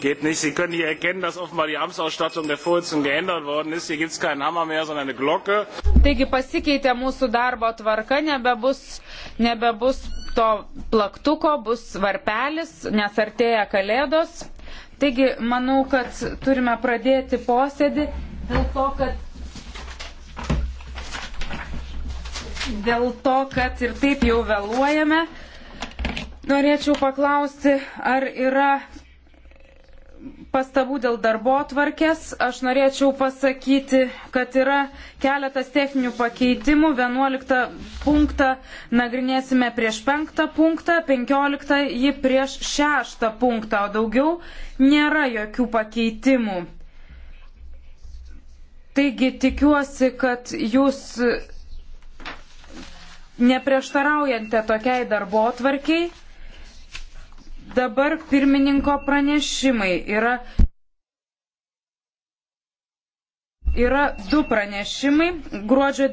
Geht nicht. Sie können hier erkennen, dass offenbar die Amtsausstattung der Vorsitzenden geändert worden ist. Hier gibt es keinen Hammer mehr, sondern eine Glocke. Taigi pasikeitė mūsų darbo tvarka, nebebus, nebebus to plaktuko, bus varpelis, nes artėja kalėdos. Taigi, manau, kad turime pradėti posėdį dėl to, kad, dėl to, kad ir taip jau vėluojame. Norėčiau paklausti, ar yra pastabų dėl darbo atvarkės. Aš norėčiau pasakyti, kad yra keletas techninių pakeitimų. 11 punktą nagrinėsime prieš 5 punktą, 15 jį prieš 6 punktą, o daugiau nėra jokių pakeitimų. Taigi tikiuosi, kad jūs neprieštaraujate tokiai darbo atvarkiai. Dabar pirmininko pranešimai yra. Yra du pranešimai. Gruodžio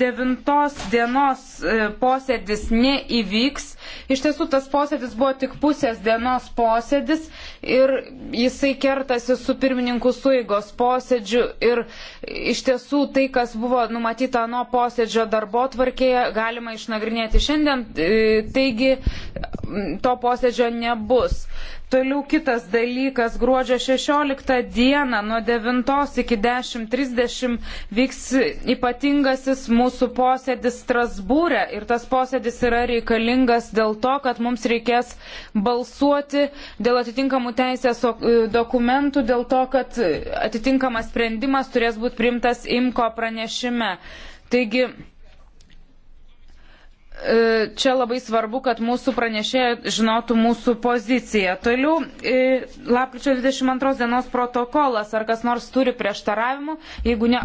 9 dienos e, posėdis neįvyks. Iš tiesų, tas posėdis buvo tik pusės dienos posėdis ir jisai kertasi su pirmininkų suigos posėdžiu ir iš tiesų tai, kas buvo numatyta nuo posėdžio darbo tvarkėje, galima išnagrinėti šiandien, e, taigi to posėdžio nebus. Toliau kitas dalykas, gruodžio 16 dieną nuo 9 iki 10.30 vyks ypatingasis mūsų posėdis Strasbūrė ir tas posėdis yra reikalingas dėl to, kad mums reikės balsuoti dėl atitinkamų teisės e, dokumentų, dėl to, kad atitinkamas sprendimas turės būti primtas imko pranešime. Taigi, e, čia labai svarbu, kad mūsų pranešėja žinotų mūsų poziciją. Toliau, e, lapkričio 22 dienos protokolas, ar kas nors turi prieštaravimų, jeigu ne,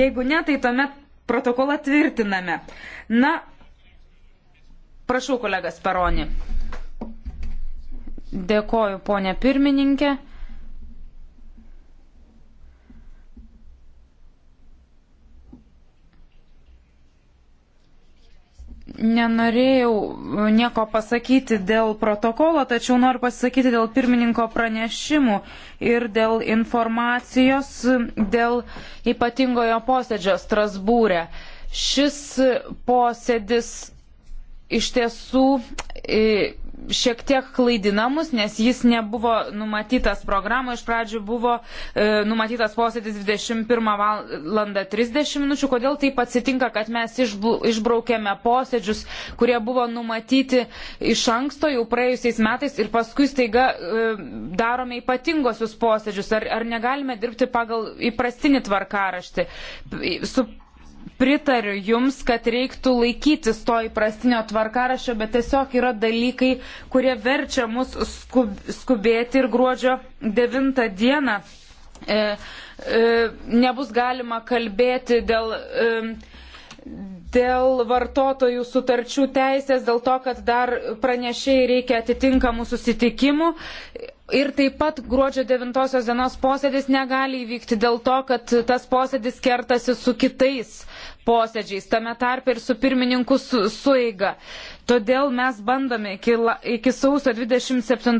jeigu ne tai tuomet protokolą tvirtiname. Na, Prašau, kolegas Peroni. Dėkoju, ponė pirmininkė. nenorėjau nieko pasakyti dėl protokolo, tačiau noriu pasakyti dėl pirmininko pranešimų ir dėl informacijos dėl ypatingojo posėdžio Strasbūrė. Šis posėdis iš tiesų e, šiek tiek klaidinamus, nes jis nebuvo numatytas programoje. Iš pradžių buvo e, numatytas posėdis 21 val. 30 minučių. Kodėl taip atsitinka, kad mes išblu, išbraukėme posėdžius, kurie buvo numatyti iš anksto jau praėjusiais metais ir paskui staiga e, darome ypatingosius posėdžius. Ar, ar negalime dirbti pagal įprastinį tvarkaraštį? Su pritariu Jums, kad reiktų laikytis to įprastinio tvarkarašio, bet tiesiog yra dalykai, kurie verčia mus skub, skubėti ir gruodžio 9 dieną e, e, nebus galima kalbėti dėl. E, Dėl vartotojų sutarčių teisės, dėl to, kad dar pranešėjai reikia atitinkamų susitikimų Ir taip pat gruodžio 9 dienos posėdis negali įvykti dėl to, kad tas posėdis kertasi su kitais posėdžiais, tame tarpe ir su pirmininku su, suiga. Todėl mes bandome iki, iki sausio 27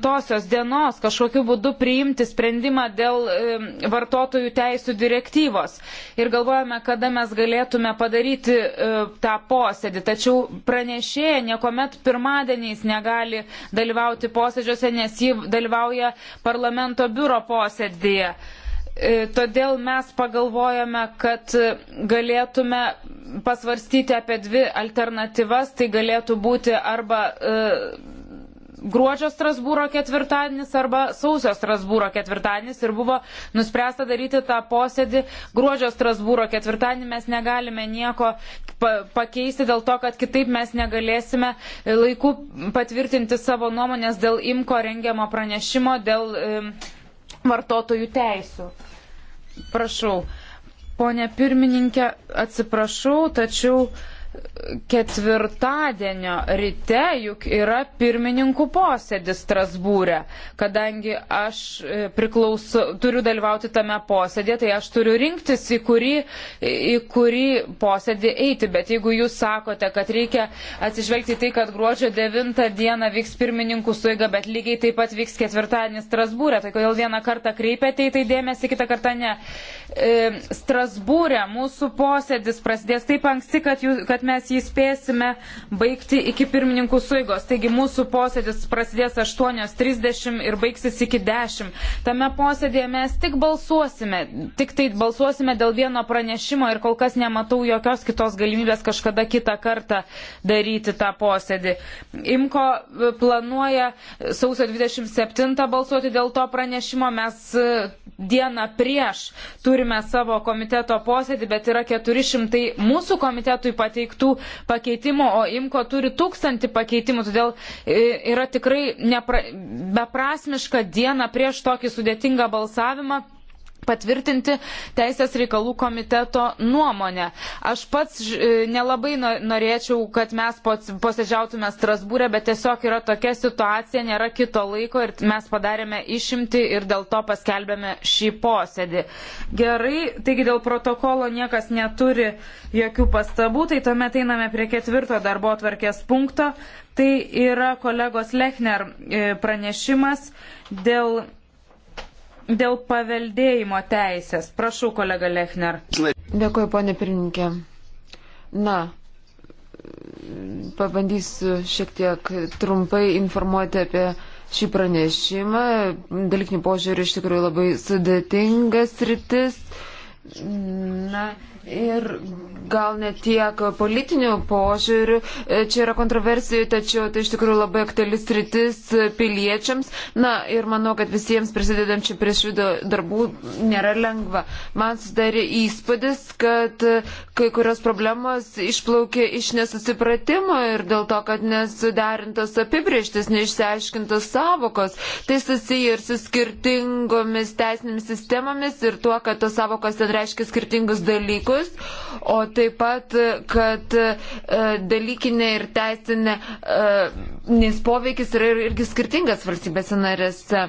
dienos kažkokiu būdu priimti sprendimą dėl e, vartotojų teisų direktyvos. Ir galvojame, kada mes galėtume padaryti e, tą posėdį. Tačiau pranešėja niekuomet pirmadieniais negali dalyvauti posėdžiuose, nes ji dalyvauja parlamento biuro posėdėje. E, E, todėl mes pagalvojame, kad galėtume pasvarstyti apie dvi alternatyvas. Tai galėtų būti arba e, gruodžio Strasbūro ketvirtadienis arba sausio Strasbūro ketvirtadienis ir buvo nuspręsta daryti tą posėdį gruodžio Strasbūro ketvirtadienį. Mes negalime nieko pakeisti dėl to, kad kitaip mes negalėsime laiku patvirtinti savo nuomonės dėl imko rengiamo pranešimo, dėl. E, vartotojų teisų. Prašau. Pone pirmininkė, atsiprašau, tačiau ketvirtadienio ryte juk yra pirmininkų posėdis Strasbūrė. Kadangi aš e, priklausu, turiu dalyvauti tame posėdėje, tai aš turiu rinktis, į kurį, į kurį posėdį eiti. Bet jeigu jūs sakote, kad reikia atsižvelgti tai, kad gruodžio 9 dieną vyks pirmininkų suiga, bet lygiai taip pat vyks ketvirtadienį Strasbūrė, tai kodėl vieną kartą kreipiate į tai dėmesį, kitą kartą ne. E, Strasbūrė mūsų posėdis prasidės taip anksti, kad, jūs, kad kad mes jį spėsime baigti iki pirmininkų suigos. Taigi mūsų posėdis prasidės 8.30 ir baigsis iki 10. Tame posėdėje mes tik balsuosime, tik tai balsuosime dėl vieno pranešimo ir kol kas nematau jokios kitos galimybės kažkada kitą kartą daryti tą posėdį. Imko e, planuoja sausio 27 balsuoti dėl to pranešimo. Mes e, dieną prieš turime savo komiteto posėdį, bet yra 400 mūsų komitetui pateikti pateiktų pakeitimų, o Imko turi tūkstantį pakeitimų, todėl e, yra tikrai nepra, beprasmiška diena prieš tokį sudėtingą balsavimą patvirtinti Teisės reikalų komiteto nuomonę. Aš pats e, nelabai norėčiau, kad mes posėdžiautume Strasbūrę, bet tiesiog yra tokia situacija, nėra kito laiko ir mes padarėme išimti ir dėl to paskelbėme šį posėdį. Gerai, taigi dėl protokolo niekas neturi jokių pastabų, tai tuomet einame prie ketvirto darbo atvarkės punkto. Tai yra kolegos Lechner e, pranešimas dėl Dėl paveldėjimo teisės. Prašau, kolega Lechner. Dėkuoju, ponė pirmininkė. Na, pabandysiu šiek tiek trumpai informuoti apie šį pranešimą. Dalykinių požiūrių iš tikrųjų labai sudėtingas rytis. Na, Ir gal net tiek politinių požiūrių, e, čia yra kontroversijų, tačiau tai iš tikrųjų labai aktualis rytis piliečiams. Na ir manau, kad visiems prisidedančių prie šių darbų nėra lengva. Man sudarė įspūdis, kad kai kurios problemos išplaukė iš nesusipratimo ir dėl to, kad nesuderintos apibrieštis, neišsiaiškintos savokos. Tai susiję ir su skirtingomis teisinėmis sistemomis ir tuo, kad tos savokos ten reiškia skirtingus dalykus dalykus, o taip pat, kad e, dalykinė ir teisinė e, nes poveikis yra irgi skirtingas valstybėse narėse.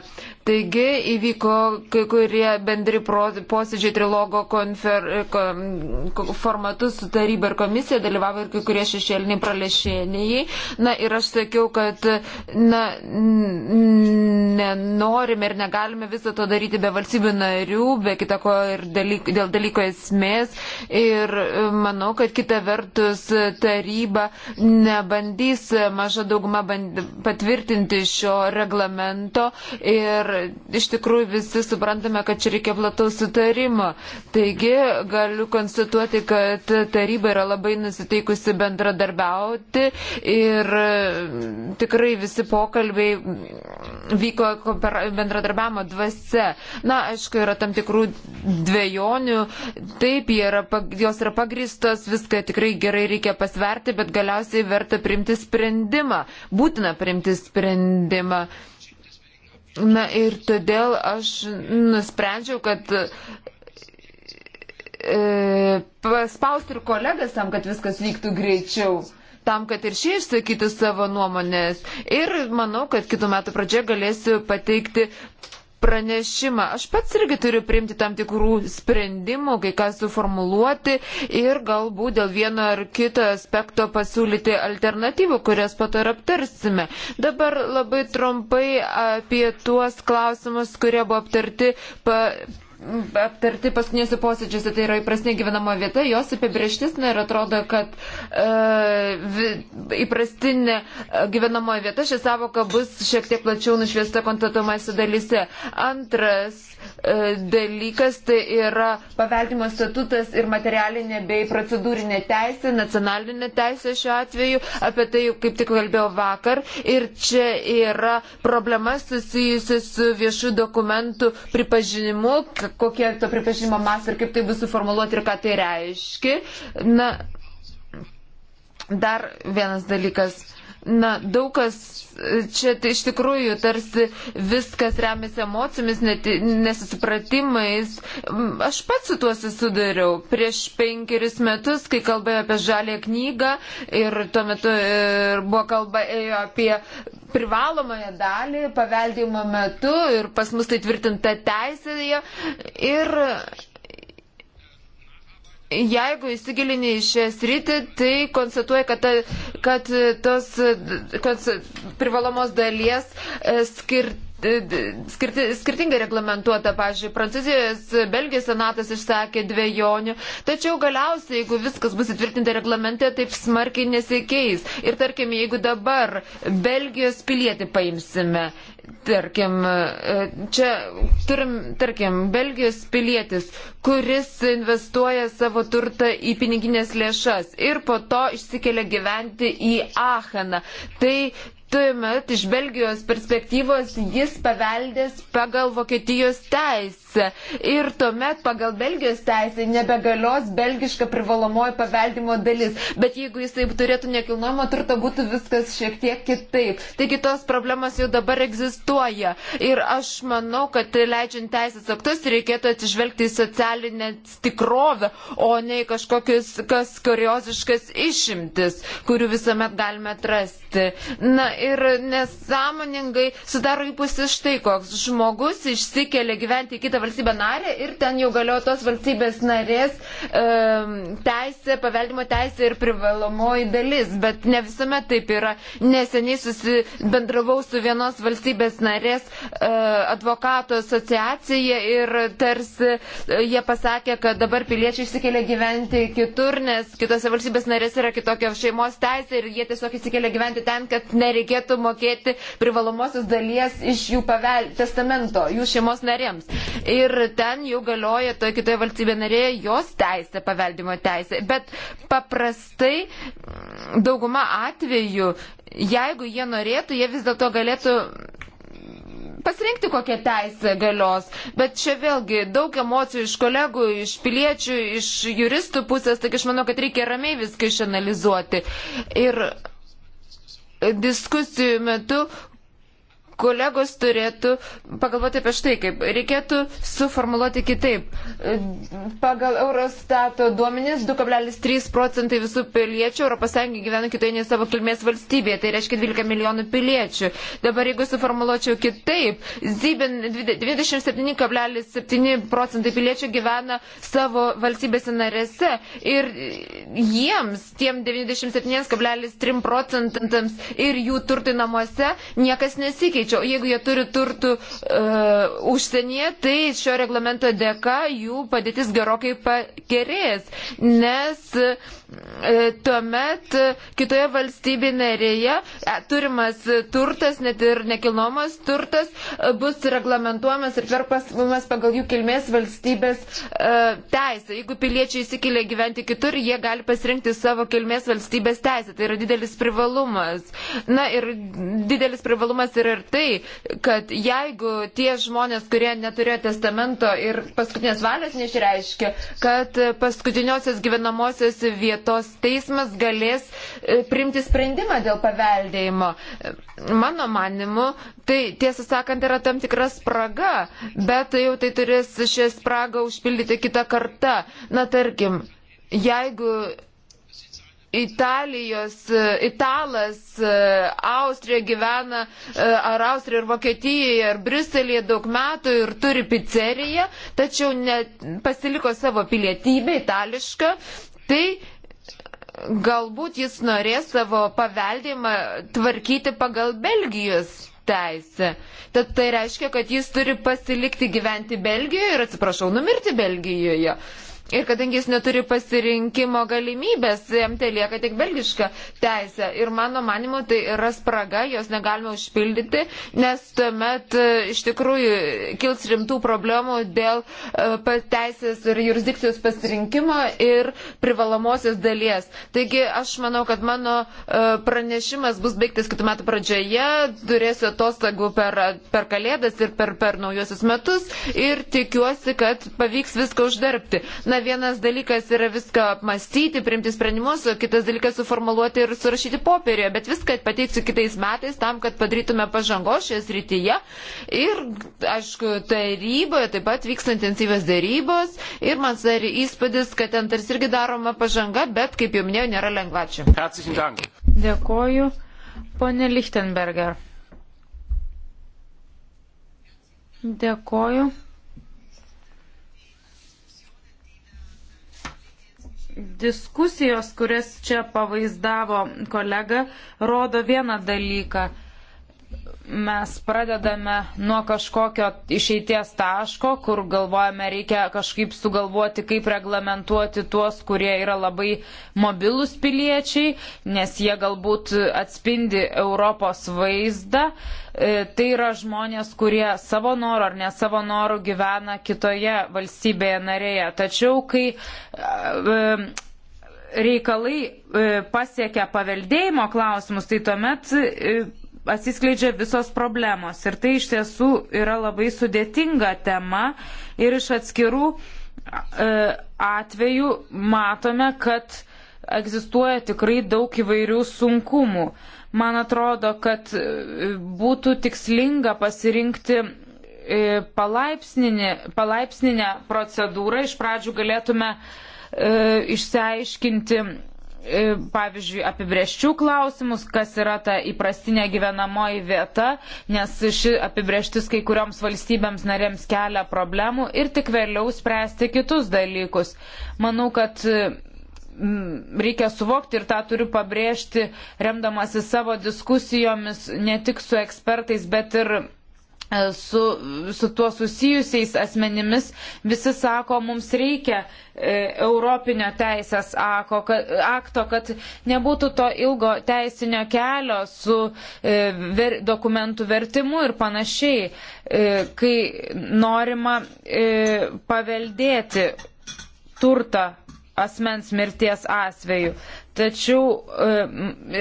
Taigi įvyko kai kurie bendri posėdžiai trilogo konfer, kon, formatu su taryba ir komisija, dalyvavo ir kai kurie šešėliniai pralešėniai. Na ir aš sakiau, kad na, nenorime ir negalime viso to daryti be valstybių narių, be kitako ir dalyk, dėl dalyko esmės. Ir manau, kad kita vertus taryba nebandys maža dauguma patvirtinti šio reglamento ir iš tikrųjų visi suprantame, kad čia reikia plataus sutarimo. Taigi galiu konstatuoti, kad taryba yra labai nusiteikusi bendradarbiauti ir mm, tikrai visi pokalbiai vyko bendradarbiavimo dvasia. Na, aišku, yra tam tikrų dviejonių, taip, yra, jos yra pagristos, viską tikrai gerai reikia pasverti, bet galiausiai verta priimti sprendimą būtina priimti sprendimą. Na ir todėl aš nusprendžiau, kad e, paspausti ir kolegas tam, kad viskas vyktų greičiau. Tam, kad ir šie išsakytų savo nuomonės. Ir manau, kad kitų metų pradžioje galėsiu pateikti pranešimą. Aš pats irgi turiu priimti tam tikrų sprendimų, kai ką suformuluoti ir galbūt dėl vieno ar kito aspekto pasiūlyti alternatyvų, kurias pato ir aptarsime. Dabar labai trumpai apie tuos klausimus, kurie buvo aptarti. Pa, aptarti paskutinėse posėdžiuose, tai yra įprastinė gyvenama vieta, jos apibrieštis, na ir atrodo, kad e, įprastinė e, gyvenama vieta šią savoką bus šiek tiek plačiau nušviesta konstatuomasi dalyse. Antras E, dalykas tai yra paveldimo statutas ir materialinė bei procedūrinė teisė, nacionalinė teisė šiuo atveju, apie tai kaip tik kalbėjau vakar. Ir čia yra problema susijusi su viešų dokumentų pripažinimu, kokie to pripažinimo mas ir kaip tai bus suformuoluoti ir ką tai reiškia. Na, dar vienas dalykas Na, daug kas e, čia tai iš tikrųjų tarsi viskas remiasi emocijomis, net, nesusipratimais. Aš pats su tuo susidariau prieš penkeris metus, kai kalbėjau apie žalę knygą ir tuo metu e, ir buvo kalba ėjo e, apie privalomąją dalį paveldėjimo metu ir pas mus tai tvirtinta teisėje. Ir jeigu įsigilini į šią sritį, tai konstatuoja, kad, ta, kad tos kad privalomos dalies e, skirti skirti, skirtingai reglamentuota. Pavyzdžiui, Prancūzijos, Belgijos senatas išsakė dviejonių, tačiau galiausiai, jeigu viskas bus įtvirtinta reglamente, taip smarkiai nesikeis. Ir tarkim, jeigu dabar Belgijos pilietį paimsime, tarkim, e, čia turim, tarkim, Belgijos pilietis, kuris investuoja savo turtą į piniginės lėšas ir po to išsikelia gyventi į Acheną. Tai tuomet iš Belgijos perspektyvos jis paveldės pagal Vokietijos teisę. Ir tuomet pagal Belgijos teisę nebegalios belgiška privalomoji paveldimo dalis. Bet jeigu jis taip turėtų nekilnojamo turto, būtų viskas šiek tiek kitaip. Taigi tos problemas jau dabar egzistuoja. Ir aš manau, kad leidžiant teisės aktus reikėtų atsižvelgti į socialinę tikrovę, o ne į kažkokius kas kurioziškas išimtis, kurių visuomet galime atrasti. Na, ir nesąmoningai sudaro įpūsti štai koks. Žmogus išsikelia gyventi į kitą valstybę narę ir ten jau galioja tos valstybės narės e, teisė, paveldimo teisė ir privalomoji dalis, bet ne visuomet taip yra. Neseniai susibendravau su vienos valstybės narės e, advokato asociacija ir tarsi e, jie pasakė, kad dabar piliečiai išsikelia gyventi kitur, nes kitose valstybės narės yra kitokia šeimos teisė ir jie tiesiog išsikelia gyventi ten, kad nereikia reikėtų mokėti privalomosios dalies iš jų pavel, testamento, jų šeimos narėms. Ir ten jau galioja toje kitoje valstybėje narėje jos teisė, paveldimo teisė. Bet paprastai mm, dauguma atvejų, jeigu jie norėtų, jie vis dėlto galėtų pasirinkti, kokią teisę galios. Bet čia vėlgi daug emocijų iš kolegų, iš piliečių, iš juristų pusės, taigi aš manau, kad reikia ramiai viską išanalizuoti. Ir diskusijų metu kolegos turėtų pagalvoti apie štai kaip. Reikėtų suformuoluoti kitaip. Pagal Eurostato duomenis 2,3 procentai visų piliečių ES gyvena kitoje nei savo kilmės valstybėje. Tai reiškia 12 milijonų piliečių. Dabar jeigu suformuoluočiau kitaip, Zybin 27,7 procentai piliečių gyvena savo valstybėse narėse ir jiems, tiem 97,3 procentams ir jų turtai namuose, niekas nesikeičia tačiau jeigu jie turi turtų uh, užsienyje, tai šio reglamento dėka jų padėtis gerokai pagerės, nes uh, tuomet kitoje valstybėje narėje e, turimas turtas, net ir nekilnomas turtas, bus reglamentuojamas ir perpasvamas pagal jų kilmės valstybės teisę. Jeigu piliečiai įsikėlė gyventi kitur, jie gali pasirinkti savo kilmės valstybės teisę. Tai yra didelis privalumas. Na ir didelis privalumas yra ir tai, kad jeigu tie žmonės, kurie neturėjo testamento ir paskutinės valios neišreiškė, kad paskutiniosios gyvenamosios vietos teismas galės e, priimti sprendimą dėl paveldėjimo. Mano manimu, tai tiesą sakant yra tam tikra spraga, bet jau tai turės šią spragą užpildyti kitą kartą. Na tarkim, jeigu Italijos, e, Italas, e, Austrija gyvena, e, ar Austrija ir Vokietijoje, ar Briuselėje daug metų ir turi pizzeriją, tačiau net pasiliko savo pilietybę itališką, tai galbūt jis norės savo paveldimą tvarkyti pagal Belgijos teisę. Tad tai reiškia, kad jis turi pasilikti gyventi Belgijoje ir, atsiprašau, numirti Belgijoje. Ir kadangi jis neturi pasirinkimo galimybės, jam tai lieka tik belgiška teisė. Ir mano manimu, tai yra spraga, jos negalima užpildyti, nes tuomet e, iš tikrųjų kils rimtų problemų dėl e, teisės ir jurisdikcijos pasirinkimo ir privalomosios dalies. Taigi aš manau, kad mano e, pranešimas bus baigtas kitų metų pradžioje, turėsiu atostogų per, per kalėdas ir per, per naujosius metus ir tikiuosi, kad pavyks viską uždarbti. Na, vienas dalykas yra viską apmastyti, priimti sprendimus, o kitas dalykas suformuoluoti ir surašyti popierioje, bet viską pateiksiu kitais metais tam, kad padarytume pažango šioje srityje. Ir, aišku, taryboje taip pat vyksta intensyvės darybos ir man sari įspūdis, kad ten tarsi irgi daroma pažanga, bet, kaip jau minėjau, nėra lengvačių. Dėkoju, ponė Lichtenberger. Dėkoju. diskusijos, kurias čia pavaizdavo kolega, rodo vieną dalyką mes pradedame nuo kažkokio išeities taško, kur galvojame reikia kažkaip sugalvoti, kaip reglamentuoti tuos, kurie yra labai mobilūs piliečiai, nes jie galbūt atspindi Europos vaizdą. E, tai yra žmonės, kurie savo noru ar ne savo noru gyvena kitoje valstybėje narėje. Tačiau, kai e, reikalai e, pasiekia paveldėjimo klausimus, tai tuomet atsiskleidžia visos problemos. Ir tai iš tiesų yra labai sudėtinga tema ir iš atskirų e, atvejų matome, kad egzistuoja tikrai daug įvairių sunkumų. Man atrodo, kad e, būtų tikslinga pasirinkti e, palaipsninę procedūrą. Iš pradžių galėtume išsiaiškinti E, pavyzdžiui, apibrieščių klausimus, kas yra ta įprastinė gyvenamoji vieta, nes ši apibrieštis kai kurioms valstybėms narėms kelia problemų ir tik vėliau spręsti kitus dalykus. Manau, kad e, reikia suvokti ir tą turiu pabrėžti, remdamasi savo diskusijomis ne tik su ekspertais, bet ir E, su, su tuo susijusiais asmenimis, visi sako, mums reikia e, Europinio teisės ako, ka, akto, kad nebūtų to ilgo teisinio kelio su e, ver, dokumentų vertimu ir panašiai, e, kai norima e, paveldėti turtą asmens mirties atveju. Tačiau e,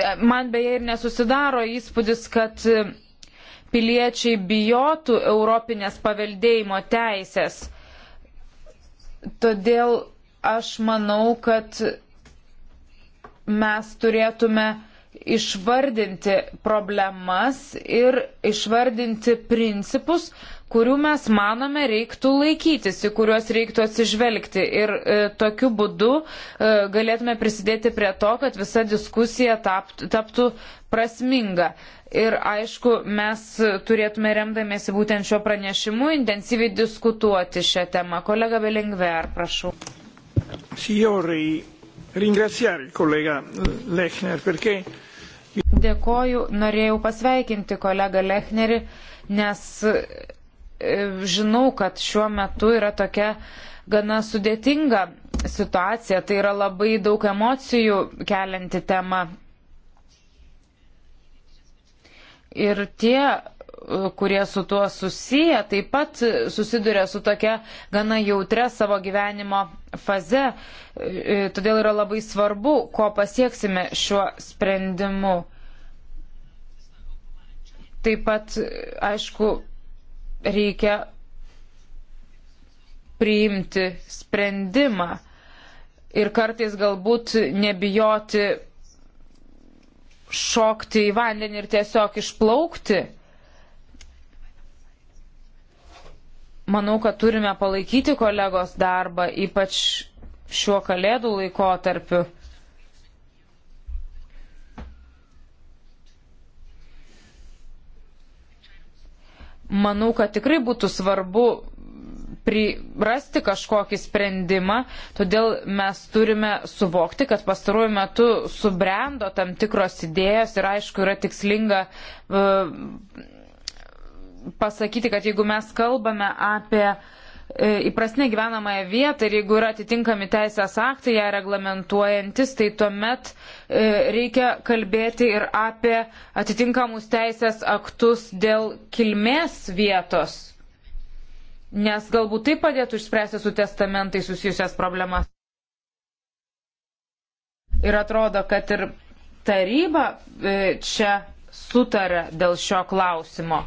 e man beje ir nesusidaro įspūdis, kad e, piliečiai bijotų Europinės paveldėjimo teisės. Todėl aš manau, kad mes turėtume išvardinti problemas ir išvardinti principus, kurių mes manome reiktų laikytis, į kuriuos reiktų atsižvelgti. Ir e, tokiu būdu e, galėtume prisidėti prie to, kad visa diskusija tap, taptų prasminga. E, Ir aišku, mes turėtume remdamėsi būtent šio pranešimu intensyviai diskutuoti šią temą. Kolega Belingver, prašau. Signori, ringraziare il collega Lechner perché. Dėkoju, norėjau pasveikinti kolegą Lechnerį, nes e, žinau, kad šiuo metu yra tokia gana sudėtinga situacija, tai yra labai daug emocijų kelianti tema ir tie, e, kurie su tuo susiję, taip pat susiduria su tokia gana jautre savo gyvenimo faze. E, todėl yra labai svarbu, ko pasieksime šiuo sprendimu. Taip pat, aišku, reikia priimti sprendimą ir kartais galbūt nebijoti šokti į vandenį ir tiesiog išplaukti. Manau, kad turime palaikyti kolegos darbą, ypač šiuo kalėdų laikotarpiu. manau, kad tikrai būtų svarbu rasti kažkokį sprendimą, todėl mes turime suvokti, kad pastaruoju metu subrendo tam tikros idėjos ir aišku yra tikslinga e, pasakyti, kad jeigu mes kalbame apie e, įprastinę gyvenamąją vietą ir jeigu yra atitinkami teisės aktai ją reglamentuojantis, tai tuomet e, reikia kalbėti ir apie atitinkamus teisės aktus dėl kilmės vietos nes galbūt tai padėtų išspręsti su testamentai susijusias problemas. Ir atrodo, kad ir taryba e, čia sutarė dėl šio klausimo.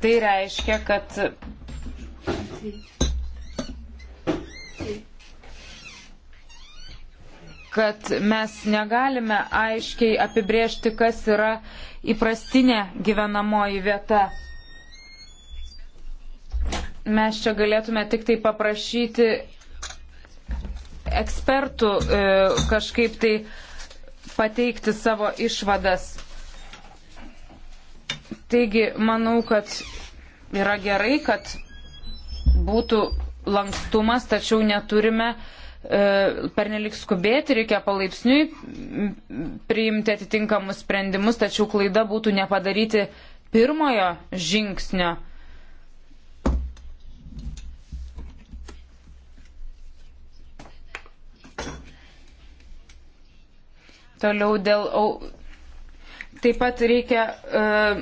Tai reiškia, kad. kad mes negalime aiškiai apibriežti, kas yra įprastinė gyvenamoji vieta mes čia galėtume tik tai paprašyti ekspertų e, kažkaip tai pateikti savo išvadas. Taigi, manau, kad yra gerai, kad būtų lankstumas, tačiau neturime e, pernelik skubėti, reikia palaipsniui priimti atitinkamus sprendimus, tačiau klaida būtų nepadaryti pirmojo žingsnio Toliau dėl. Taip pat reikia uh,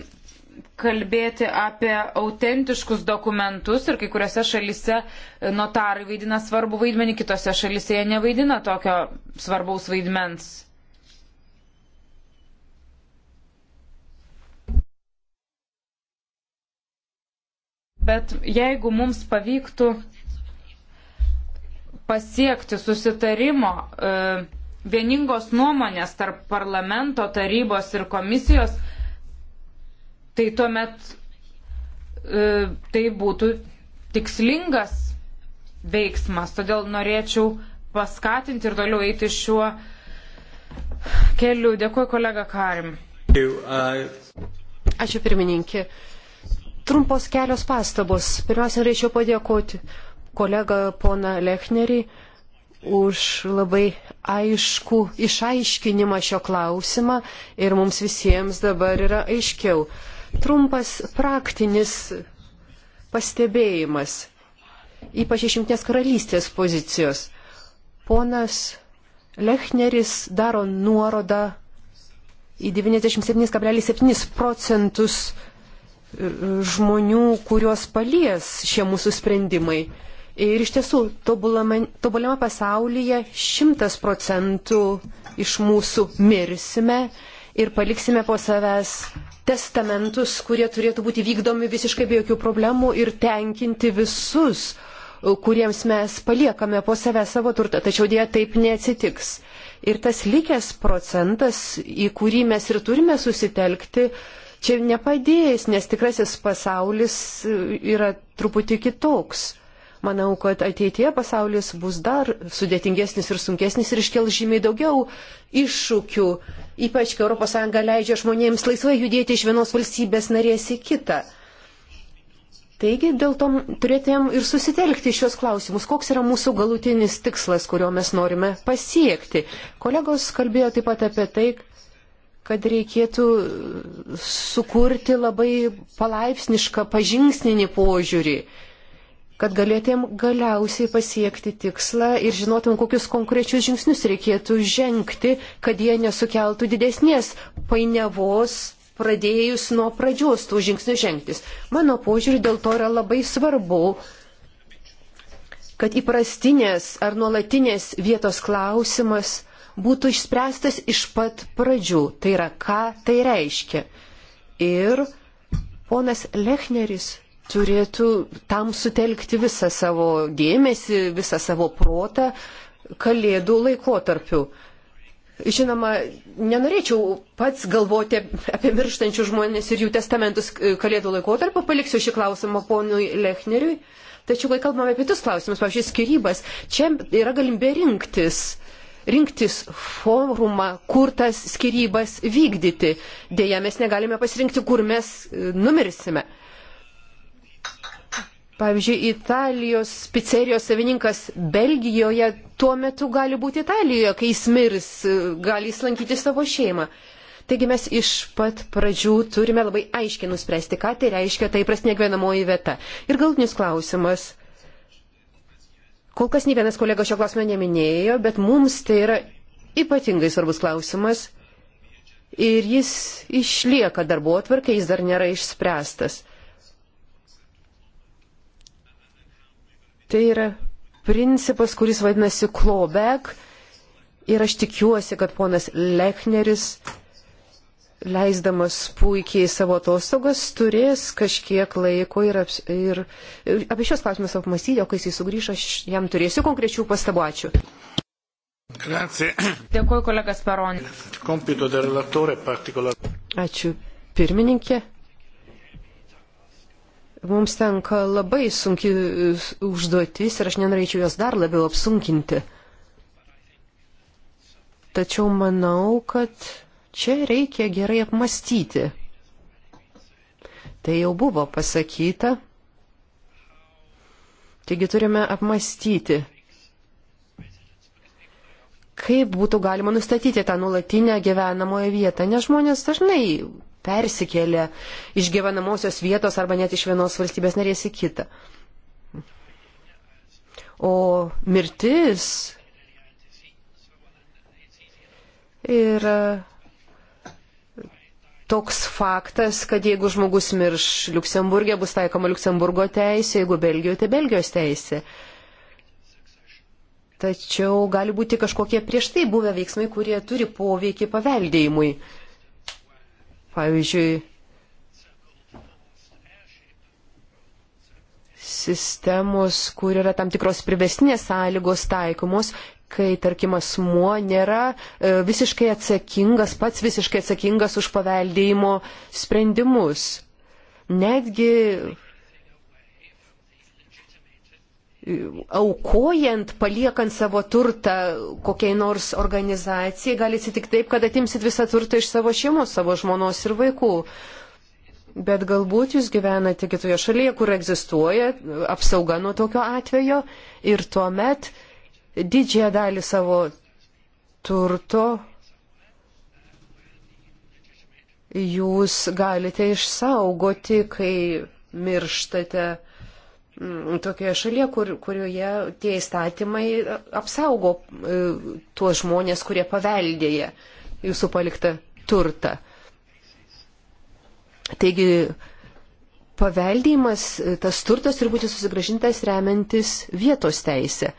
kalbėti apie autentiškus dokumentus ir kai kuriuose šalise e, notarai vaidina svarbu vaidmenį, kitose šalise jie nevaidina tokio svarbaus vaidmens. Bet jeigu mums pavyktų pasiekti susitarimo, uh, vieningos nuomonės tarp parlamento, tarybos ir komisijos, tai tuomet e, tai būtų tikslingas veiksmas. Todėl norėčiau paskatinti ir toliau eiti šiuo keliu. Dėkuoju kolega Karim. Ačiū pirmininkė. Trumpos kelios pastabos. Pirmiausia, norėčiau padėkoti kolegą poną Lechnerį už labai aišku išaiškinimą šio klausimą ir mums visiems dabar yra aiškiau. Trumpas praktinis pastebėjimas, ypač iš Junktinės karalystės pozicijos. Ponas Lechneris daro nuorodą į 97,7 procentus žmonių, kuriuos palies šie mūsų sprendimai. Ir iš tiesų, tobulame pasaulyje šimtas procentų iš mūsų mirsime ir paliksime po savęs testamentus, kurie turėtų būti vykdomi visiškai be jokių problemų ir tenkinti visus, kuriems mes paliekame po savęs savo turtą. Tačiau dėja taip neatsitiks. Ir tas likęs procentas, į kurį mes ir turime susitelkti, čia nepadės, nes tikrasis pasaulis yra truputį kitoks. Manau, kad ateitie pasaulis bus dar sudėtingesnis ir sunkesnis ir iškel žymiai daugiau iššūkių, ypač kai ES leidžia žmonėms laisvai judėti iš vienos valstybės narės į kitą. Taigi dėl to turėtumėm ir susitelkti šios klausimus, koks yra mūsų galutinis tikslas, kurio mes norime pasiekti. Kolegos kalbėjo taip pat apie tai, kad reikėtų sukurti labai palaipsnišką, pažingsninį požiūrį kad galėtėm galiausiai pasiekti tikslą ir žinotum, kokius konkrečius žingsnius reikėtų žengti, kad jie nesukeltų didesnės painiavos pradėjus nuo pradžios tų žingsnių žengtis. Mano požiūriu dėl to yra labai svarbu, kad įprastinės ar nuolatinės vietos klausimas būtų išspręstas iš pat pradžių. Tai yra, ką tai reiškia. Ir ponas Lechneris turėtų tam sutelkti visą savo dėmesį, visą savo protą kalėdų laikotarpiu. Žinoma, nenorėčiau pats galvoti apie mirštančius žmonės ir jų testamentus kalėdų laikotarpiu, paliksiu šį klausimą ponui Lechneriui. Tačiau, kai kalbame apie kitus klausimus, pavyzdžiui, skirybas, čia yra galimybė rinktis rinktis forumą, kur tas skirybas vykdyti. Deja, mes negalime pasirinkti, kur mes e, numirsime. Pavyzdžiui, Italijos picerijos savininkas Belgijoje tuo metu gali būti Italijoje, kai jis mirs, gali jis lankyti savo šeimą. Taigi mes iš pat pradžių turime labai aiškiai nuspręsti, ką tai reiškia tai prasne gyvenamoji vieta. Ir galtinis klausimas. Kol kas nei vienas kolega šio klausimo neminėjo, bet mums tai yra ypatingai svarbus klausimas. Ir jis išlieka darbo atvarkai, jis dar nėra išspręstas. Tai yra principas, kuris vadinasi clawback ir aš tikiuosi, kad ponas Lechneris, leisdamas puikiai savo atostogas, turės kažkiek laiko ir, aps, ir, ir apie šios klausimus apmastyti, o kai jis sugrįš, aš jam turėsiu konkrečių pastabų. Ačiū. Grazie. Dėkuoju, kolegas Peronė. Ačiū, pirmininkė. Mums tenka labai sunki uh, užduotis ir aš nenorėčiau jos dar labiau apsunkinti. Tačiau manau, kad čia reikia gerai apmastyti. Tai jau buvo pasakyta. Taigi turime apmastyti, kaip būtų galima nustatyti tą nulatinę gyvenamoją vietą, nes žmonės dažnai persikelia iš gyvenamosios vietos arba net iš vienos valstybės narės į kitą. O mirtis yra toks faktas, kad jeigu žmogus mirš Luksemburgė, bus taikoma Luksemburgo teisė, jeigu Belgijoje, tai Belgijos teisė. Tačiau gali būti kažkokie prieš tai buvę veiksmai, kurie turi poveikį paveldėjimui. Pavyzdžiui, sistemos, kur yra tam tikros privesnės sąlygos taikomos, kai, tarkim, asmuo nėra e, visiškai atsakingas, pats visiškai atsakingas už paveldėjimo sprendimus. Netgi aukojant, paliekant savo turtą kokiai nors organizacijai, gali atsitikti taip, kad atimsit visą turtą iš savo šeimos, savo žmonos ir vaikų. Bet galbūt jūs gyvenate kitoje šalyje, kur egzistuoja apsauga nuo tokio atvejo ir tuomet didžiąją dalį savo turto jūs galite išsaugoti, kai mirštate Mm, tokioje šalyje, kur, kurioje tie įstatymai apsaugo e, tuos žmonės, kurie paveldėja jūsų paliktą turtą. Taigi paveldėjimas, e, tas turtas turi būti susigražintas remiantis vietos teisė.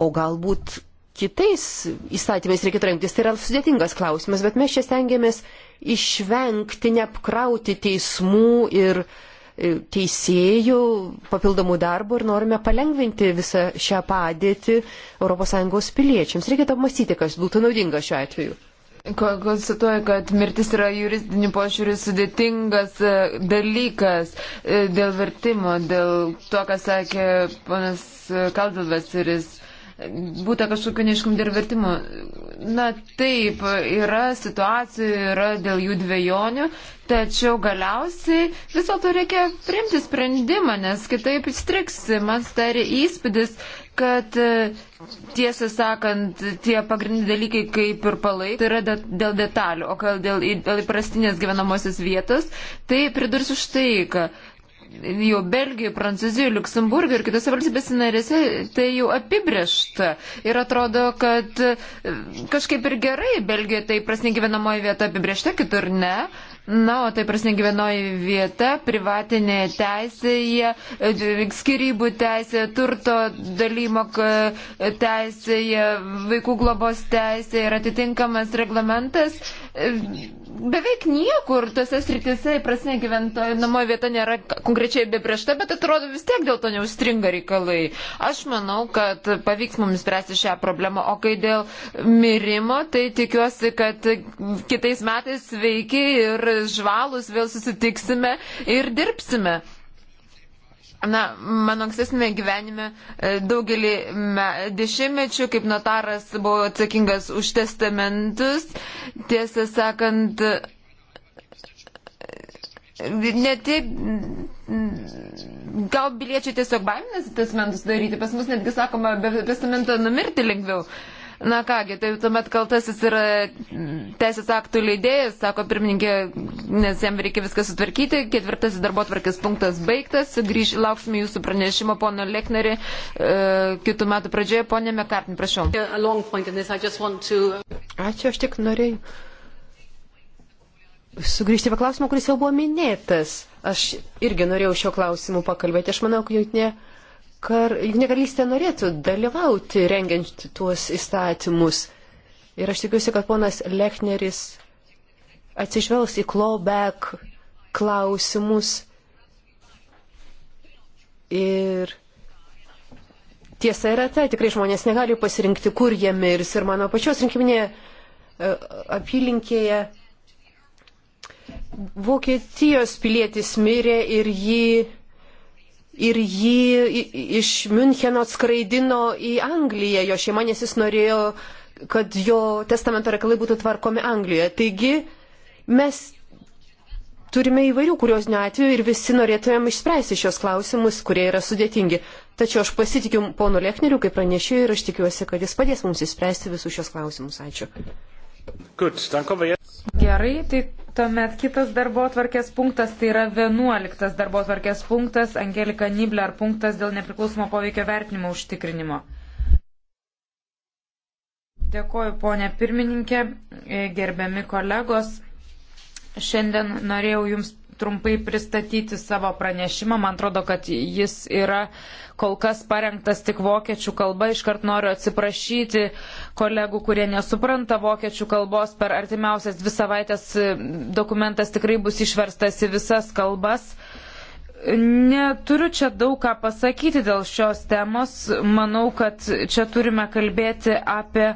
O galbūt kitais įstatymais reikėtų remtis. Tai yra sudėtingas klausimas, bet mes čia stengiamės išvengti, neapkrauti teismų ir uh, E, teisėjų papildomų darbų ir norime palengvinti visą šią padėtį ES piliečiams. Reikia apmastyti, kas būtų naudinga šiuo atveju. Konstatuoju, kad mirtis yra juridinių požiūrių sudėtingas e, dalykas e, dėl vertimo, dėl to, ką sakė ponas Kaldovas ir jis būtų kažkokių neiškumų dėl vertimo. Na taip, yra situacijų, yra dėl jų dviejonių, tačiau galiausiai viso to reikia priimti sprendimą, nes kitaip įstriksi. Man stari įspūdis, kad tiesą sakant, tie pagrindiniai dalykai kaip ir palaik, tai yra de, dėl detalių, o dėl, dėl įprastinės gyvenamosios vietos, tai pridursiu štai, kad jau Belgijoje, Prancūzijoje, Luksemburgijoje ir kitose valstybėse narėse tai jau apibriešta. Ir atrodo, kad e, kažkaip ir gerai Belgijoje tai prasne gyvenamoji vieta apibriešta, kitur ne. Na, o tai prasme gyvenoji vieta, privatinė teisėje, e, skirybų teisėje, turto dalymo teisėje, vaikų globos teisėje ir atitinkamas reglamentas. E, beveik niekur tose sritise įprasnė gyventamoji vieta nėra konkrečiai apibriešta, bet atrodo vis tiek dėl to neužstringa reikalai. Aš manau, kad pavyks mums spręsti šią problemą, o kai dėl mirimo, tai tikiuosi, kad kitais metais veikia ir žvalus, vėl susitiksime ir dirbsime. Na, mano ankstesnėme gyvenime e, daugelį dešimtmečių kaip notaras buvau atsakingas už testamentus. Tiesą sakant, ne taip, gal biliečiai tiesiog baiminasi testamentus daryti, pas mus netgi sakoma, be testamento numirti lengviau. Uh, Na kągi, tai tuomet kaltasis yra teisės aktų leidėjas, sako pirmininkė, nes jam reikia viską sutvarkyti. Ketvirtasis darbo tvarkės punktas baigtas. Grįž, lauksime jūsų pranešimo, pono Leknerį, e, kitų metų pradžioje. Pone Mekartin, prašau. Ačiū, aš tik norėjau. Sugrįžti prie klausimo, kuris jau buvo minėtas. Aš irgi norėjau šio klausimu pakalbėti. Aš manau, kad jungtinė. Ne kar, Junktinė karalystė norėtų dalyvauti rengiant tuos įstatymus. Ir aš tikiuosi, kad ponas Lechneris atsižvelgs į clawback klausimus. Ir tiesa yra ta, tikrai žmonės negali pasirinkti, kur jie mirs. Ir mano pačios rinkiminėje apylinkėje Vokietijos pilietis mirė ir jį ir jį iš Müncheno atskraidino į Angliją, jo šeima, nes jis norėjo, kad jo testamento reikalai būtų tvarkomi Anglijoje. Taigi mes turime įvairių kuriozinių atvejų ir visi norėtumėm išspręsti šios klausimus, kurie yra sudėtingi. Tačiau aš pasitikiu ponu Lechneriu, kaip pranešėjau, ir aš tikiuosi, kad jis padės mums išspręsti visus šios klausimus. Ačiū. Good, Gerai, tai Tuomet kitas darbo atvarkės punktas, tai yra 11 darbo atvarkės punktas, Angelika Nibler punktas dėl nepriklausomo poveikio vertinimo užtikrinimo. Dėkoju, ponė pirmininkė, gerbiami kolegos. Šiandien norėjau Jums trumpai pristatyti savo pranešimą. Man atrodo, kad jis yra kol kas parengtas tik vokiečių kalba. Iškart noriu atsiprašyti kolegų, kurie nesupranta vokiečių kalbos. Per artimiausias dvi savaitės e, dokumentas tikrai bus išverstas į visas kalbas. Neturiu čia daug ką pasakyti dėl šios temos. Manau, kad čia turime kalbėti apie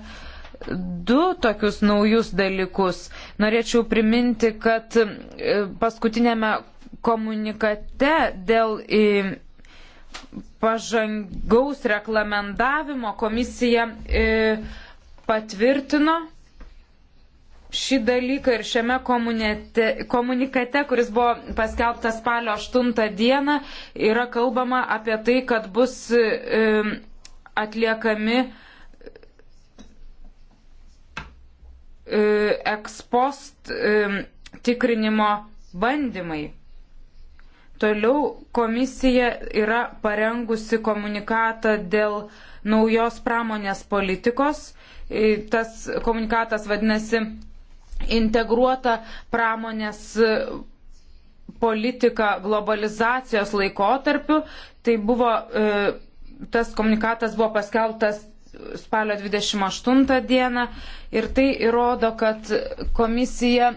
du tokius naujus dalykus. Norėčiau priminti, kad e, paskutinėme komunikate dėl e, pažangaus reglamentavimo komisija e, patvirtino šį dalyką ir šiame komunite, komunikate, kuris buvo paskelbtas spalio 8 dieną, yra kalbama apie tai, kad bus atliekami ekspost e, tikrinimo bandymai. Toliau komisija yra parengusi komunikatą dėl naujos pramonės politikos. E, tas komunikatas vadinasi integruota pramonės e, politika globalizacijos laikotarpiu. Tai buvo, tas komunikatas buvo paskeltas spalio 28 dieną ir tai įrodo, kad komisija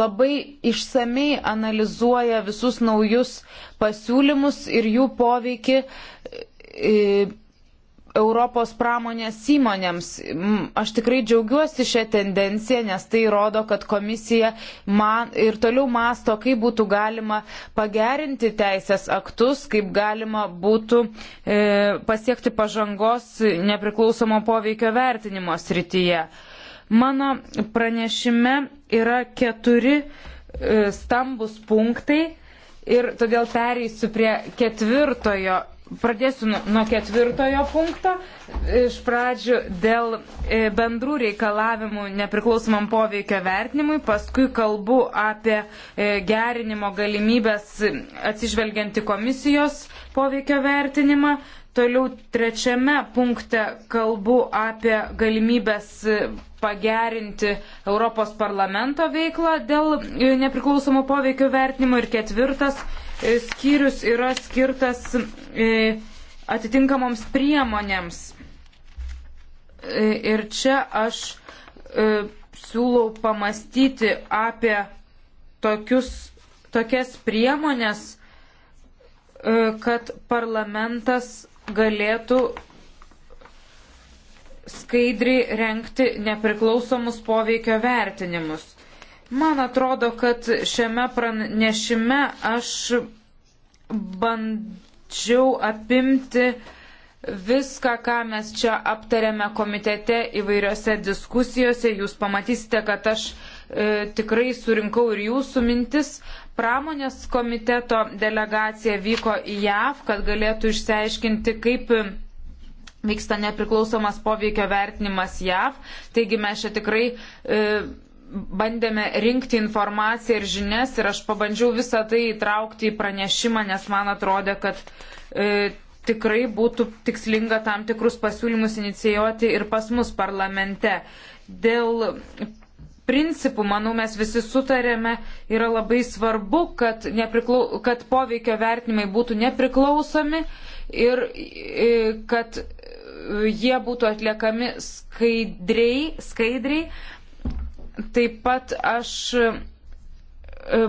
labai išsamei analizuoja visus naujus pasiūlymus ir jų poveikį Europos pramonės įmonėms. Aš tikrai džiaugiuosi šią tendenciją, nes tai rodo, kad komisija man ir toliau masto, kaip būtų galima pagerinti teisės aktus, kaip galima būtų e, pasiekti pažangos nepriklausomo poveikio vertinimo srityje. Mano pranešime yra keturi e, stambus punktai ir todėl pereisiu prie ketvirtojo Pradėsiu nuo ketvirtojo punkto. Iš pradžių dėl e, bendrų reikalavimų nepriklausomam poveikio vertinimui, paskui kalbu apie e, gerinimo galimybės atsižvelgianti komisijos poveikio vertinimą. Toliau trečiame punkte kalbu apie galimybės pagerinti Europos parlamento veiklą dėl e, nepriklausomų poveikio vertinimo. Ir ketvirtas skyrius yra skirtas e, atitinkamoms priemonėms. E, ir čia aš e, siūlau pamastyti apie tokius, tokias priemonės, kad parlamentas galėtų skaidriai renkti nepriklausomus poveikio vertinimus. Man atrodo, kad šiame pranešime aš bandžiau apimti viską, ką mes čia aptarėme komitete įvairiose diskusijose. Jūs pamatysite, kad aš e, tikrai surinkau ir jūsų mintis. Pramonės komiteto delegacija vyko į JAV, kad galėtų išsiaiškinti, kaip vyksta nepriklausomas poveikio vertinimas JAV. Taigi mes čia tikrai e, bandėme rinkti informaciją ir žinias ir aš pabandžiau visą tai įtraukti į pranešimą, nes man atrodė, kad e, tikrai būtų tikslinga tam tikrus pasiūlymus inicijuoti ir pas mus parlamente. Dėl principų, manau, mes visi sutarėme, yra labai svarbu, kad, nepriklau, kad poveikio vertinimai būtų nepriklausomi ir e, kad e, jie būtų atliekami skaidriai, skaidriai Taip pat aš e,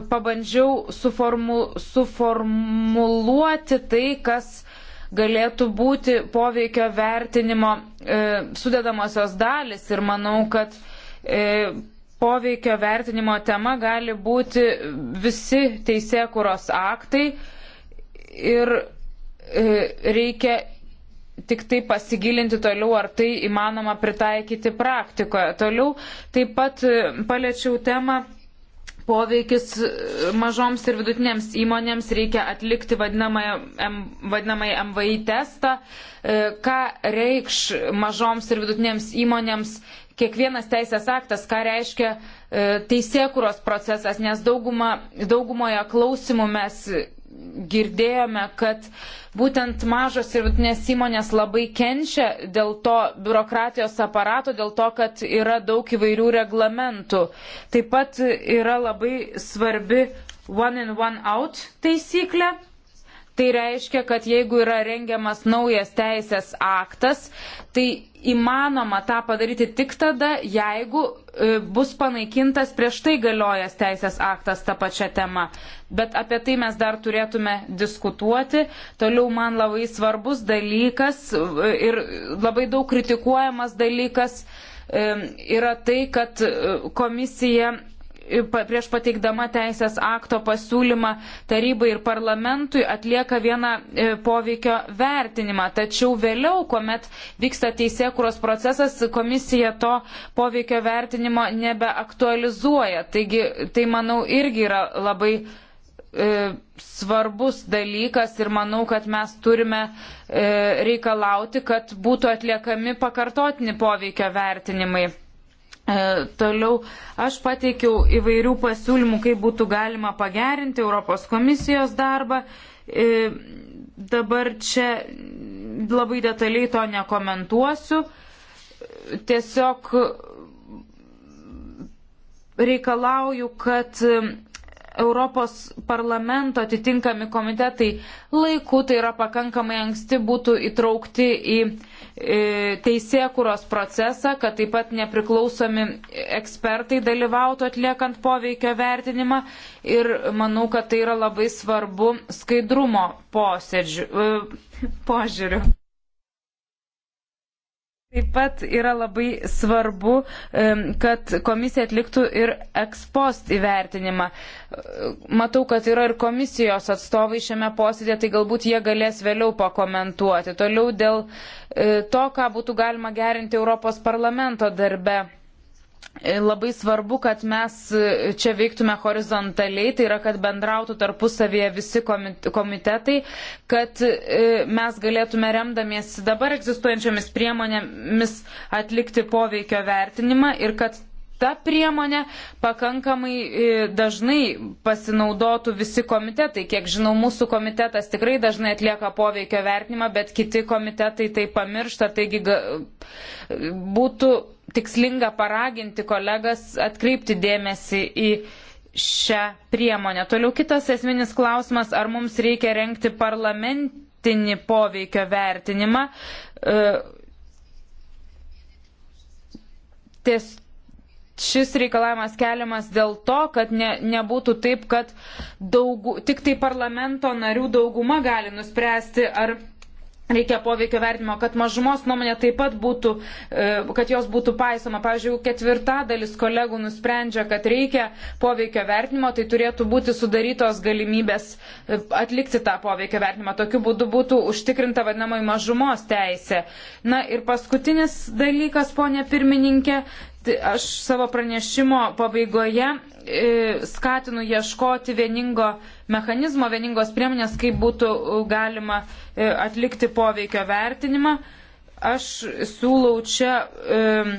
pabandžiau suformu, suformuluoti tai, kas galėtų būti poveikio vertinimo e, sudedamosios dalis ir manau, kad e, poveikio vertinimo tema gali būti visi teisėkuros aktai ir e, reikia tik tai pasigilinti toliau, ar tai įmanoma pritaikyti praktikoje. Toliau taip pat e, paliečiau temą poveikis e, mažoms ir vidutinėms įmonėms reikia atlikti vadinamąjį MVI testą, e, ką reikš mažoms ir vidutinėms įmonėms kiekvienas teisės aktas, ką reiškia teisėkuros procesas, nes dauguma, daugumoje klausimų mes girdėjome, kad būtent mažos ir vidutinės įmonės labai kenčia dėl to biurokratijos aparato, dėl to, kad yra daug įvairių reglamentų. Taip pat yra labai svarbi one in one out taisyklė. Tai reiškia, kad jeigu yra rengiamas naujas teisės aktas, tai įmanoma tą padaryti tik tada, jeigu E, bus panaikintas prieš tai galiojęs teisės aktas tą pačią temą. Bet apie tai mes dar turėtume diskutuoti. Toliau man labai svarbus dalykas e, ir labai daug kritikuojamas dalykas e, yra tai, kad komisija prieš pateikdama teisės akto pasiūlymą tarybai ir parlamentui atlieka vieną e, poveikio vertinimą. Tačiau vėliau, kuomet vyksta teisėkuros procesas, komisija to poveikio vertinimo nebeaktualizuoja. Taigi, tai manau irgi yra labai e, svarbus dalykas ir manau, kad mes turime e, reikalauti, kad būtų atliekami pakartotini poveikio vertinimai. E, toliau aš pateikiau įvairių pasiūlymų, kaip būtų galima pagerinti Europos komisijos darbą. E, dabar čia labai detaliai to nekomentuosiu. Tiesiog reikalauju, kad Europos parlamento atitinkami komitetai laiku, tai yra pakankamai anksti, būtų įtraukti į e, teisėkuros procesą, kad taip pat nepriklausomi ekspertai dalyvautų atliekant poveikio vertinimą ir manau, kad tai yra labai svarbu skaidrumo posėdžių, e, požiūrių. Taip pat yra labai svarbu, kad komisija atliktų ir ekspost įvertinimą. Matau, kad yra ir komisijos atstovai šiame posėdė, tai galbūt jie galės vėliau pakomentuoti. Toliau dėl e, to, ką būtų galima gerinti Europos parlamento darbe labai svarbu, kad mes čia veiktume horizontaliai, tai yra, kad bendrautų tarpusavėje visi komitetai, kad e, mes galėtume remdamiesi dabar egzistuojančiomis priemonėmis atlikti poveikio vertinimą ir kad ta priemonė pakankamai e, dažnai pasinaudotų visi komitetai. Kiek žinau, mūsų komitetas tikrai dažnai atlieka poveikio vertinimą, bet kiti komitetai tai pamiršta, taigi būtų tikslinga paraginti kolegas atkreipti dėmesį į šią priemonę. Toliau kitas esminis klausimas, ar mums reikia renkti parlamentinį poveikio vertinimą. E, ties, šis reikalavimas keliamas dėl to, kad ne, nebūtų taip, kad daugu, tik tai parlamento narių dauguma gali nuspręsti, ar reikia poveikio vertinimo, kad mažumos nuomonė taip pat būtų, e, kad jos būtų paisoma. Pavyzdžiui, ketvirtadalis kolegų nusprendžia, kad reikia poveikio vertinimo, tai turėtų būti sudarytos galimybės e, atlikti tą poveikio vertinimą. Tokiu būdu būtų užtikrinta vadinamoji mažumos teisė. Na ir paskutinis dalykas, ponė pirmininkė, aš savo pranešimo pabaigoje e, skatinu ieškoti vieningo mechanizmo, vieningos priemonės, kaip būtų uh, galima uh, atlikti poveikio vertinimą. Aš siūlau čia um,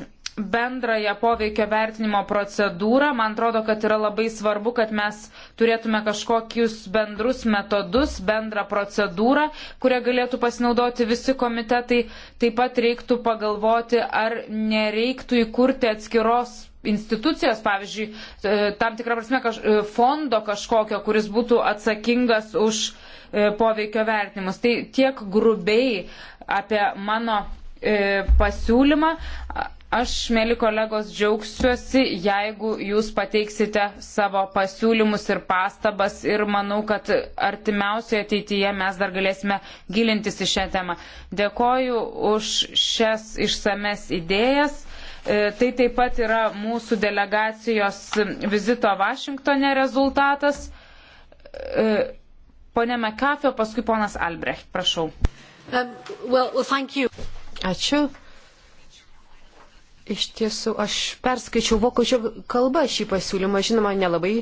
bendrąją poveikio vertinimo procedūrą. Man atrodo, kad yra labai svarbu, kad mes turėtume kažkokius bendrus metodus, bendrą procedūrą, kurią galėtų pasinaudoti visi komitetai. Taip pat reiktų pagalvoti, ar nereiktų įkurti atskiros institucijos, pavyzdžiui, e, tam tikrą prasme kaž, e, fondo kažkokio, kuris būtų atsakingas už e, poveikio vertinimus. Tai tiek grubiai apie mano pasiūlymą. Aš, mėly kolegos, džiaugsiuosi, jeigu jūs pateiksite savo pasiūlymus ir pastabas ir manau, kad artimiausioje ateityje mes dar galėsime gilintis į šią temą. Dėkoju už šias išsames idėjas. E, tai taip pat yra mūsų delegacijos vizito Vašingtone rezultatas. E, pone Mekafio, paskui ponas Albrecht, prašau. Um, well, well, Ačiū. Iš tiesų, aš perskaičiau vokiečių kalbą šį pasiūlymą, žinoma, nelabai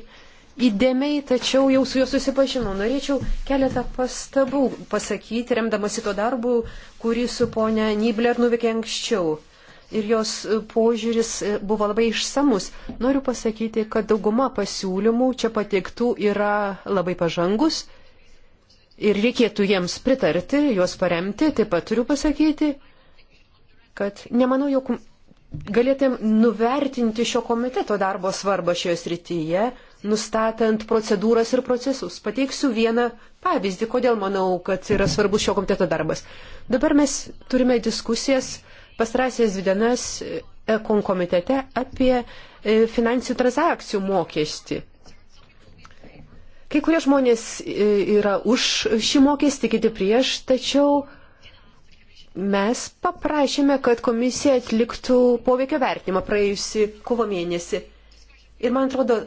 įdėmiai, tačiau jau su juo susipažinau. Norėčiau keletą pastabų pasakyti, remdamasi tuo darbu, kurį su ponia Nibler nuveikė anksčiau ir jos požiūris buvo labai išsamus. Noriu pasakyti, kad dauguma pasiūlymų čia pateiktų yra labai pažangus ir reikėtų jiems pritarti, juos paremti. Taip pat turiu pasakyti, kad nemanau, jog galėtum nuvertinti šio komiteto darbo svarbą šioje srityje, nustatant procedūras ir procesus. Pateiksiu vieną pavyzdį, kodėl manau, kad yra svarbus šio komiteto darbas. Dabar mes turime diskusijas pastarąsias dvi dienas e, Ekon komitete apie e, finansinių transakcijų mokestį. Kai kurie žmonės e, yra už šį mokestį, kiti prieš, tačiau mes paprašėme, kad komisija atliktų poveikio vertinimą praėjusi kovo mėnesį. Ir man atrodo,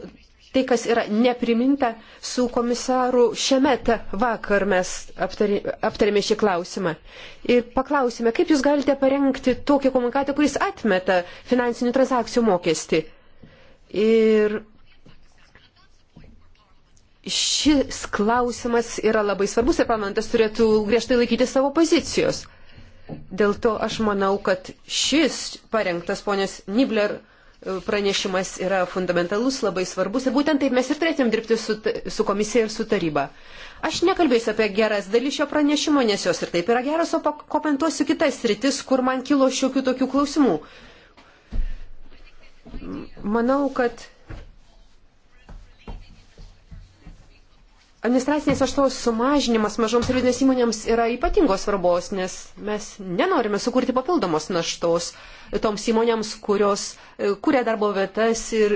tai, kas yra nepriminta su komisaru Šemet vakar mes aptarėme šį klausimą. Ir paklausime, kaip jūs galite parengti tokį komunikatą, kuris atmeta finansinių transakcijų mokestį. Ir šis klausimas yra labai svarbus ir parlamentas turėtų griežtai laikyti savo pozicijos. Dėl to aš manau, kad šis parengtas ponios Nibler pranešimas yra fundamentalus, labai svarbus ir būtent taip mes ir turėtum dirbti su, su komisija ir su taryba. Aš nekalbėsiu apie geras dalis šio pranešimo, nes jos ir taip yra geras, o pakomentuosiu kitas rytis, kur man kilo šiokių tokių klausimų. Manau, kad Administracinės aštos sumažinimas mažoms ir vidinės įmonėms yra ypatingos svarbos, nes mes nenorime sukurti papildomos naštos toms įmonėms, kurios e, kuria darbo vietas ir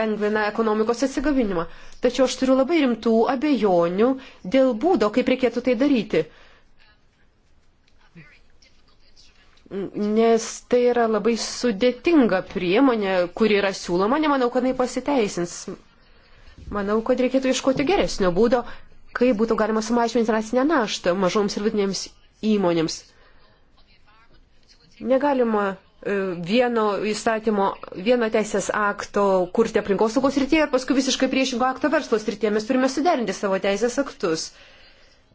lengvina ekonomikos atsigavinimą. Tačiau aš turiu labai rimtų abejonių dėl būdo, kaip reikėtų tai daryti. Nes tai yra labai sudėtinga priemonė, kuri yra siūloma, nemanau, kad tai pasiteisins. Manau, kad reikėtų iškoti geresnio būdo, kaip būtų galima sumažinti administracinę naštą mažoms ir vidinėms įmonėms. Negalima e, vieno įstatymo, vieno teisės akto kurti aplinkosaugos rytyje ir paskui visiškai priešingo akto verslo srityje. Mes turime suderinti savo teisės aktus.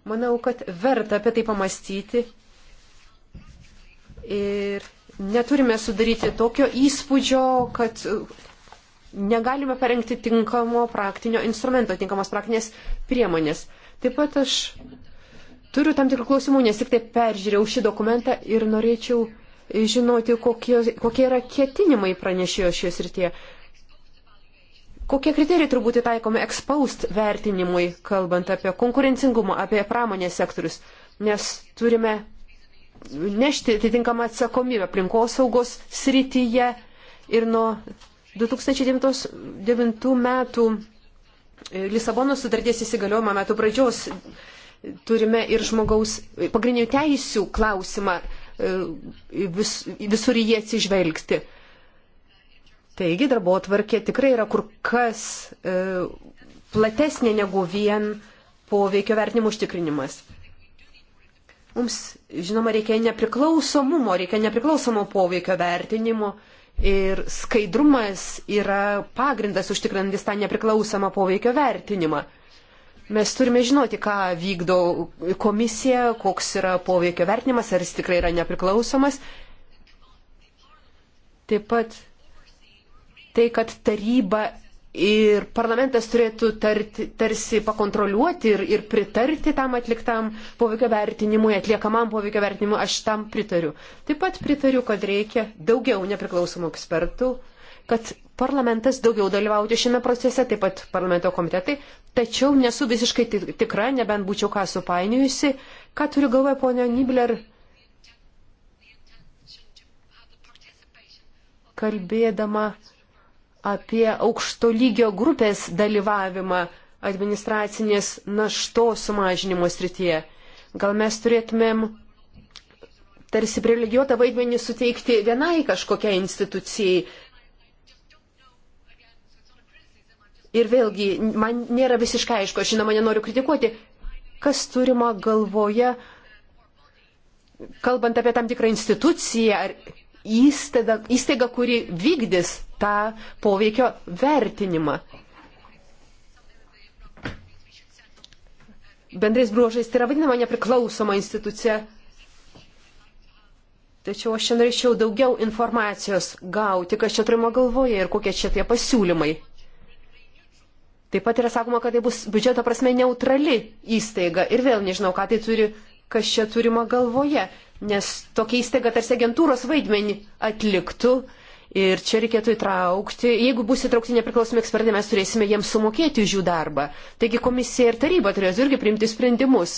Manau, kad verta apie tai pamastyti. Ir neturime sudaryti tokio įspūdžio, kad negalime parengti tinkamo praktinio instrumento, tinkamos praktinės priemonės. Taip pat aš turiu tam tikrų klausimų, nes tik tai peržiūrėjau šį dokumentą ir norėčiau žinoti, kokie, kokie yra ketinimai pranešėjo šioje srityje. Kokie kriterijai turbūt įtaikomi ekspaust vertinimui, kalbant apie konkurencingumą, apie pramonės sektorius, nes turime nešti atitinkamą atsakomybę aplinkosaugos srityje ir nuo 2009 metų e, Lisabono sutarties įsigaliojimo metų pradžios turime ir žmogaus e, pagrindinių teisių klausimą e, vis, visur jį atsižvelgti. Taigi darbo atvarkė tikrai yra kur kas platesnė negu vien poveikio vertinimo užtikrinimas. Mums, žinoma, reikia nepriklausomumo, reikia nepriklausomo poveikio vertinimo Ir skaidrumas yra pagrindas užtikrantis tą nepriklausomą poveikio vertinimą. Mes turime žinoti, ką vykdo komisija, koks yra poveikio vertinimas, ar jis tikrai yra nepriklausomas. Taip pat tai, kad taryba ir parlamentas turėtų tarti, tarsi pakontroliuoti ir, ir pritarti tam atliktam poveikio vertinimui, atliekamam poveikio vertinimui, aš tam pritariu. Taip pat pritariu, kad reikia daugiau nepriklausomų ekspertų, kad parlamentas daugiau dalyvauti šiame procese, taip pat parlamento komitetai, tačiau nesu visiškai tikra, nebent būčiau ką supainiojusi, ką turiu galvoje ponio Nibler. Kalbėdama apie aukšto lygio grupės dalyvavimą administracinės naštos sumažinimo srityje. Gal mes turėtumėm tarsi privilegijuotą vaidmenį suteikti vienai kažkokiai institucijai. Ir vėlgi, man nėra visiškai aišku, aš žinoma nenoriu kritikuoti, kas turima galvoje, kalbant apie tam tikrą instituciją ar įstaiga, įstaiga kuri vykdys tą poveikio vertinimą. Bendrais bruožais tai yra vadinama nepriklausoma institucija. Tačiau aš čia norėčiau daugiau informacijos gauti, kas čia turima galvoje ir kokie čia tie pasiūlymai. Taip pat yra sakoma, kad tai bus biudžeto prasme neutrali įstaiga ir vėl nežinau, ką tai turi, kas čia turima galvoje nes tokia įstaiga tarsi agentūros vaidmenį atliktų. Ir čia reikėtų įtraukti, jeigu bus įtraukti nepriklausomi ekspertai, mes turėsime jiems sumokėti už jų darbą. Taigi komisija ir taryba turės irgi priimti sprendimus.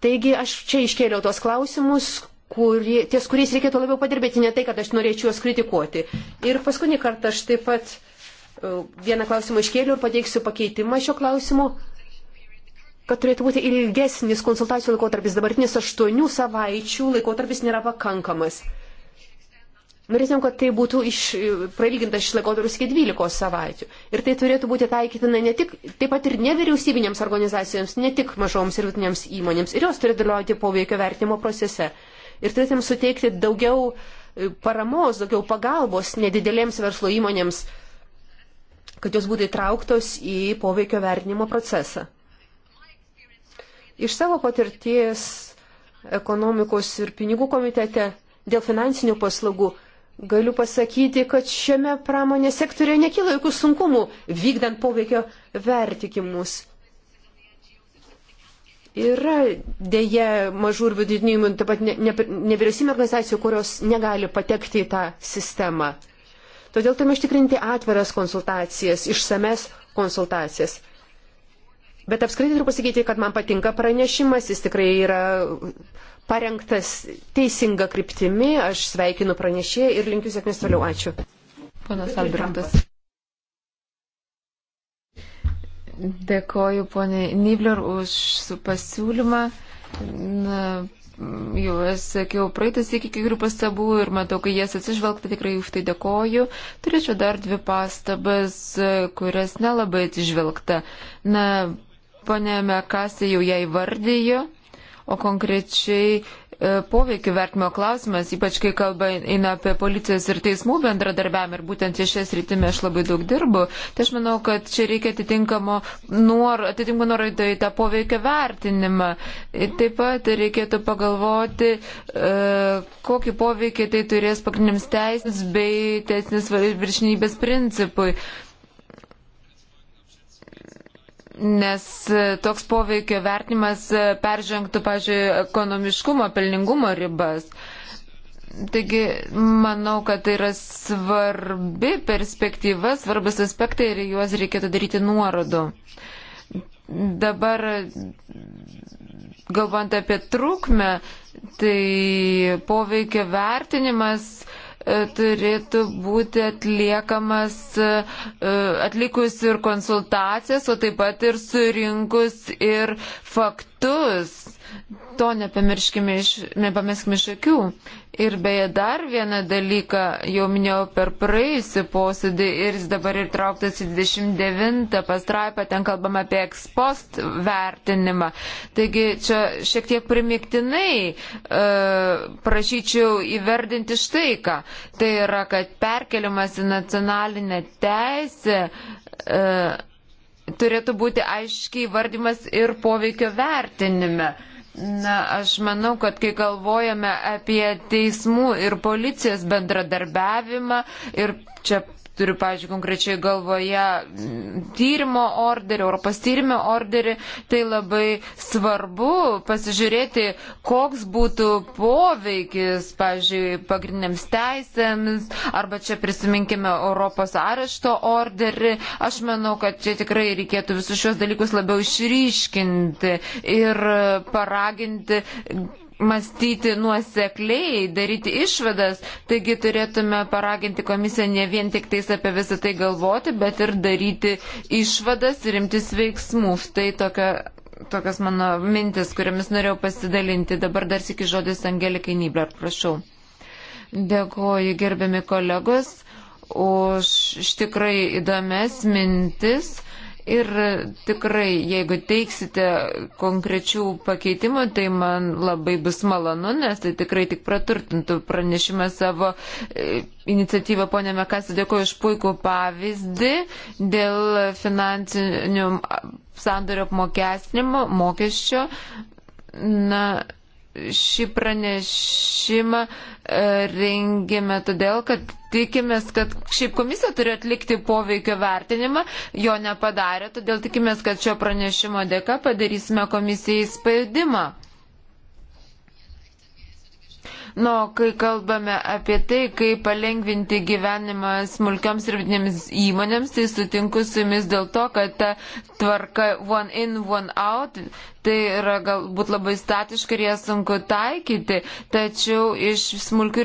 Taigi aš čia iškėliau tos klausimus, kurie, ties kuriais reikėtų labiau padirbėti, ne tai, kad aš norėčiau juos kritikuoti. Ir paskutinį kartą aš taip pat e, vieną klausimą iškėliau ir pateiksiu pakeitimą šio klausimo kad turėtų būti ilgesnis konsultacijų laikotarpis. Dabartinis aštuonių savaičių laikotarpis nėra pakankamas. Norėtum, kad tai būtų iš, prailginta šis laikotarpis iki 12 savaičių. Ir tai turėtų būti taikytina ne tik, taip pat ir nevyriausybinėms organizacijoms, ne tik mažoms ir vidutinėms įmonėms. Ir jos turi dalyvauti poveikio vertimo procese. Ir turėtum suteikti daugiau e, paramos, daugiau pagalbos nedidelėms verslo įmonėms, kad jos būtų įtrauktos į poveikio vertinimo procesą. Iš savo patirties ekonomikos ir pinigų komitete dėl finansinių paslaugų galiu pasakyti, kad šiame pramonės sektorėje nekyla jokių sunkumų vykdant poveikio vertikimus. Yra dėje mažų ir vidutinių, taip pat nevyriausybinio ne, ne organizacijų, kurios negali patekti į tą sistemą. Todėl turime ištikrinti atviras konsultacijas, išsames konsultacijas. Bet apskritai turiu pasakyti, kad man patinka pranešimas, jis tikrai yra parengtas teisinga kryptimi, aš sveikinu pranešėją ir linkiu sėkmės toliau. Ačiū. Ponas Albrechtas. Dėkoju, ponė Nibler, už pasiūlymą. Na, jau sakiau praeitas iki kiekvienų pastabų ir matau, kai jas atsižvelgta, tikrai už tai dėkoju. Turėčiau dar dvi pastabas, kurias nelabai atsižvelgta. Na, ponė Mekasi jau ją įvardyjo, o konkrečiai e, poveikių vertimo klausimas, ypač kai kalba eina apie policijos ir teismų bendradarbiavimą ir būtent iš šias rytime aš labai daug dirbu, tai aš manau, kad čia reikia atitinkamo nuoro, atitinkamo nuoro į tą poveikio vertinimą. Taip pat reikėtų pagalvoti, e, kokį poveikį tai turės pagrindiniams teisės bei teisinės viršinybės principui nes e, toks poveikio vertinimas e, peržengtų, pažiūrėjau, ekonomiškumo, pelningumo ribas. Taigi, manau, kad tai yra svarbi perspektyva, svarbus aspektai ir juos reikėtų daryti nuorodų. Dabar, galvant apie trukmę, tai poveikio vertinimas uh, E, turėtų būti atliekamas e, e, atlikus ir konsultacijas, o taip pat ir surinkus ir faktus To nepamirškime iš, nepamirškime iš akių. Ir beje, dar vieną dalyką jau minėjau per praėjusią posėdį ir jis dabar ir trauktas į 29 pastraipą, ten kalbam apie ekspost vertinimą. Taigi čia šiek tiek primiktinai e, prašyčiau įverdinti štai ką. Tai yra, kad perkeliamas į nacionalinę teisę. E, turėtų būti aiškiai vardimas ir poveikio vertinime. Na, aš manau, kad kai galvojame apie teismų ir policijos bendradarbiavimą ir čia turiu, pažiūrėjau, konkrečiai galvoje tyrimo orderį, Europos tyrimo orderį, tai labai svarbu pasižiūrėti, koks būtų poveikis, pažiūrėjau, pagrindiniams teisėms, arba čia prisiminkime Europos arešto orderį. Aš manau, kad čia tikrai reikėtų visus šios dalykus labiau išryškinti ir paraginti mąstyti nuosekliai, daryti išvadas, taigi turėtume paraginti komisiją ne vien tik tais apie visą tai galvoti, bet ir daryti išvadas ir imtis veiksmų. Štai tokia, tokias mano mintis, kuriamis norėjau pasidalinti. Dabar dar sėki žodis Angelikai Nibler, prašau. Dėkuoju, gerbiami kolegos, už tikrai įdomias mintis. Ir tikrai, jeigu teiksite konkrečių pakeitimų, tai man labai bus malonu, nes tai tikrai tik praturtintų pranešimą savo e, iniciatyvą. Pone Mekas, dėkoju už puikų pavyzdį dėl finansinių sandorio apmokestinimo, mokesčio. Na, šį pranešimą e, rengėme todėl, kad tikimės, kad šiaip komisija turi atlikti poveikio vertinimą, jo nepadarė, todėl tikimės, kad šio pranešimo dėka padarysime komisijai spaudimą. Nu, kai kalbame apie tai, kaip palengvinti gyvenimą smulkiams ir vidinėms įmonėms, tai sutinku su jumis dėl to, kad ta tvarka one in, one out tai yra galbūt labai statiška ir ją sunku taikyti, tačiau iš smulkių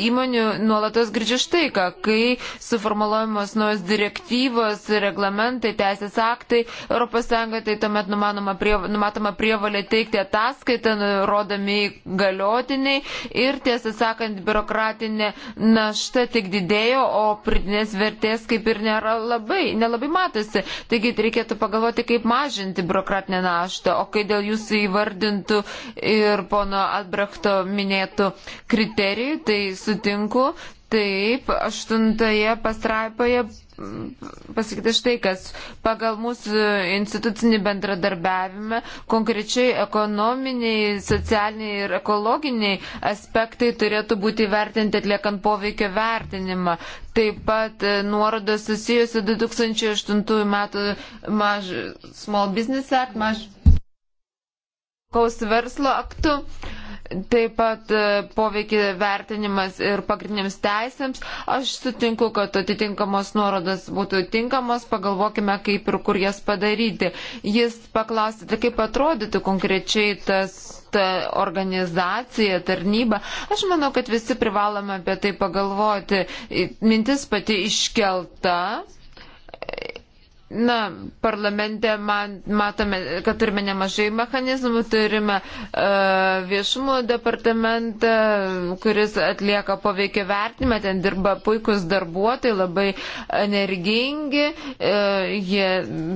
įmonių nuolatos grįžta štai ką, kai suformuluojamos naujos direktyvos, reglamentai, teisės aktai, ES tai tuomet numanoma prie, numatoma prievalė teikti ataskaitą, nurodami galiotiniai ir tiesą sakant, biurokratinė našta tik didėjo, o pridinės vertės kaip ir nėra labai, nelabai matosi. Taigi reikėtų pagalvoti, kaip mažinti biurokratinę naštą, o kai dėl jūsų įvardintų ir pono Atbrechto minėtų kriterijų, tai sutinku. Taip, aštuntoje pastraipoje pasakyti štai, kas pagal mūsų institucinį bendradarbiavimą konkrečiai ekonominiai, socialiniai ir ekologiniai aspektai turėtų būti vertinti atliekant poveikio vertinimą. Taip pat e, nuorodos susijusi 2008 metų Small Business Act, maž, smulkaus verslo aktu. Taip pat e, poveikį vertinimas ir pagrindiniams teisėms. Aš sutinku, kad atitinkamos nuorodas būtų tinkamos, pagalvokime, kaip ir kur jas padaryti. Jis paklausė, tai kaip atrodytų konkrečiai tas ta organizacija, tarnyba. Aš manau, kad visi privalome apie tai pagalvoti. Mintis pati iškelta Na, parlamente man, matome, kad turime nemažai mechanizmų, turime uh, viešumo departamentą, kuris atlieka poveikio vertinimą, ten dirba puikus darbuotojai, labai energingi, uh, jie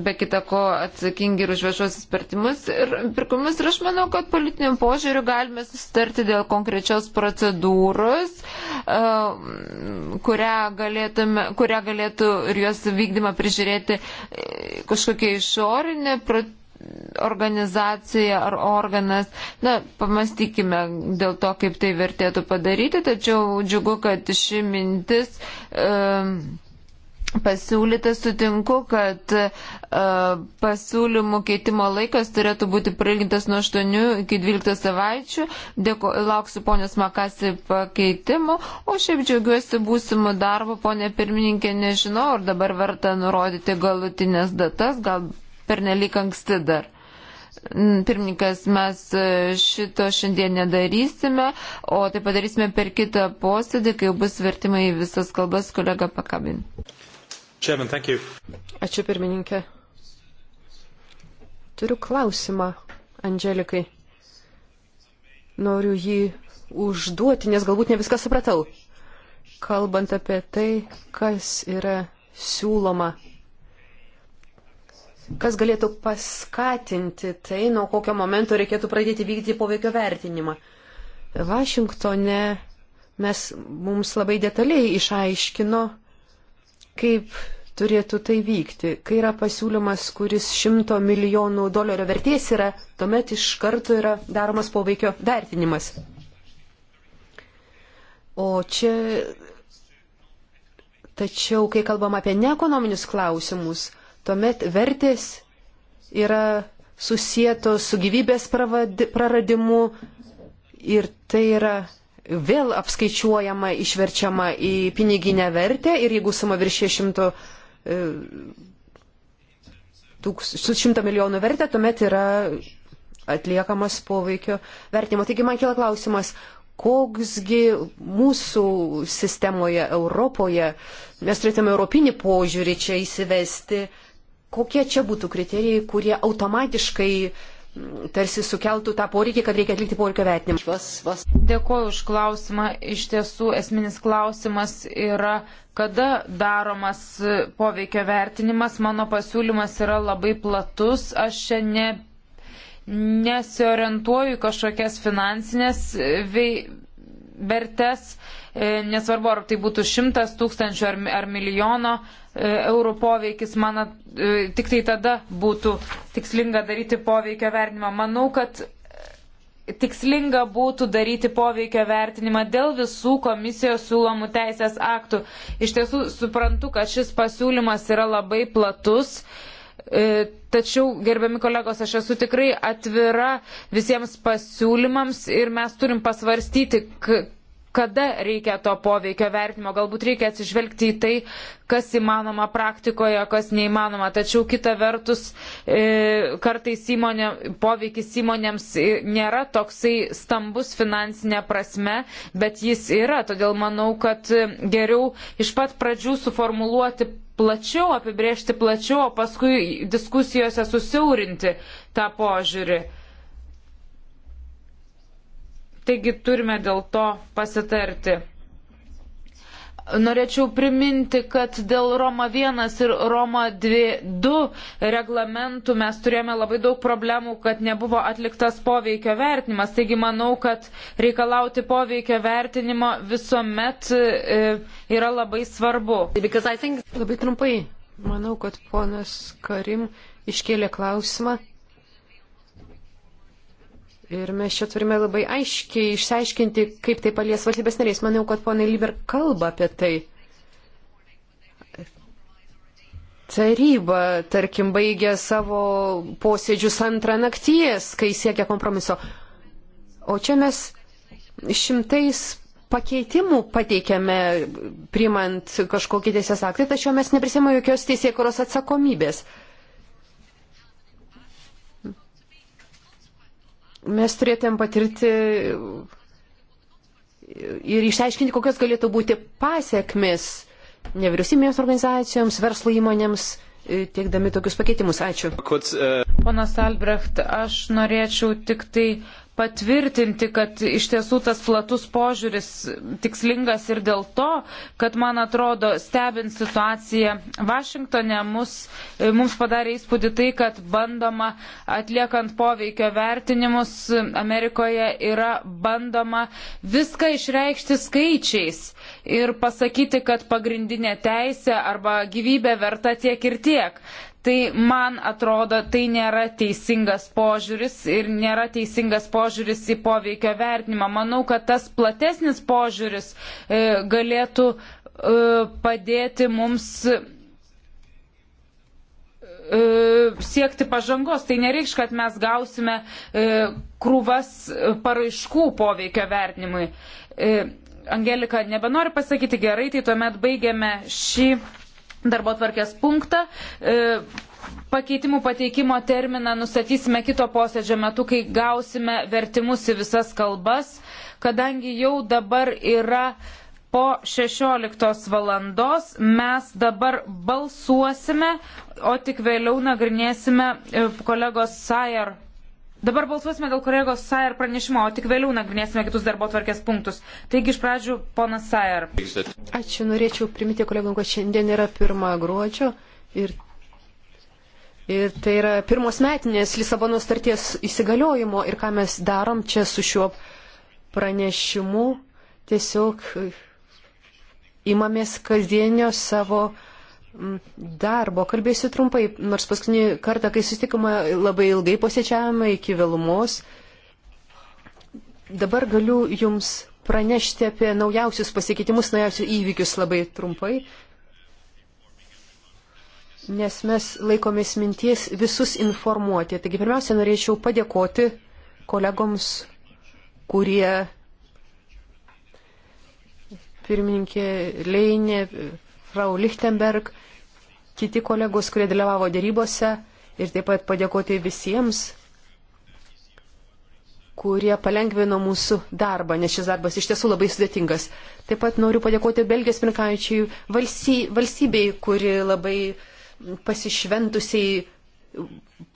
be kita ko atsakingi ir už viešuosius pirkimus. Ir, pirkumus. ir aš manau, kad politiniam požiūriu galime sustarti dėl konkrečios procedūros, uh, kurią, galėtume, kurią galėtų ir jos vykdymą prižiūrėti. Uh, kažkokia išorinė organizacija ar organas. Na, pamastykime dėl to, kaip tai vertėtų padaryti, tačiau džiugu, kad ši mintis. Um, e, pasiūlyta, sutinku, kad e, pasiūlymų keitimo laikas turėtų būti prailgintas nuo 8 iki 12 savaičių. Dėku, lauksiu ponios Makasi pakeitimo, o šiaip džiaugiuosi būsimų darbo, ponė pirmininkė, nežinau, ar dabar verta nurodyti galutinės datas, gal per nelik anksti dar. Pirmininkas, mes e, šito šiandien nedarysime, o tai padarysime per kitą posėdį, kai jau bus vertimai į visas kalbas kolega pakabin. Chairman, thank you. Ačiū pirmininkė. Turiu klausimą Andželikai. Noriu jį užduoti, nes galbūt ne viską supratau. Kalbant apie tai, kas yra siūloma, kas galėtų paskatinti tai, nuo kokio momento reikėtų pradėti vykdyti poveikio vertinimą. Vašingtone mes, mums labai detaliai išaiškino, kaip turėtų tai vykti. Kai yra pasiūlymas, kuris šimto milijonų dolerio vertės yra, tuomet iš karto yra daromas poveikio vertinimas. O čia. Tačiau, kai kalbam apie neekonominius klausimus, tuomet vertės yra susijęto su gyvybės praradimu ir tai yra vėl apskaičiuojama, išverčiama į piniginę vertę ir jeigu suma viršė 100, 100 milijonų vertę, tuomet yra atliekamas poveikio vertinimo. Taigi man kila klausimas, koksgi mūsų sistemoje Europoje, mes turėtume europinį požiūrį čia įsivesti, kokie čia būtų kriterijai, kurie automatiškai uh, tarsi sukeltų tą poreikį, kad reikia atlikti poreikio vertinimą. Dėkuoju už klausimą. Iš tiesų esminis klausimas yra, kada daromas poveikio vertinimas. Mano pasiūlymas yra labai platus. Aš čia ne, nesiorientuoju kažkokias finansinės vei, vertes, e, nesvarbu ar tai būtų šimtas tūkstančių ar, ar milijono E, eurų poveikis, man e, tik tai tada būtų tikslinga daryti poveikio vertinimą. Manau, kad tikslinga būtų daryti poveikio vertinimą dėl visų komisijos siūlomų teisės aktų. Iš tiesų suprantu, kad šis pasiūlymas yra labai platus. E, tačiau, gerbiami kolegos, aš esu tikrai atvira visiems pasiūlymams ir mes turim pasvarstyti, kada reikia to poveikio vertinimo, galbūt reikia atsižvelgti į tai, kas įmanoma praktikoje, kas neįmanoma. Tačiau kita vertus, e, kartais įmonė, poveikis įmonėms nėra toksai stambus finansinė prasme, bet jis yra. Todėl manau, kad geriau iš pat pradžių suformuluoti plačiau, apibriežti plačiau, o paskui diskusijose susiaurinti tą požiūrį. Taigi turime dėl to pasitarti. Norėčiau priminti, kad dėl Roma 1 ir Roma 2 reglamentų mes turėjome labai daug problemų, kad nebuvo atliktas poveikio vertinimas. Taigi manau, kad reikalauti poveikio vertinimo visuomet e, yra labai svarbu. Think... Labai trumpai, manau, kad ponas Karim iškėlė klausimą Ir mes čia turime labai aiškiai išsiaiškinti, kaip tai palies valstybės nariais. Maniau, kad ponai Liber kalba apie tai. Taryba, tarkim, baigė savo posėdžius antrą nakties, kai siekia kompromiso. O čia mes šimtais pakeitimų pateikėme, primant kažkokį teisės aktą, tačiau mes neprisėmame jokios teisėkuros atsakomybės. Uh, mes turėtėm patirti ir išsiaiškinti, kokios galėtų būti pasiekmes nevyriausybinėms organizacijoms, verslo įmonėms, e, tiekdami tokius pakeitimus. Ačiū. E, Ponas Albrecht, aš norėčiau tik tai patvirtinti, kad iš tiesų tas platus požiūris tikslingas ir dėl to, kad, man atrodo, stebint situaciją Vašingtone, mus, mums padarė įspūdį tai, kad bandoma, atliekant poveikio vertinimus, Amerikoje yra bandoma viską išreikšti skaičiais ir pasakyti, kad pagrindinė teisė arba gyvybė verta tiek ir tiek tai man atrodo, tai nėra teisingas požiūris ir nėra teisingas požiūris į poveikio vertinimą. Manau, kad tas platesnis požiūris e, galėtų e, padėti mums e, siekti pažangos. Tai nereikš, kad mes gausime e, krūvas paraiškų poveikio vertinimui. E, Angelika nebenori pasakyti gerai, tai tuomet baigiame šį darbo tvarkės punktą. E, pakeitimų pateikimo terminą nustatysime kito posėdžio metu, kai gausime vertimus į visas kalbas, kadangi jau dabar yra po 16 valandos, mes dabar balsuosime, o tik vėliau nagrinėsime e, kolegos Sajar Dabar balsuosime dėl kolegos Sayer pranešimo, o tik vėliau nagrinėsime kitus darbo tvarkės punktus. Taigi iš pradžių ponas Sayer. Ačiū, norėčiau priminti kolegom, kad šiandien yra pirmą gruodžio ir, ir tai yra pirmos metinės Lisabonos starties įsigaliojimo ir ką mes darom čia su šiuo pranešimu, tiesiog imamės kasdienio savo Mm, darbo. Kalbėsiu trumpai, nors paskutinį kartą, kai susitikome, labai ilgai posėčiavome iki vėlumos. Dabar galiu Jums pranešti apie naujausius pasikeitimus, naujausius įvykius labai trumpai, nes mes laikomės minties visus informuoti. Taigi pirmiausia, norėčiau padėkoti kolegoms, kurie pirmininkė Leinė, Frau Lichtenberg, kiti kolegos, kurie dalyvavo dėrybose ir taip pat padėkoti visiems, kurie palengvino mūsų darbą, nes šis darbas iš tiesų labai sudėtingas. Taip pat noriu padėkoti Belgijos pirmininkaujančiai valsy, valstybei, kuri labai pasišventusiai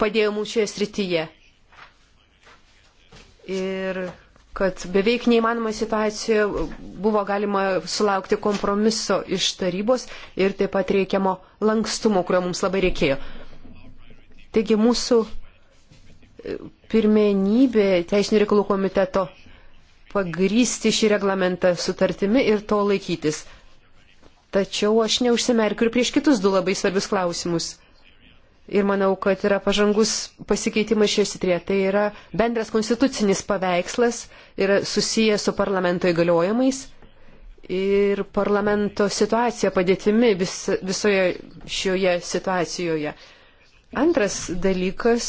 padėjo mums šioje srityje. Ir kad beveik neįmanoma situacija buvo galima sulaukti kompromiso iš tarybos ir taip pat reikiamo lankstumo, kurio mums labai reikėjo. Taigi mūsų e, pirmenybė Teisinių reikalų komiteto pagrysti šį reglamentą sutartimi ir to laikytis. Tačiau aš neužsimerkiu ir prieš kitus du labai svarbius klausimus ir manau, kad yra pažangus pasikeitimai šioje sitrėje. Tai yra bendras konstitucinis paveikslas, yra susijęs su parlamento įgaliojimais ir parlamento situacija padėtimi vis, visoje šioje situacijoje. Antras dalykas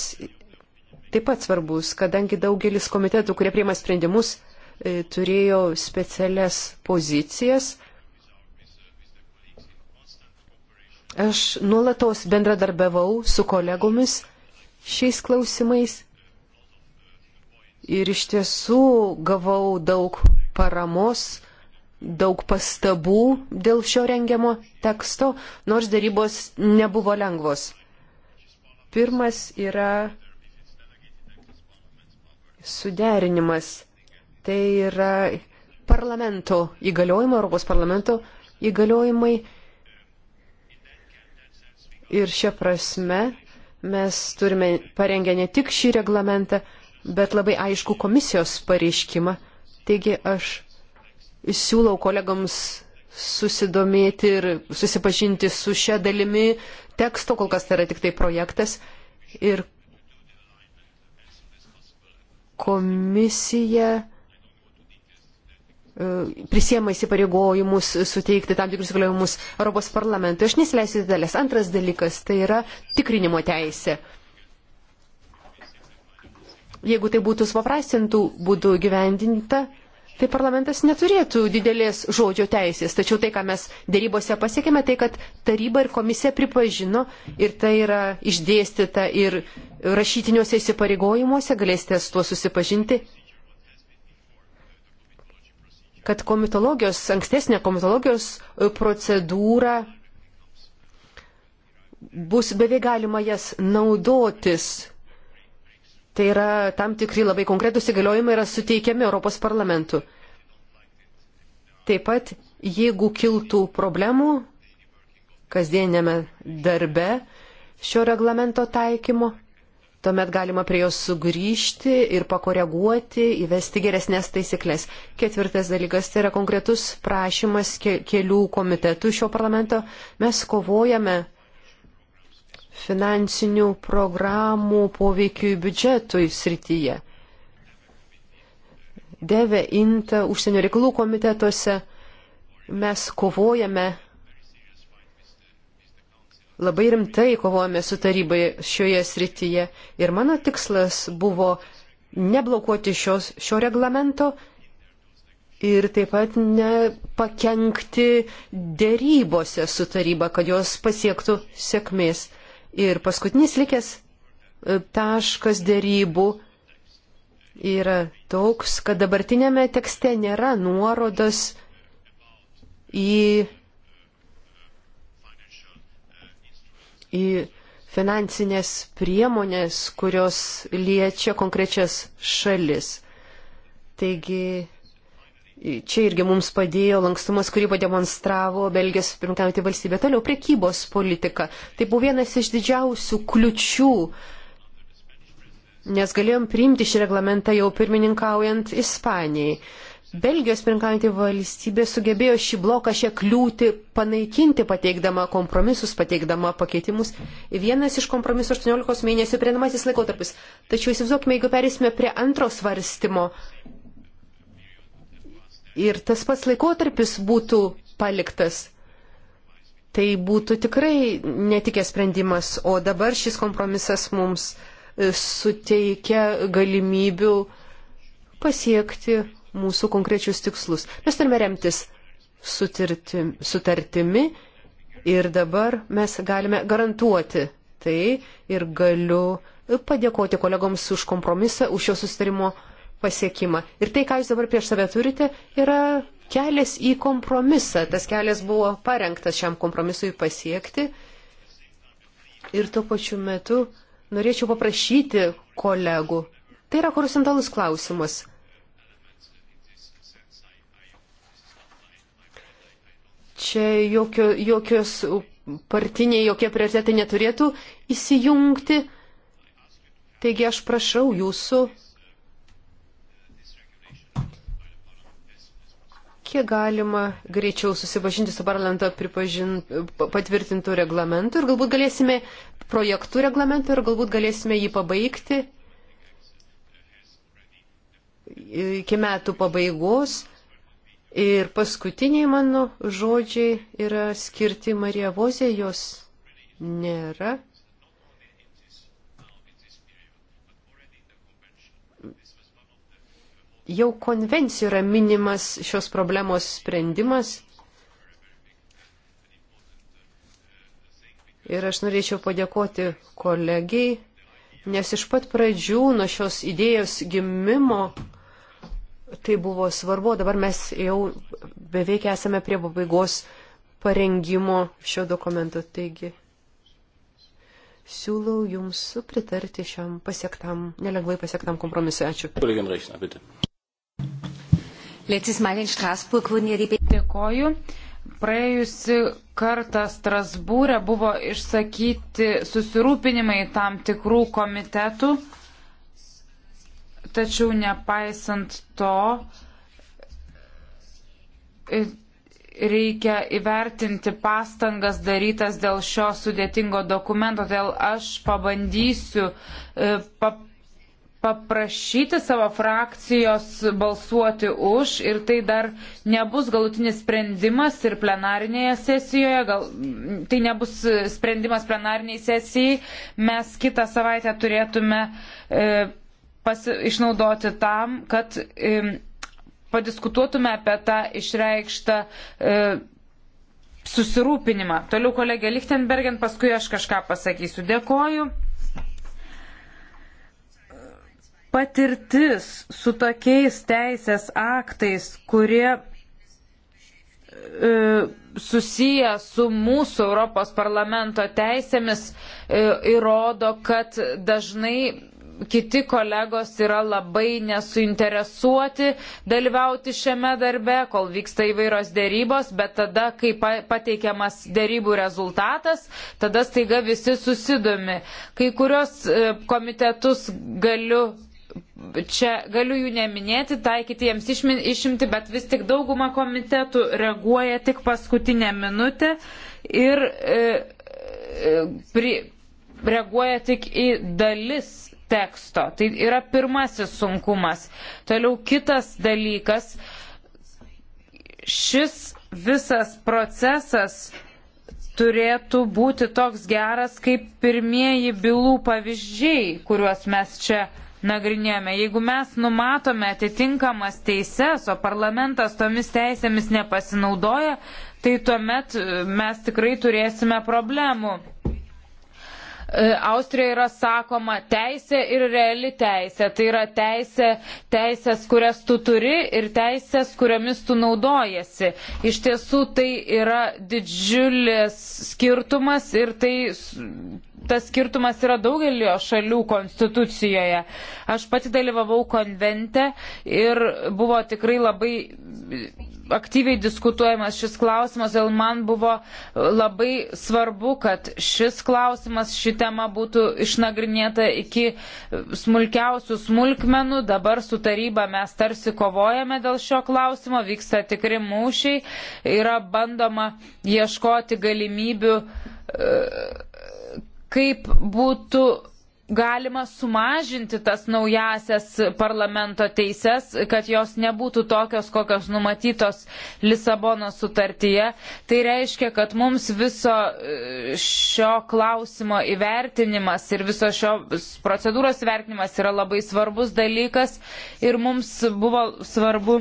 taip pat svarbus, kadangi daugelis komitetų, kurie priima sprendimus, e, turėjo specialias pozicijas Aš nuolatos bendradarbiavau su kolegomis šiais klausimais ir iš tiesų gavau daug paramos, daug pastabų dėl šio rengiamo teksto, nors darybos nebuvo lengvos. Pirmas yra suderinimas. Tai yra parlamento įgaliojimai, Europos parlamento įgaliojimai Ir šia prasme mes turime parengę ne tik šį reglamentą, bet labai aišku komisijos pareiškimą. Taigi aš siūlau kolegams susidomėti ir susipažinti su šia dalimi teksto, kol kas tai yra tik tai projektas. Ir komisija E, prisiema įsipareigojimus suteikti tam tikrus įgaliojimus Europos parlamentui. Aš nesileisiu didelės. Antras dalykas tai yra tikrinimo teisė. Jeigu tai būtų supaprastintų būdų gyvendinta, tai parlamentas neturėtų didelės žodžio teisės. Tačiau tai, ką mes dėrybose pasiekėme, tai kad taryba ir komisija pripažino ir tai yra išdėstyta ir rašytiniuose įsipareigojimuose, galėsite su tuo susipažinti kad komitologijos, ankstesnė komitologijos e, procedūra bus beveik galima jas naudotis. Tai yra tam tikri labai konkretus įgaliojimai yra suteikiami Europos parlamentu. Taip pat, jeigu kiltų problemų kasdienėme darbe šio reglamento taikymo, Tuomet galima prie jos sugrįžti ir pakoreguoti, įvesti geresnės taisyklės. Ketvirtas dalykas tai yra konkretus prašymas kelių komitetų šio parlamento. Mes kovojame finansinių programų poveikiui biudžetui srityje. Deve Inta užsienio reikalų komitetuose mes kovojame labai rimtai kovojame su tarybai šioje srityje ir mano tikslas buvo neblokuoti šios, šio reglamento ir taip pat nepakenkti dėrybose su taryba, kad jos pasiektų sėkmės. Ir paskutinis likęs e, taškas dėrybų yra toks, kad dabartinėme tekste nėra nuorodos į į finansinės priemonės, kurios liečia konkrečias šalis. Taigi čia irgi mums padėjo lankstumas, kurį pademonstravo Belgijos pirmininkauti valstybė. Toliau prekybos politika. Tai buvo vienas iš didžiausių kliučių, nes galėjom priimti šį reglamentą jau pirmininkaujant Ispanijai. Belgijos pirmkaujantį valstybę sugebėjo šį bloką šią kliūtį panaikinti, pateikdama kompromisus, pateikdama pakeitimus. Vienas iš kompromisų 18 mėnesių prieinamasis laikotarpis. Tačiau įsivaizduokime, jeigu perėsime prie antro svarstymo ir tas pats laikotarpis būtų paliktas, tai būtų tikrai netikės sprendimas, o dabar šis kompromisas mums e, suteikia galimybių pasiekti mūsų konkrečius tikslus. Mes turime remtis sutirti, sutartimi ir dabar mes galime garantuoti tai ir galiu padėkoti kolegoms už kompromisą, už šio sustarimo pasiekimą. Ir tai, ką jūs dabar prieš save turite, yra kelias į kompromisą. Tas kelias buvo parengtas šiam kompromisui pasiekti. Ir tuo pačiu metu norėčiau paprašyti kolegų. Tai yra horizontalus klausimas. čia jokio, jokios partiniai, jokie prioritetai neturėtų įsijungti. Taigi aš prašau jūsų, kiek galima greičiau susipažinti su parlamento patvirtintų reglamentų ir galbūt galėsime projektų reglamentų ir galbūt galėsime jį pabaigti iki metų pabaigos Ir paskutiniai mano žodžiai yra skirti Marija Vozė, jos nėra. Jau konvencijoje yra minimas šios problemos sprendimas. Ir aš norėčiau padėkoti kolegiai, nes iš pat pradžių nuo šios idėjos gimimo tai buvo svarbu, dabar mes jau beveik esame prie pabaigos parengimo šio dokumento. Taigi, siūlau Jums pritarti šiam pasiektam, nelengvai pasiektam kompromisui. Ačiū. Dėkoju. Praėjusi kartą Strasbūrė buvo išsakyti susirūpinimai tam tikrų komitetų Tačiau nepaisant to, reikia įvertinti pastangas darytas dėl šio sudėtingo dokumento, todėl aš pabandysiu e, pap paprašyti savo frakcijos balsuoti už ir tai dar nebus galutinis sprendimas ir plenarinėje sesijoje, gal, tai nebus sprendimas plenariniai sesijai, mes kitą savaitę turėtume e, pasi, išnaudoti tam, kad e, padiskutuotume apie tą išreikštą e, susirūpinimą. Toliau kolegė Lichtenbergen, paskui aš kažką pasakysiu. Dėkoju. Patirtis su tokiais teisės aktais, kurie e, susiję su mūsų Europos parlamento teisėmis e, įrodo, kad dažnai kiti kolegos yra labai nesuinteresuoti dalyvauti šiame darbe, kol vyksta įvairios dėrybos, bet tada, kai pateikiamas dėrybų rezultatas, tada staiga visi susidomi. Kai kurios e, komitetus galiu čia galiu jų neminėti, taikyti jiems išimti, bet vis tik dauguma komitetų reaguoja tik paskutinę minutę ir e, e, pri, reaguoja tik į dalis teksto. Tai yra pirmasis sunkumas. Toliau kitas dalykas. Šis visas procesas turėtų būti toks geras, kaip pirmieji bylų pavyzdžiai, kuriuos mes čia nagrinėjame. Jeigu mes numatome atitinkamas teises, o parlamentas tomis teisėmis nepasinaudoja, tai tuomet mes tikrai turėsime problemų. E, Austrija yra sakoma teisė ir reali teisė. Tai yra teisė, teisės, kurias tu turi ir teisės, kuriamis tu naudojasi. Iš tiesų tai yra didžiulis skirtumas ir tai tas skirtumas yra daugelio šalių konstitucijoje. Aš pati dalyvavau konvente ir buvo tikrai labai aktyviai diskutuojamas šis klausimas, dėl man buvo labai svarbu, kad šis klausimas, ši tema būtų išnagrinėta iki smulkiausių smulkmenų. Dabar su taryba mes tarsi kovojame dėl šio klausimo, vyksta tikri mūšiai, yra bandoma ieškoti galimybių. E, kaip būtų galima sumažinti tas naujasias parlamento teises, kad jos nebūtų tokios, kokios numatytos Lisabono sutartyje. Tai reiškia, kad mums viso e, šio klausimo įvertinimas ir viso šio procedūros įvertinimas yra labai svarbus dalykas ir mums buvo svarbu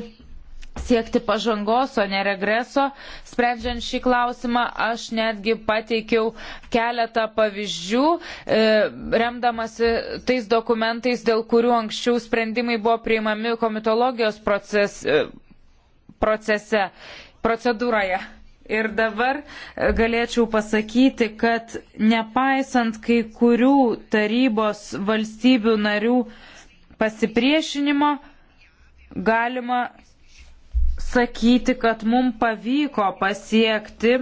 siekti pažangos, o ne regreso. Sprendžiant šį klausimą, aš netgi pateikiau keletą pavyzdžių, e, remdamasi tais dokumentais, dėl kurių anksčiau sprendimai buvo priimami komitologijos proces, e, procese, procedūroje. Ir dabar e, galėčiau pasakyti, kad nepaisant kai kurių tarybos valstybių narių pasipriešinimo, galima sakyti, kad mums pavyko pasiekti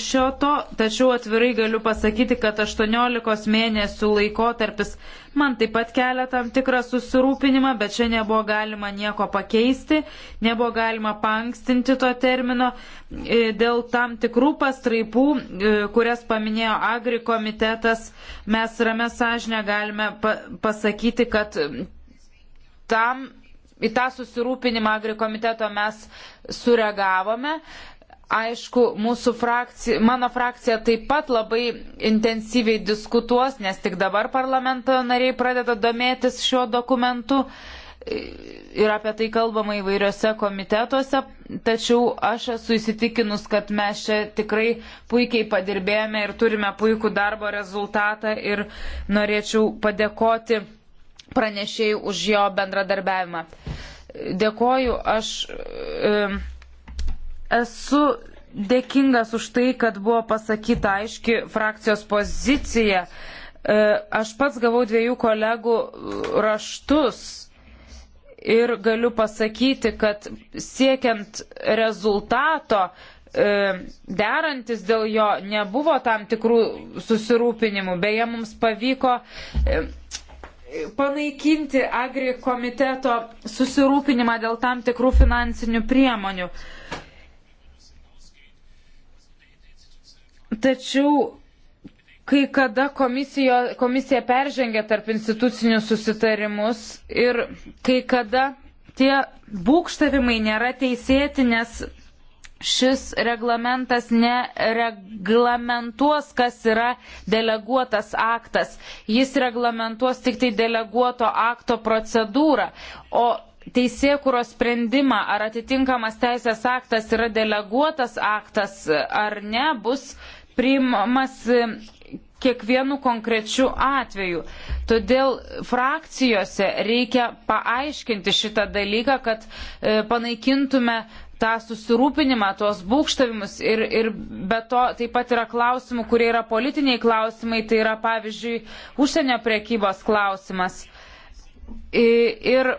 šio to, tačiau atvirai galiu pasakyti, kad 18 mėnesių laikotarpis man taip pat kelia tam tikrą susirūpinimą, bet čia nebuvo galima nieko pakeisti, nebuvo galima pankstinti to termino e, dėl tam tikrų pastraipų, e, kurias paminėjo Agri komitetas, mes rame sąžinę galime pasakyti, kad tam į tą susirūpinimą agrikomiteto mes sureagavome. Aišku, frakcija, mano frakcija taip pat labai intensyviai diskutuos, nes tik dabar parlamento nariai pradeda domėtis šiuo dokumentu ir apie tai kalbama įvairiose komitetuose, tačiau aš esu įsitikinus, kad mes čia tikrai puikiai padirbėjome ir turime puikų darbo rezultatą ir norėčiau padėkoti pranešėjai už jo bendradarbiavimą. Dėkoju, aš e, esu dėkingas už tai, kad buvo pasakyta aiški frakcijos pozicija. E, aš pats gavau dviejų kolegų raštus ir galiu pasakyti, kad siekiant rezultato, e, derantis dėl jo nebuvo tam tikrų susirūpinimų. Beje, mums pavyko e, panaikinti agri komiteto susirūpinimą dėl tam tikrų finansinių priemonių. Tačiau kai kada komisijo, komisija peržengia tarp institucinius susitarimus ir kai kada tie būkštavimai nėra teisėti, nes šis reglamentas nereglamentuos, kas yra deleguotas aktas. Jis reglamentuos tik tai deleguoto akto procedūrą. O teisėkuros sprendimą, ar atitinkamas teisės aktas yra deleguotas aktas ar ne, bus priimamas kiekvienu konkrečiu atveju. Todėl frakcijose reikia paaiškinti šitą dalyką, kad e, panaikintume tą susirūpinimą, tuos būkštavimus ir, ir be to taip pat yra klausimų, kurie yra politiniai klausimai, tai yra pavyzdžiui užsienio priekybos klausimas. Ir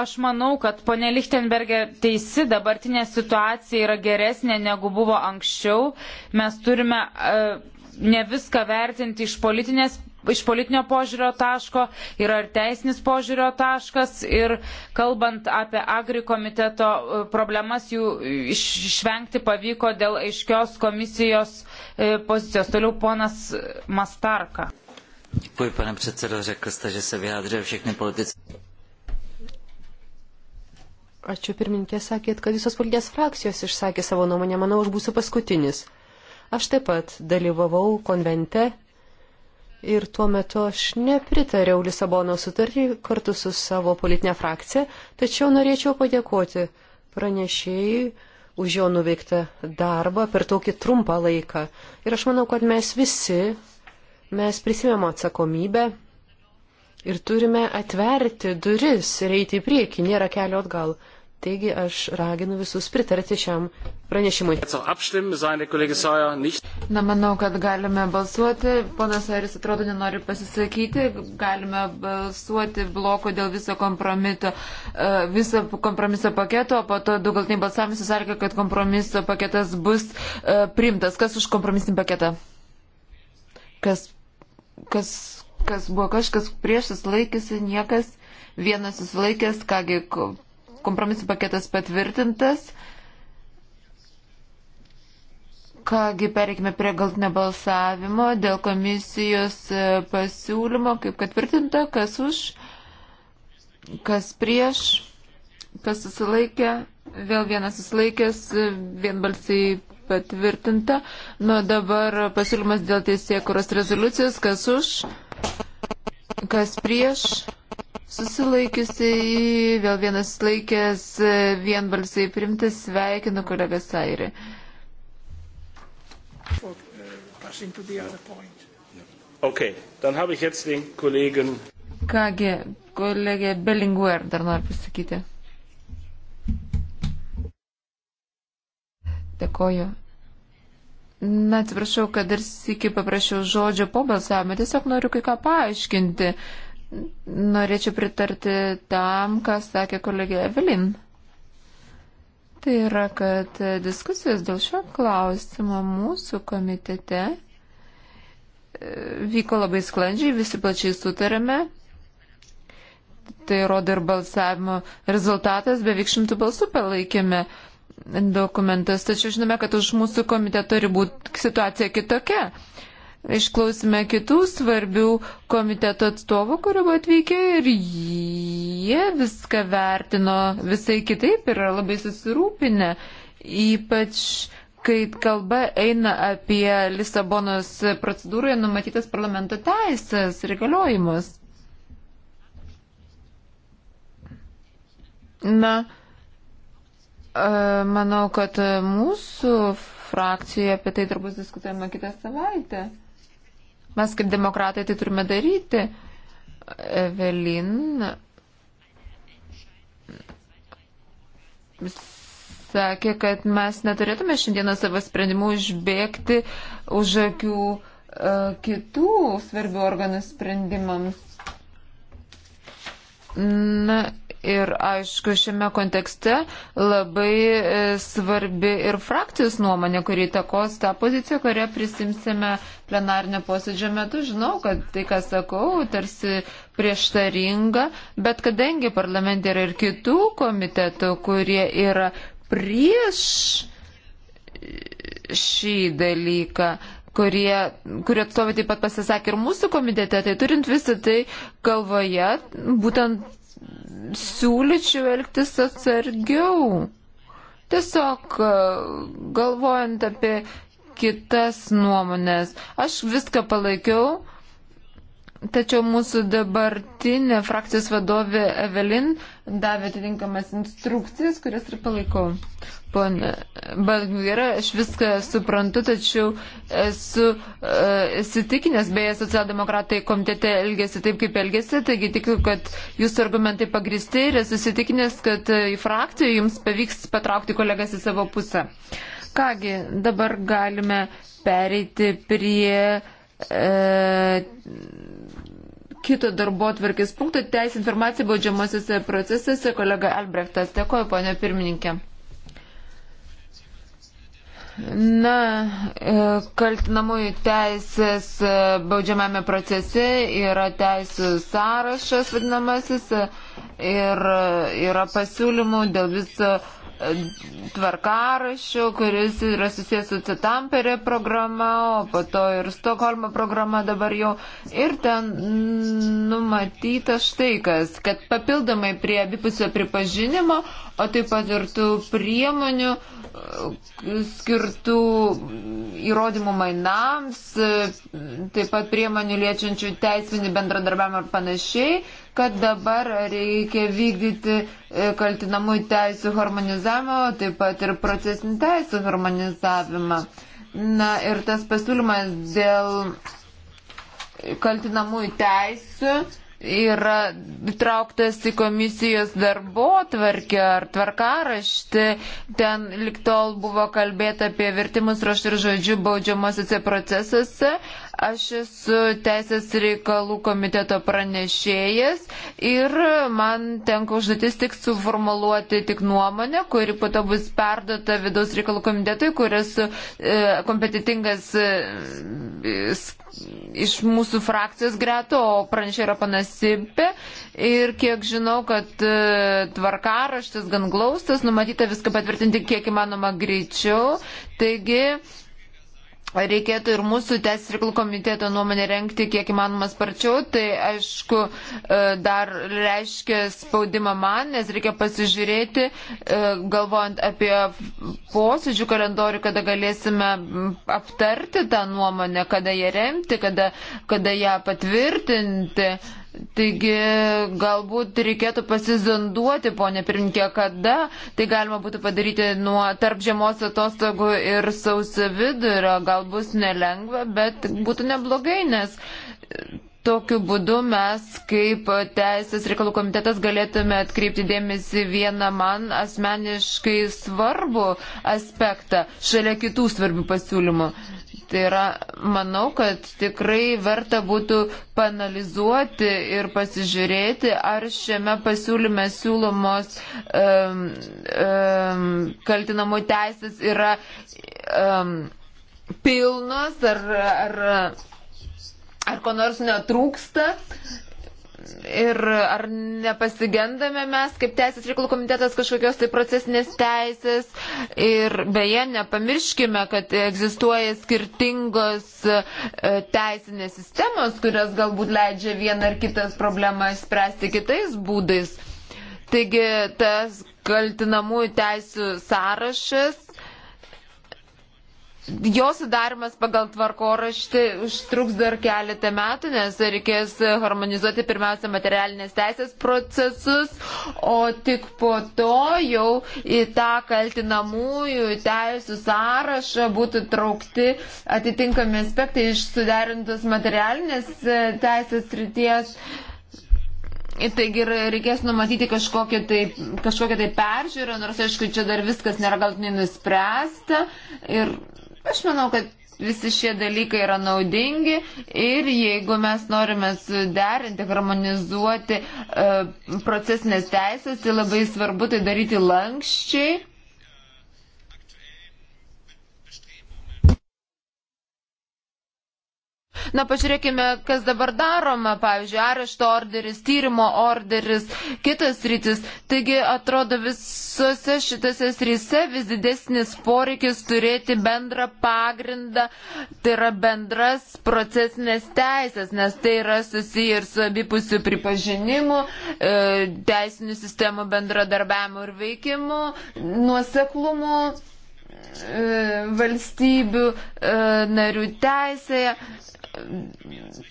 aš manau, kad ponė Lichtenbergė teisi, dabartinė situacija yra geresnė negu buvo anksčiau. Mes turime e, ne viską vertinti iš politinės iš politinio požiūrio taško, yra ir teisinis požiūrio taškas ir kalbant apie agri komiteto e, problemas, jų išvengti pavyko dėl aiškios komisijos e, pozicijos. Toliau ponas Mastarka. Děkuji, pane předsedo, řekl jste, že se vyjádřil všechny politické. Ačiū pirmininkė, sakėt, kad visos politinės frakcijos išsakė savo nuomonę, manau, aš būsiu paskutinis. Aš taip pat dalyvavau konvente Ir tuo metu aš nepritariau Lisabono sutartį kartu su savo politinė frakcija, tačiau norėčiau padėkoti pranešėjai už jo nuveiktą darbą per tokį trumpą laiką. Ir aš manau, kad mes visi, mes prisimėm atsakomybę ir turime atverti duris ir eiti į priekį, nėra kelio atgal. Taigi aš raginu visus pritarti šiam pranešimui. Na, manau, kad galime balsuoti. Ponas Aris atrodo nenori pasisakyti. Galime balsuoti bloko dėl viso kompromito, e, viso kompromiso paketo, o po to du galtiniai balsavimai susarkė, kad kompromiso paketas bus e, priimtas. Kas už kompromisinį paketą? Kas, kas, kas buvo kažkas prieš susilaikysi, niekas, vienas susilaikęs, kągi kompromisų paketas patvirtintas. Kągi, pereikime prie galtinio balsavimo dėl komisijos e, pasiūlymo, kaip patvirtinta, kas už, kas prieš, kas susilaikė, vėl vienas susilaikęs, e, vienbalsiai patvirtinta. Nu, dabar pasiūlymas dėl teisėkuros rezoliucijos, kas už, kas prieš, Susilaikiusiai, vėl vienas laikęs, e, vienbalsiai primtas, sveikinu kolegą Sairį. Okay, kollegen... Kągi, kolegė Bellinguer dar nori pasakyti. Dėkoju. Na, atsiprašau, kad dar sėki paprašiau žodžio po balsavimo, tiesiog noriu kai ką paaiškinti. Uh, norėčiau pritarti tam, ką sakė kolegė Evelin. Tai yra, kad diskusijos dėl šio klausimo mūsų komitete e, vyko labai sklandžiai, visi plačiai sutarėme. Tai rodo ir balsavimo rezultatas, beveik šimtų balsų palaikėme dokumentas, tačiau žinome, kad už mūsų komiteto turi būti situacija kitokia išklausime kitų svarbių komiteto atstovų, kurie buvo atvykę ir jie viską vertino visai kitaip ir yra labai susirūpinę. Ypač, kai kalba eina apie Lisabonos procedūroje numatytas parlamento teisės ir galiojimus. Na, e, manau, kad mūsų frakcijoje apie tai turbūt diskutuojama kitą savaitę. Mes kaip demokratai tai turime daryti. Evelin sakė, kad mes neturėtume šiandieną savo sprendimų užbėgti už akių e, kitų svarbių organų sprendimams. Na Ir aišku, šiame kontekste labai e, svarbi ir frakcijos nuomonė, kuri įtakos tą poziciją, kurią prisimsime plenarinio posėdžio metu. Žinau, kad tai, ką sakau, tarsi prieštaringa, bet kadangi parlamente yra ir kitų komitetų, kurie yra prieš e, šį dalyką, kurie, kurie atstovai taip pat pasisakė ir mūsų komitete, tai turint visą tai galvoje, būtent siūlyčiau elgtis atsargiau. Tiesiog e, galvojant apie kitas nuomonės. Aš viską palaikiau, Tačiau mūsų dabartinė frakcijos vadovė Evelin davė atitinkamas instrukcijas, kurias ir palaikau. Pone Bagvira, aš viską suprantu, tačiau esu e, įsitikinęs, e, beje, socialdemokratai komitete elgėsi taip, kaip elgėsi, taigi tikiu, kad jūsų argumentai pagristi ir esu įsitikinęs, kad į frakciją jums pavyks patraukti kolegas į savo pusę. Kągi, dabar galime pereiti prie. E, kito darbo atverkės punkto teisė informacija baudžiamosiuose procesuose. Kolega Albrechtas, dėkoju, ponė pirmininkė. Na, e, kaltinamųjų teisės e, baudžiamame procese yra teisų sąrašas vadinamasis e, ir yra pasiūlymų dėl viso tvarkarašių, kuris yra susijęs su Tamperė programa, o po to ir Stokholmo programa dabar jau. Ir ten numatyta štai kas, kad papildomai prie abipusio pripažinimo, o taip pat ir tų priemonių e, skirtų įrodymų mainams, e, taip pat priemonių liečiančių teisinį bendradarbiavimą ir panašiai, kad dabar reikia vykdyti e, kaltinamųjų teisų harmonizavimą, taip pat ir procesinių teisų harmonizavimą. Na ir tas pasiūlymas dėl kaltinamųjų teisų yra trauktas į komisijos darbo tvarkę ar tvarkaraštį. Ten liktol buvo kalbėta apie vertimus raštų ir žodžių baudžiamosiuose procesuose, Aš esu Teisės reikalų komiteto pranešėjas ir man tenka užduotis tik suformuluoti tik nuomonę, kuri po to bus perduota vidaus reikalų komitetui, kuris e, kompetitingas e, iš mūsų frakcijos greto, o pranešė yra panasipė. Ir kiek žinau, kad e, tvarkaraštis gan glaustas, numatyta viską patvirtinti kiek įmanoma greičiau. Taigi, reikėtų ir mūsų teisės reikalų komiteto nuomonę renkti kiek įmanoma sparčiau, tai aišku e, dar reiškia spaudimą man, nes reikia pasižiūrėti, e, galvojant apie posėdžių kalendorių, kada galėsime aptarti tą nuomonę, kada ją remti, kada, kada ją patvirtinti. Taigi galbūt reikėtų pasizonduoti, ponė pirmininkė, kada tai galima būtų padaryti nuo tarp žiemos atostogų ir sausio vidurio. Gal bus nelengva, bet būtų neblogai, nes tokiu būdu mes kaip Teisės reikalų komitetas galėtume atkreipti dėmesį vieną man asmeniškai svarbų aspektą šalia kitų svarbių pasiūlymų. Tai yra, manau, kad tikrai verta būtų panalizuoti ir pasižiūrėti, ar šiame pasiūlyme siūlomos um, um, kaltinamų teisės yra um, pilnos ar, ar, ar ko nors netrūksta. Ir ar nepasigendame mes, kaip Teisės reikalų komitetas, kažkokios tai procesinės teisės. Ir beje, nepamirškime, kad egzistuoja skirtingos e, teisinės sistemos, kurios galbūt leidžia vieną ar kitas problemą spręsti kitais būdais. Taigi tas kaltinamųjų teisų sąrašas jo sudarimas pagal tvarkoraštį užtruks dar keletą metų, nes reikės harmonizuoti pirmiausia materialinės teisės procesus, o tik po to jau į tą kaltinamųjų teisų sąrašą būtų traukti atitinkami aspektai iš suderintos materialinės e, teisės ryties. Taigi reikės numatyti kažkokią tai, kažkokią tai peržiūrą, nors aišku, čia dar viskas nėra galtinai nuspręsta. Ir Aš manau, kad visi šie dalykai yra naudingi ir jeigu mes norime suderinti, harmonizuoti e, procesinės teisės, tai labai svarbu tai daryti lankščiai. Na, pažiūrėkime, kas dabar daroma, pavyzdžiui, arešto orderis, tyrimo orderis, kitas rytis. Taigi, atrodo, visose šitose srise vis didesnis poreikis turėti bendrą pagrindą, tai yra bendras procesinės teisės, nes tai yra susiję ir su abipusių pripažinimu, e, teisinių sistemų bendradarbiavimu ir veikimu, nuoseklumu e, valstybių e, narių teisėje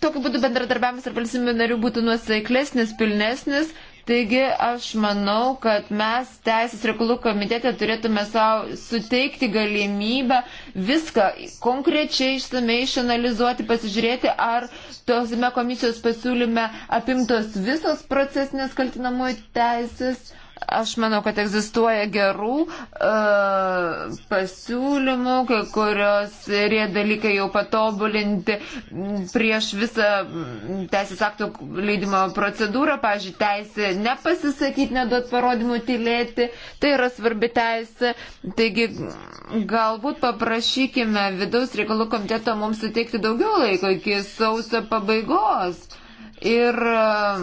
tokiu būdu bendradarbiavimas tarp valstybių narių būtų nuosaiklesnis, pilnesnis. Taigi aš manau, kad mes Teisės reikalų komitete turėtume savo suteikti galimybę viską konkrečiai išsamei išanalizuoti, pasižiūrėti, ar tosime komisijos pasiūlyme apimtos visos procesinės kaltinamųjų teisės Aš manau, kad egzistuoja gerų e, pasiūlymų, kai kurios rie dalykai jau patobulinti prieš visą teisės aktų leidimo procedūrą, pažiūrėjau, teisė nepasisakyti, neduot parodymų tylėti, tai yra svarbi teisė. Taigi galbūt paprašykime vidaus reikalų komiteto mums suteikti daugiau laiko iki sausio pabaigos. Ir e,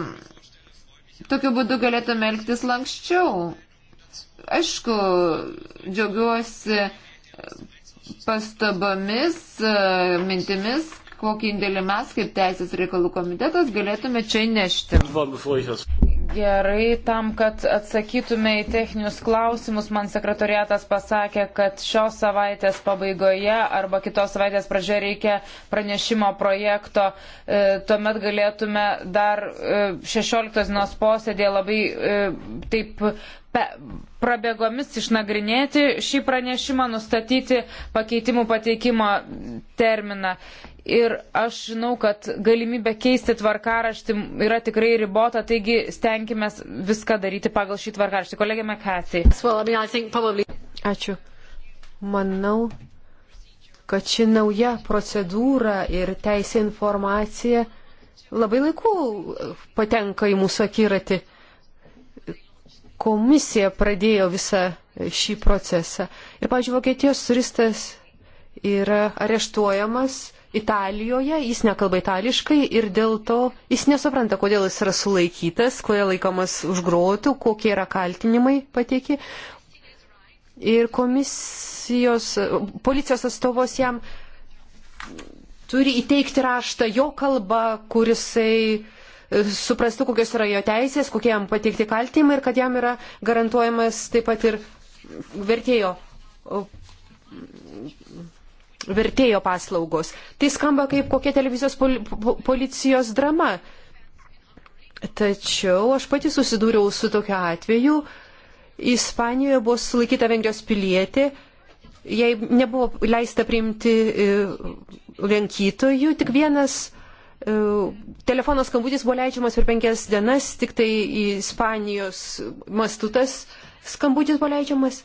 Tokiu būdu galėtume elgtis lankščiau. Aišku, džiaugiuosi pastabomis, e, mintimis, kokį indėlį mes kaip Teisės reikalų komitetas galėtume čia nešti. Gerai, tam, kad atsakytume į techninius klausimus, man sekretoriatas pasakė, kad šios savaitės pabaigoje arba kitos savaitės pradžioje reikia pranešimo projekto. E, tuomet galėtume dar e, 16 dienos posėdėje labai e, taip pe, prabėgomis išnagrinėti šį pranešimą, nustatyti pakeitimų pateikimo terminą ir aš žinau, kad galimybė keisti tvarkaraštį yra tikrai ribota, taigi stenkime viską daryti pagal šį tvarkaraštį. Kolegė Mekasiai. Ačiū. Manau, kad ši nauja procedūra ir teisė informacija labai laiku patenka į mūsų akiratį. Komisija pradėjo visą šį procesą. Ir, pažiūrėjau, Vokietijos turistas yra areštuojamas Italijoje, jis nekalba itališkai ir dėl to jis nesupranta, kodėl jis yra sulaikytas, kodėl laikomas už grotų, kokie yra kaltinimai pateikti. Ir komisijos, policijos atstovos jam turi įteikti raštą jo kalbą, kurisai e, suprastų, kokios yra jo teisės, kokie jam pateikti kaltinimai ir kad jam yra garantuojamas taip pat ir vertėjo vertėjo paslaugos. Tai skamba kaip kokia televizijos pol policijos drama. Tačiau aš pati susidūriau su tokiu atveju. Ispanijoje buvo sulaikyta Vengrijos pilietė, jai nebuvo leista priimti e, lankytojų, tik vienas e, telefono skambutis buvo leidžiamas per penkias dienas, tik tai Ispanijos mastutas skambutis buvo leidžiamas.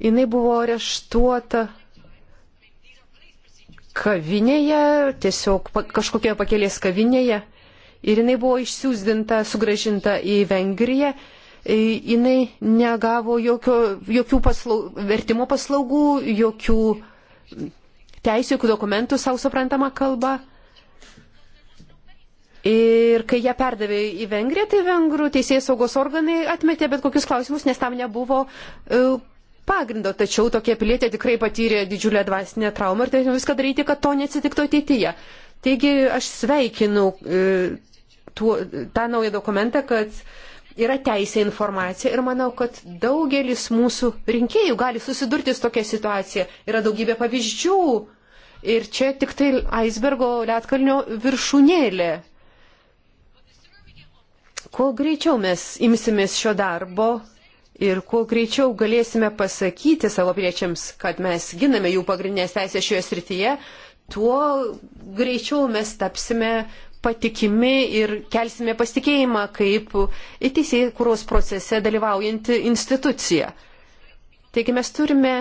jinai buvo areštuota kavinėje, tiesiog kažkokioje pakelės kavinėje. Ir jinai buvo išsiūsdinta, sugražinta į Vengriją. E, jinai negavo jokio, jokių paslaug, vertimo paslaugų, jokių teisų, jokių dokumentų savo suprantama kalba. Ir kai ją perdavė į Vengriją, tai vengrų teisėjai saugos organai atmetė bet kokius klausimus, nes tam nebuvo e, pagrindo, tačiau tokie pilietė tikrai patyrė didžiulę dvasinę traumą ir turėtume viską daryti, kad to neatsitiktų ateityje. Taigi aš sveikinu e, tuo, tą naują dokumentą, kad yra teisė informacija ir manau, kad daugelis mūsų rinkėjų gali susidurti su tokia situacija. Yra daugybė pavyzdžių ir čia tik tai aisbergo lietkalnio viršūnėlė. Kuo greičiau mes imsimės šio darbo, Ir kuo greičiau galėsime pasakyti savo piliečiams, kad mes giname jų pagrindinės teisės šioje srityje, tuo greičiau mes tapsime patikimi ir kelsime pasitikėjimą kaip į teisėjų kūros procese dalyvaujanti institucija. Taigi mes turime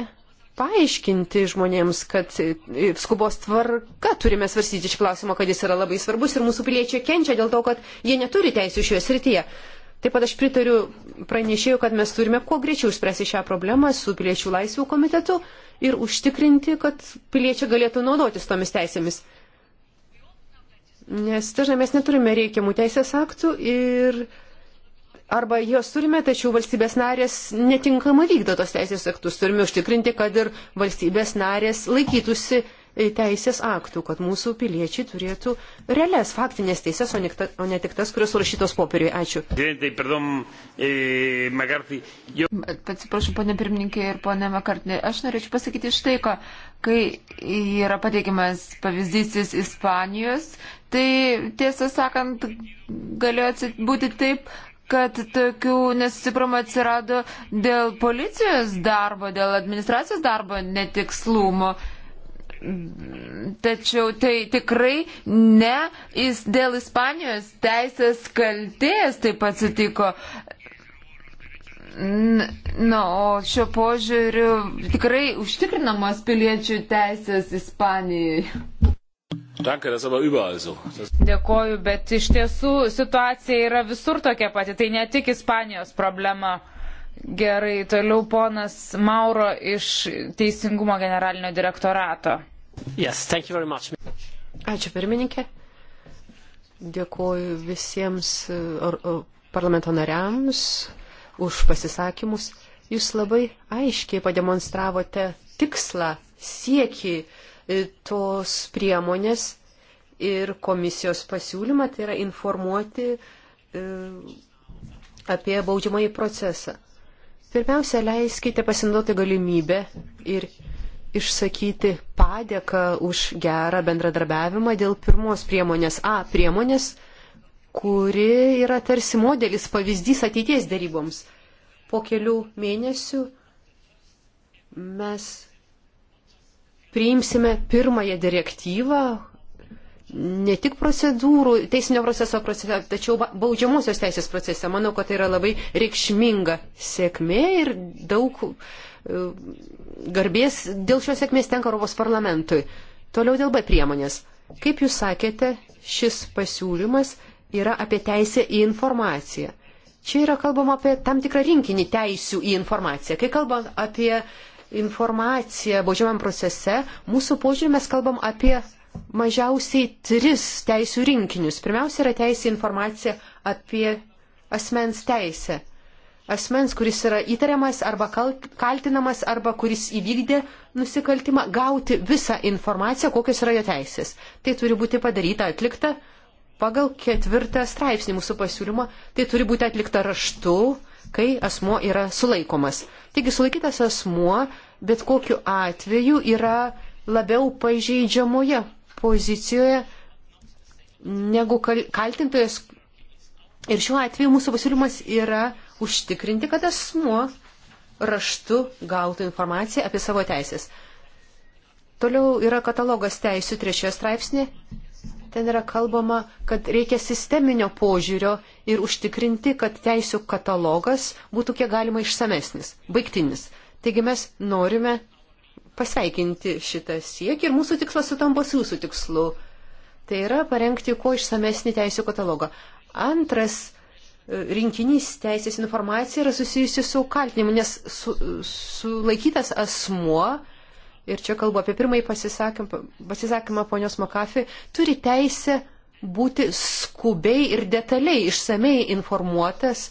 paaiškinti žmonėms, kad skubos tvarka turime svarstyti šį klausimą, kad jis yra labai svarbus ir mūsų piliečiai kenčia dėl to, kad jie neturi teisų šioje srityje. Taip pat aš pritariu pranešėjų, kad mes turime kuo greičiau išspręsti šią problemą su piliečių laisvių komitetu ir užtikrinti, kad piliečiai galėtų naudotis tomis teisėmis. Nes dažnai mes neturime reikiamų teisės aktų ir arba jos turime, tačiau valstybės narės netinkamai vykdo tos teisės aktus. Turime užtikrinti, kad ir valstybės narės laikytųsi teisės aktų, kad mūsų piliečiai turėtų realias faktinės teisės, o ne, o ne tik tas, kurios rašytos popieriui. Ačiū. Eh, Atsiprašau, ponė pirmininkė ir ponė Makartinė. Aš norėčiau pasakyti štai ko. Kai yra pateikimas pavyzdys iš Ispanijos, tai tiesą sakant, galėjo būti taip, kad tokių nesusipramo atsirado dėl policijos darbo, dėl administracijos darbo netikslumo. Tačiau tai tikrai ne jis dėl Ispanijos teisės kalties taip atsitiko. Na, no, o šio požiūriu tikrai užtikrinamos piliečių teisės Ispanijoje. Danke, das aber überall so. Das Dėkoju, bet iš tiesų situacija yra visur tokia pati, tai ne tik Ispanijos problema. Gerai, toliau ponas Mauro iš Teisingumo generalinio direktorato. Yes, Ačiū pirmininkė. Dėkuoju visiems e, parlamento nariams už pasisakymus. Jūs labai aiškiai pademonstravote tikslą, sieki e, tos priemonės ir komisijos pasiūlymą, tai yra informuoti e, apie baudžiamąjį procesą. Pirmiausia, leiskite pasinaudoti galimybę ir išsakyti padėką už gerą bendradarbiavimą dėl pirmos priemonės A priemonės, kuri yra tarsi modelis, pavyzdys ateities daryboms. Po kelių mėnesių mes priimsime pirmąją direktyvą, ne tik procedūrų, teisinio proceso procese, tačiau baudžiamosios teisės procese. Manau, kad tai yra labai reikšminga sėkmė ir daug e, garbės dėl šios sėkmės tenka Europos parlamentui. Toliau dėl B priemonės. Kaip jūs sakėte, šis pasiūlymas yra apie teisę į informaciją. Čia yra kalbama apie tam tikrą rinkinį teisių į informaciją. Kai kalbam apie informaciją baudžiamam procese, mūsų požiūrį mes kalbam apie mažiausiai tris teisų rinkinius. Pirmiausia yra teisė informacija apie asmens teisę. Asmens, kuris yra įtariamas arba kaltinamas arba kuris įvykdė nusikaltimą, gauti visą informaciją, kokios yra jo teisės. Tai turi būti padaryta, atlikta pagal ketvirtą straipsnį mūsų pasiūlymo. Tai turi būti atlikta raštu, kai asmuo yra sulaikomas. Taigi sulaikytas asmuo bet kokiu atveju yra labiau pažeidžiamoje pozicijoje negu kaltintojas. Ir šiuo atveju mūsų pasiūlymas yra užtikrinti, kad asmuo raštu gautų informaciją apie savo teisės. Toliau yra katalogas teisų trečioje straipsnė. Ten yra kalbama, kad reikia sisteminio požiūrio ir užtikrinti, kad teisų katalogas būtų kiek galima išsamesnis, baigtinis. Taigi mes norime pasveikinti šitą siekį ir mūsų tikslas sutampa su jūsų tikslu. Tai yra parengti kuo išsamesnį teisų katalogą. Antras e, rinkinys teisės informacija yra susijusi su kaltinimu, nes sulaikytas su, su asmuo ir čia kalbu apie pirmąjį pasisakymą, pasisakymą ponios Makafi, turi teisę būti skubiai ir detaliai išsamei informuotas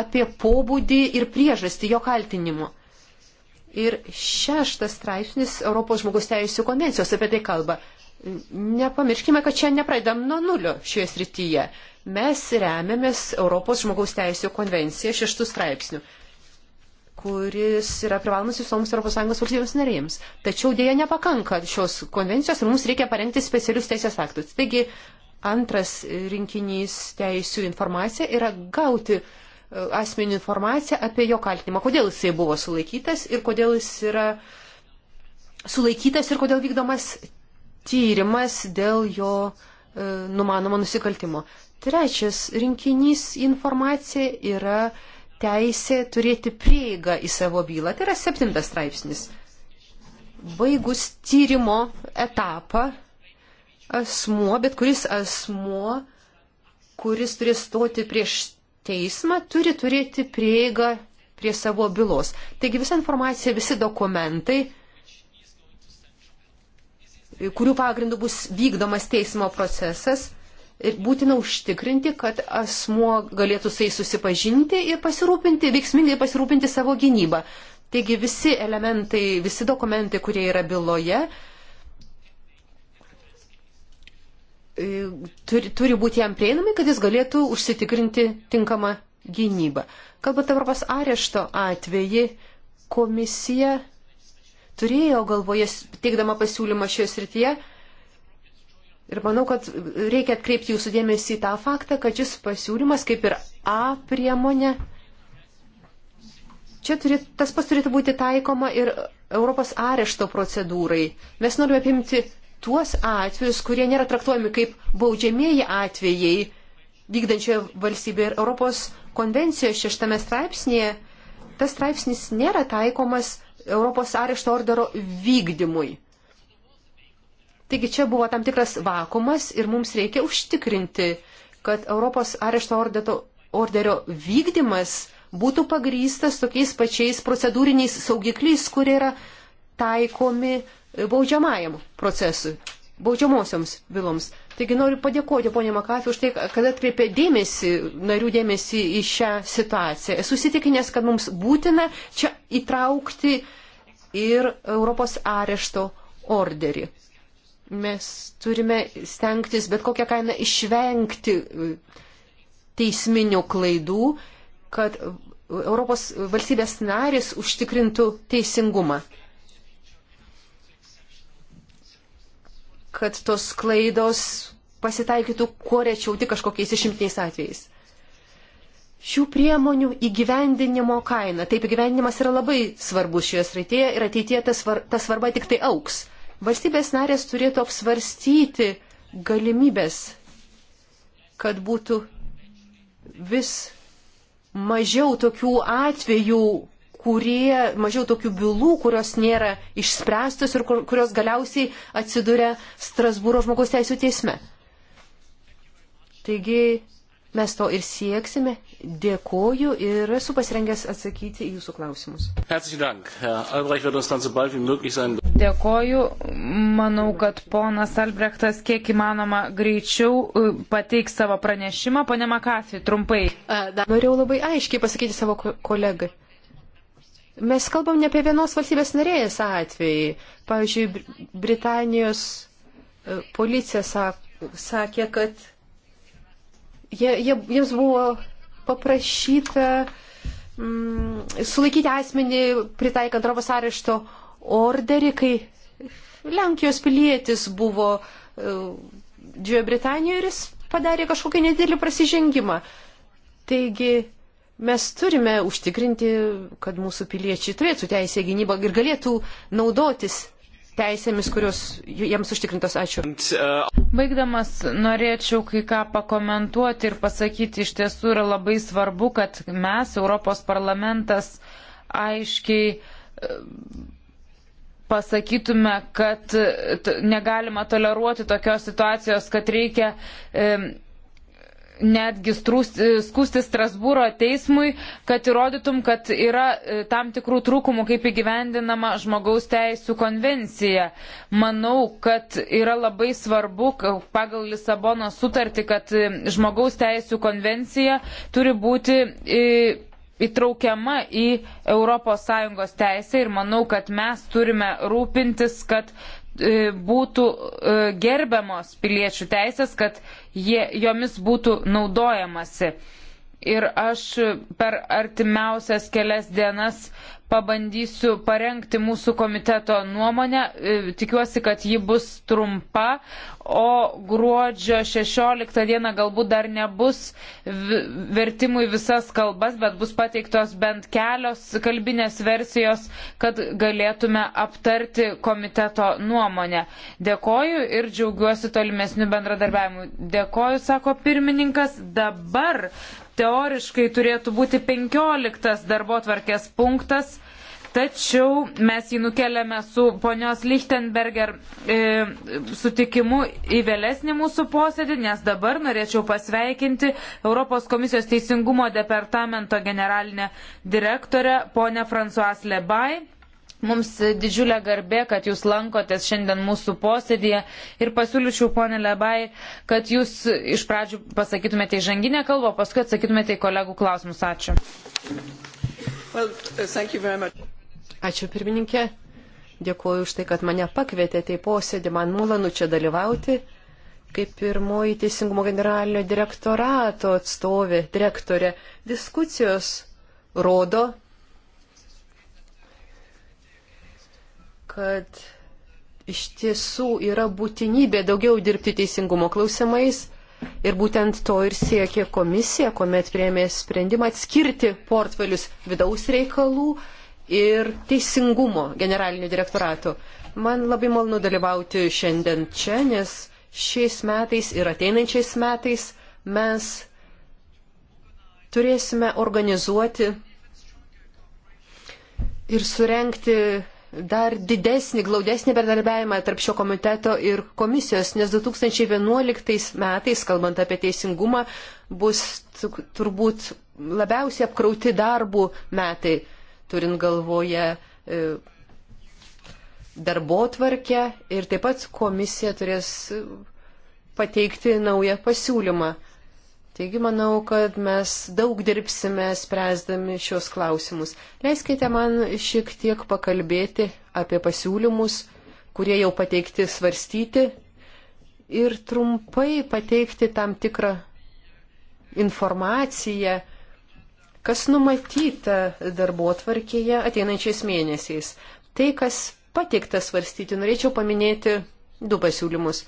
apie pobūdį ir priežastį jo kaltinimo. Ir šeštas straipsnis Europos žmogus teisų konvencijos apie tai kalba. Nepamirškime, kad čia nepraidam nuo nulio šioje srityje. Mes remiamės Europos žmogaus teisų konvenciją šeštų straipsnių, kuris yra privalomas visoms ES valstybėms narėms. Tačiau dėja nepakanka šios konvencijos ir mums reikia parengti specialius teisės aktus. Taigi antras rinkinys teisų informacija yra gauti uh, asmenį informaciją apie jo kaltinimą, kodėl jisai buvo sulaikytas ir kodėl jis yra sulaikytas ir kodėl vykdomas tyrimas dėl jo e, numanomo nusikaltimo. Trečias rinkinys informacija yra teisė turėti prieigą į savo bylą. Tai yra septintas straipsnis. Baigus tyrimo etapą, asmuo, bet kuris asmuo, kuris turės stoti prieš teismą, turi turėti prieigą prie savo bylos. Taigi visa informacija, visi dokumentai, kurių pagrindų bus vykdomas teismo procesas, ir būtina užtikrinti, kad asmuo galėtų su jais susipažinti ir pasirūpinti, veiksmingai pasirūpinti savo gynybą. Taigi visi elementai, visi dokumentai, kurie yra byloje, E, turi, turi būti jam prieinami, kad jis galėtų užsitikrinti tinkamą gynybą. Kalbant Europos arešto atvejį, komisija turėjo galvoje, teikdama pasiūlymą šioje srityje, ir manau, kad reikia atkreipti jūsų dėmesį į tą faktą, kad šis pasiūlymas, kaip ir A priemonė, čia turi, tas pas turėtų būti taikoma ir Europos arešto procedūrai. Mes norime apimti tuos atvejus, kurie nėra traktuojami kaip baudžiamieji atvejai vykdančioje valstybėje ir Europos konvencijos šeštame straipsnėje. Tas straipsnis nėra taikomas Europos arešto ordero vykdymui. Taigi čia buvo tam tikras vakumas ir mums reikia užtikrinti, kad Europos arešto ordeto, orderio vykdymas būtų pagrystas tokiais pačiais procedūriniais saugikliais, kurie yra taikomi baudžiamajam procesui, baudžiamosioms viloms. Taigi noriu padėkoti ponė Makafė už tai, kad atkreipė dėmesį, narių dėmesį į šią situaciją. Esu įsitikinęs, kad mums būtina čia įtraukti ir Europos arešto orderį. Mes turime stengtis bet kokią kainą išvengti e, teisminių klaidų, kad Europos valstybės narės užtikrintų teisingumą. kad tos klaidos pasitaikytų kuo rečiau tik kažkokiais išimtiniais atvejais. Šių priemonių įgyvendinimo kaina. Taip, įgyvendinimas yra labai svarbus šioje srityje ir ateitie ta, svar, ta svarba tik tai auks. Valstybės narės turėtų apsvarstyti galimybės, kad būtų vis mažiau tokių atvejų, kurie, mažiau tokių bylų, kurios nėra išspręstos ir kur, kurios galiausiai atsiduria Strasbūro žmogaus teisų teisme. Taigi mes to ir sieksime. Dėkoju ir esu pasirengęs atsakyti į jūsų klausimus. Dėkoju. Manau, kad ponas Albrechtas kiek įmanoma greičiau e, pateiks savo pranešimą. Pane Makafi, trumpai. Norėjau labai aiškiai pasakyti savo kolegai. Mes kalbam ne apie vienos valstybės narėjas atvejį. Pavyzdžiui, Britanijos e, policija sakė, kad jie, jie, jiems buvo paprašyta mm, sulaikyti asmenį pritaikant Romos arešto orderį, kai Lenkijos pilietis buvo uh, e, Džiojo Britanijoje ir jis padarė kažkokį nedidelį prasižengimą. Taigi Mes turime užtikrinti, kad mūsų piliečiai turėtų teisę gynybą ir galėtų naudotis teisėmis, kurios jiems užtikrintos. Ačiū. Uh, Baigdamas, norėčiau kai ką pakomentuoti ir pasakyti, iš tiesų yra labai svarbu, kad mes, Europos parlamentas, aiškiai e, pasakytume, kad negalima toleruoti tokios situacijos, kad reikia. E, netgi strūs, e, skusti Strasbūro teismui, kad įrodytum, kad yra e, tam tikrų trūkumų, kaip įgyvendinama žmogaus teisų konvencija. Manau, kad yra labai svarbu pagal Lisabono sutartį, kad e, žmogaus teisų konvencija turi būti įtraukiama į ES teisę ir manau, kad mes turime rūpintis, kad būtų gerbiamos piliečių teisės, kad jie, jomis būtų naudojamasi ir aš per artimiausias kelias dienas pabandysiu parengti mūsų komiteto nuomonę. E, tikiuosi, kad ji bus trumpa, o gruodžio 16 dieną galbūt dar nebus vertimų į visas kalbas, bet bus pateiktos bent kelios kalbinės versijos, kad galėtume aptarti komiteto nuomonę. Dėkoju ir džiaugiuosi tolimesniu bendradarbiavimu. Dėkoju, sako pirmininkas. Dabar teoriškai turėtų būti 15 darbo tvarkės punktas, tačiau mes jį nukeliame su ponios Lichtenberger e, sutikimu į vėlesnį mūsų posėdį, nes dabar norėčiau pasveikinti Europos komisijos teisingumo departamento generalinę direktorę ponę Fransuas Lebai. Mums didžiulė garbė, kad jūs lankotės šiandien mūsų posėdėje ir pasiūlyčiau, ponė Lebai, kad jūs iš pradžių pasakytumėte įžanginę kalbą, paskui atsakytumėte į kolegų klausimus. Ačiū. Well, Ačiū pirmininkė. Dėkuoju už tai, kad mane pakvietėte į posėdį. Man malonu čia dalyvauti kaip pirmoji Teisingumo generalinio direktorato atstovė, direktorė. Diskusijos rodo, kad iš tiesų yra būtinybė daugiau dirbti teisingumo klausimais ir būtent to ir siekė komisija, kuomet priemė sprendimą atskirti portfelius vidaus reikalų ir teisingumo generalinių direktoratų. Man labai malonu dalyvauti šiandien čia, nes šiais metais ir ateinančiais metais mes turėsime organizuoti ir surenkti dar didesnį, glaudesnį bendarbiavimą tarp šio komiteto ir komisijos, nes 2011 metais, kalbant apie teisingumą, bus turbūt labiausiai apkrauti darbų metai, turint galvoje e, darbo tvarkę ir taip pat komisija turės pateikti naują pasiūlymą. Taigi manau, kad mes daug dirbsime spręsdami šios klausimus. Leiskite man šiek tiek pakalbėti apie pasiūlymus, kurie jau pateikti svarstyti ir trumpai pateikti tam tikrą informaciją, kas numatyta darbo tvarkėje ateinančiais mėnesiais. Tai, kas pateikta svarstyti, norėčiau paminėti du pasiūlymus.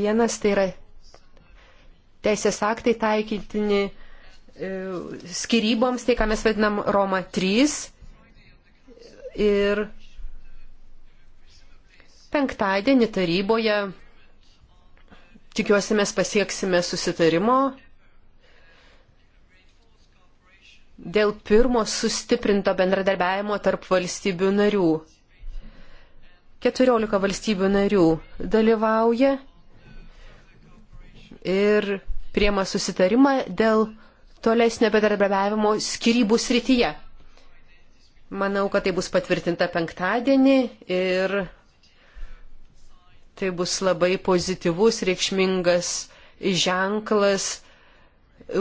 Vienas tai yra teisės aktai taikytini e, skiryboms, tai ką mes vadinam Roma 3. Ir penktadienį taryboje tikiuosi mes pasieksime susitarimo dėl pirmo sustiprinto bendradarbiavimo tarp valstybių narių. 14 valstybių narių dalyvauja ir priema susitarimą dėl tolesnio bedarbiavimo skirybų srityje. Manau, kad tai bus patvirtinta penktadienį ir tai bus labai pozityvus, reikšmingas ženklas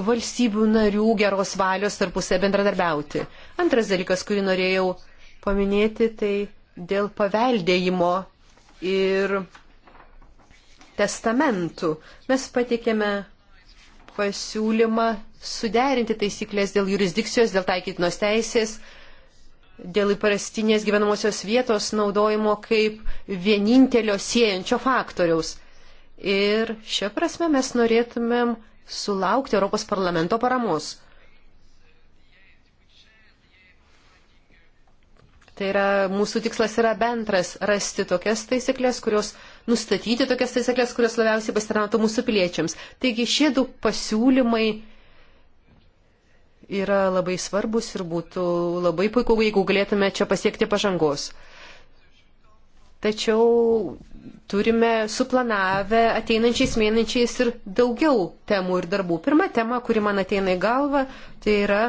valstybių narių geros valios tarpusai bendradarbiauti. Antras dalykas, kurį norėjau paminėti, tai dėl paveldėjimo ir testamentų. Mes patikėme pasiūlymą suderinti taisyklės dėl jurisdikcijos, dėl taikytinos teisės, dėl įprastinės gyvenamosios vietos naudojimo kaip vienintelio siejančio faktoriaus. Ir šią prasme mes norėtumėm sulaukti Europos parlamento paramos. Tai yra, mūsų tikslas yra bendras - rasti tokias taisyklės, kurios nustatyti tokias taisyklės, kurios labiausiai pasitarnautų mūsų piliečiams. Taigi šie du pasiūlymai yra labai svarbus ir būtų labai puiku, jeigu galėtume čia pasiekti pažangos. Tačiau turime suplanavę ateinančiais mėnečiais ir daugiau temų ir darbų. Pirma tema, kuri man ateina į galvą, tai yra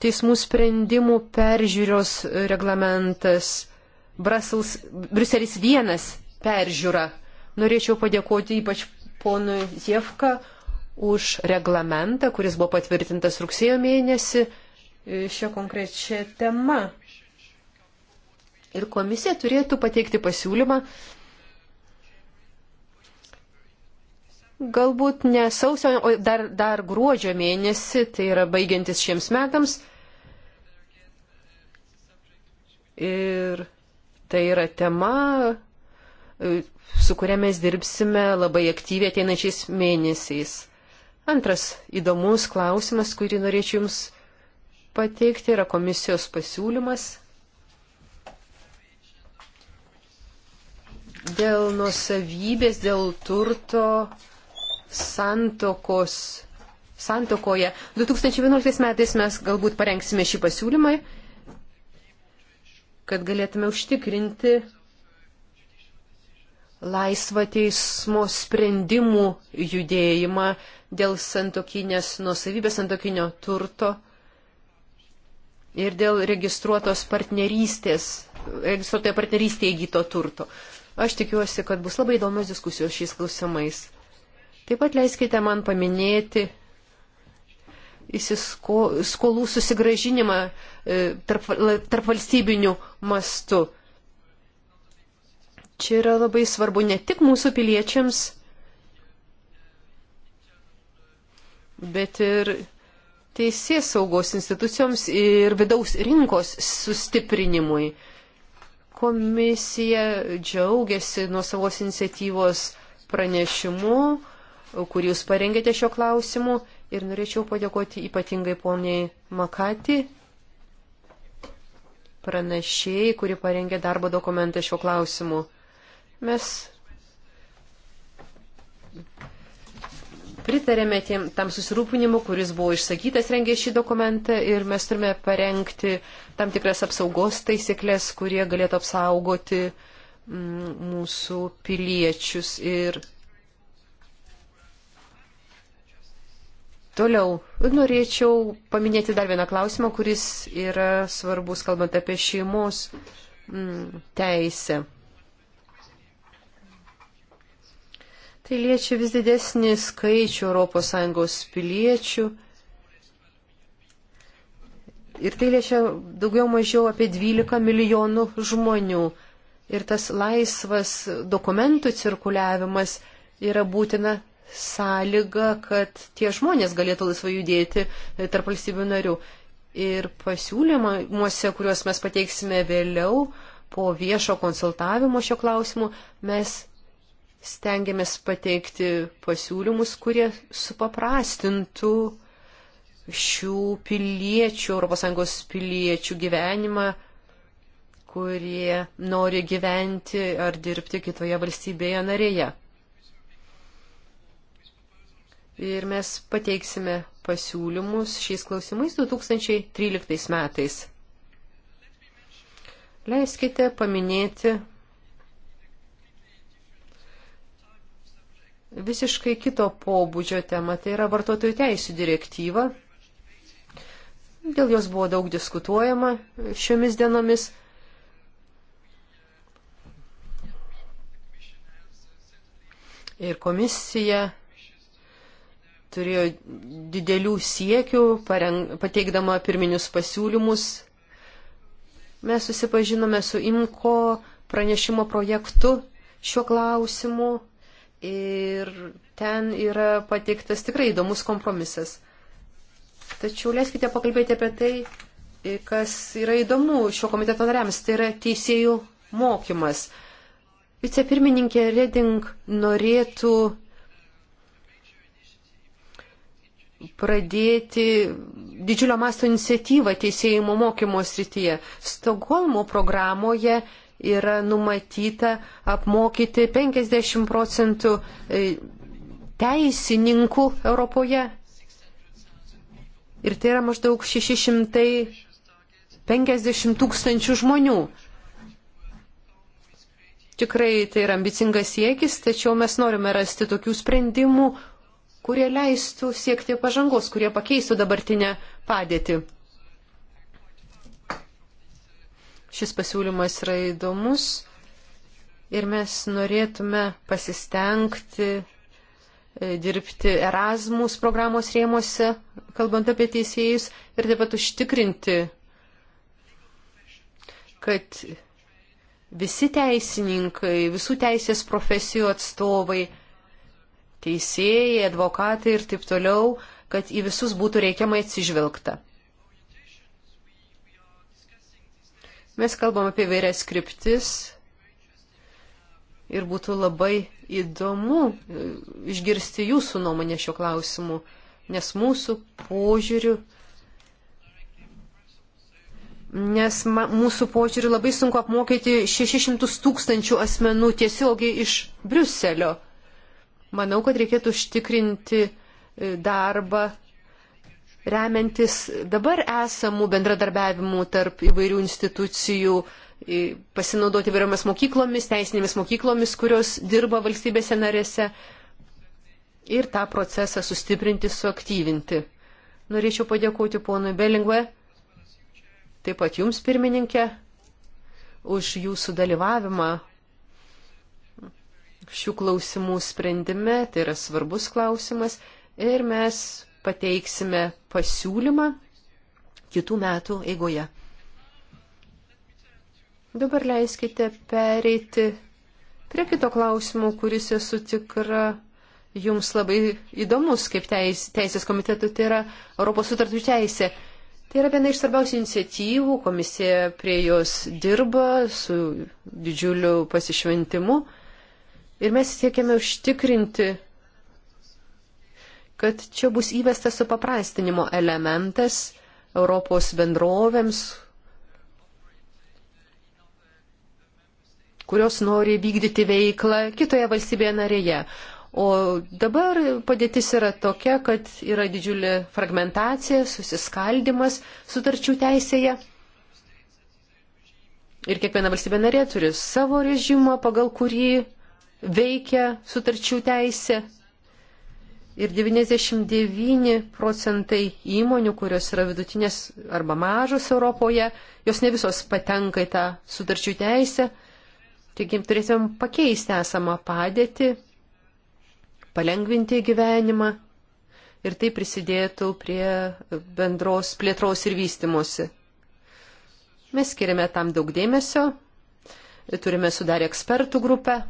teismų sprendimų peržiūros reglamentas Brasels, Bruselis vienas peržiūra. Norėčiau padėkoti ypač ponui Jevka už reglamentą, kuris buvo patvirtintas rugsėjo mėnesį e, šią konkrečią temą. Ir komisija turėtų pateikti pasiūlymą, galbūt ne sausio, o dar, dar gruodžio mėnesį, tai yra baigiantis šiems metams. Ir Tai yra tema, e, su kuria mes dirbsime labai aktyviai ateinačiais mėnesiais. Antras įdomus klausimas, kurį norėčiau Jums pateikti, yra komisijos pasiūlymas dėl nusavybės, dėl turto santokos. Santokoje 2011 metais mes galbūt parengsime šį pasiūlymą kad galėtume užtikrinti laisvą teismo sprendimų judėjimą dėl santokinės nuosavybės, santokinio turto ir dėl registruotos partnerystės, registruotoje partnerystėje įgyto turto. Aš tikiuosi, kad bus labai įdomios diskusijos šiais klausimais. Taip pat leiskite man paminėti įsiskolų susigražinimą e, tarp, tarp valstybinių mastų. Čia yra labai svarbu ne tik mūsų piliečiams, bet ir teisės saugos institucijoms ir vidaus rinkos sustiprinimui. Komisija džiaugiasi nuo savos iniciatyvos pranešimu, kurį jūs parengėte šio klausimu ir norėčiau padėkoti ypatingai poniai Makati, pranešėjai, kuri parengė darbo dokumentą šiuo klausimu. Mes pritarėme tiem, tam susirūpinimu, kuris buvo išsakytas rengė šį dokumentą ir mes turime parengti tam tikras apsaugos taisyklės, kurie galėtų apsaugoti mm, mūsų piliečius ir Toliau norėčiau paminėti dar vieną klausimą, kuris yra svarbus, kalbant apie šeimos mm, teisę. Tai liečia vis didesnį skaičių ES piliečių. Ir tai liečia daugiau mažiau apie 12 milijonų žmonių. Ir tas laisvas dokumentų cirkuliavimas yra būtina sąlyga, kad tie žmonės galėtų laisvai judėti e, tarp valstybių narių. Ir pasiūlymuose, kuriuos mes pateiksime vėliau, po viešo konsultavimo šio klausimu, mes stengiamės pateikti pasiūlymus, kurie supaprastintų šių piliečių, ES piliečių gyvenimą, kurie nori gyventi ar dirbti kitoje valstybėje narėje ir mes pateiksime pasiūlymus šiais klausimais 2013 metais. Leiskite paminėti visiškai kito pobūdžio temą, tai yra vartotojų teisų direktyva. Dėl jos buvo daug diskutuojama šiomis dienomis. Ir komisija turėjo didelių siekių, pareng, pateikdama pirminius pasiūlymus. Mes susipažinome su IMKO pranešimo projektu šiuo klausimu ir ten yra pateiktas tikrai įdomus kompromisas. Tačiau leiskite pakalbėti apie tai, kas yra įdomu šio komiteto nariams, tai yra teisėjų mokymas. Vicepirmininkė Reding norėtų pradėti didžiulio masto iniciatyvą teisėjimo mokymo srityje. Stokholmo programoje yra numatyta apmokyti 50 procentų e, teisininkų Europoje. Ir tai yra maždaug 650 tūkstančių žmonių. Tikrai tai yra ambicingas siekis, tačiau mes norime rasti tokių sprendimų, kurie leistų siekti pažangos, kurie pakeistų dabartinę padėtį. Šis pasiūlymas yra įdomus ir mes norėtume pasistengti e, dirbti Erasmus programos rėmose, kalbant apie teisėjus, ir taip pat užtikrinti, kad visi teisininkai, visų teisės profesijų atstovai teisėjai, advokatai ir taip toliau, kad į visus būtų reikiamai atsižvelgta. Mes kalbam apie vairias kryptis ir būtų labai įdomu e, išgirsti jūsų nuomonę šiuo klausimu, nes mūsų požiūriu, nes ma, mūsų požiūriu labai sunku apmokyti 600 tūkstančių asmenų tiesiogiai iš Briuselio. Manau, kad reikėtų užtikrinti e, darbą remiantis dabar esamų bendradarbiavimų tarp įvairių institucijų, pasinaudoti įvairiomis mokyklomis, teisinėmis mokyklomis, kurios dirba valstybėse narėse ir tą procesą sustiprinti, suaktyvinti. Norėčiau padėkoti ponui Belingve, taip pat jums pirmininkė, už jūsų dalyvavimą šių klausimų sprendime, tai yra svarbus klausimas ir mes pateiksime pasiūlymą kitų metų eigoje. Dabar leiskite pereiti prie kito klausimo, kuris esu tikra jums labai įdomus kaip teis, teisės komitetų, tai yra Europos sutartų teisė. Tai yra viena iš svarbiausių iniciatyvų, komisija prie jos dirba su didžiuliu pasišventimu. Ir mes siekiame užtikrinti, kad čia bus įvestas supaprastinimo elementas Europos bendrovėms, kurios nori vykdyti veiklą kitoje valstybėje narėje. O dabar padėtis yra tokia, kad yra didžiulė fragmentacija, susiskaldimas sutarčių teisėje. Ir kiekviena valstybė narė turi savo režimą, pagal kurį veikia sutarčių teisė. Ir 99 procentai įmonių, kurios yra vidutinės arba mažos Europoje, jos ne visos patenka į tą sutarčių teisę. Taigi turėtumėm pakeisti esamą padėtį, palengvinti gyvenimą ir tai prisidėtų prie bendros plėtros ir vystimosi. Mes skiriame tam daug dėmesio, turime sudarę ekspertų grupę,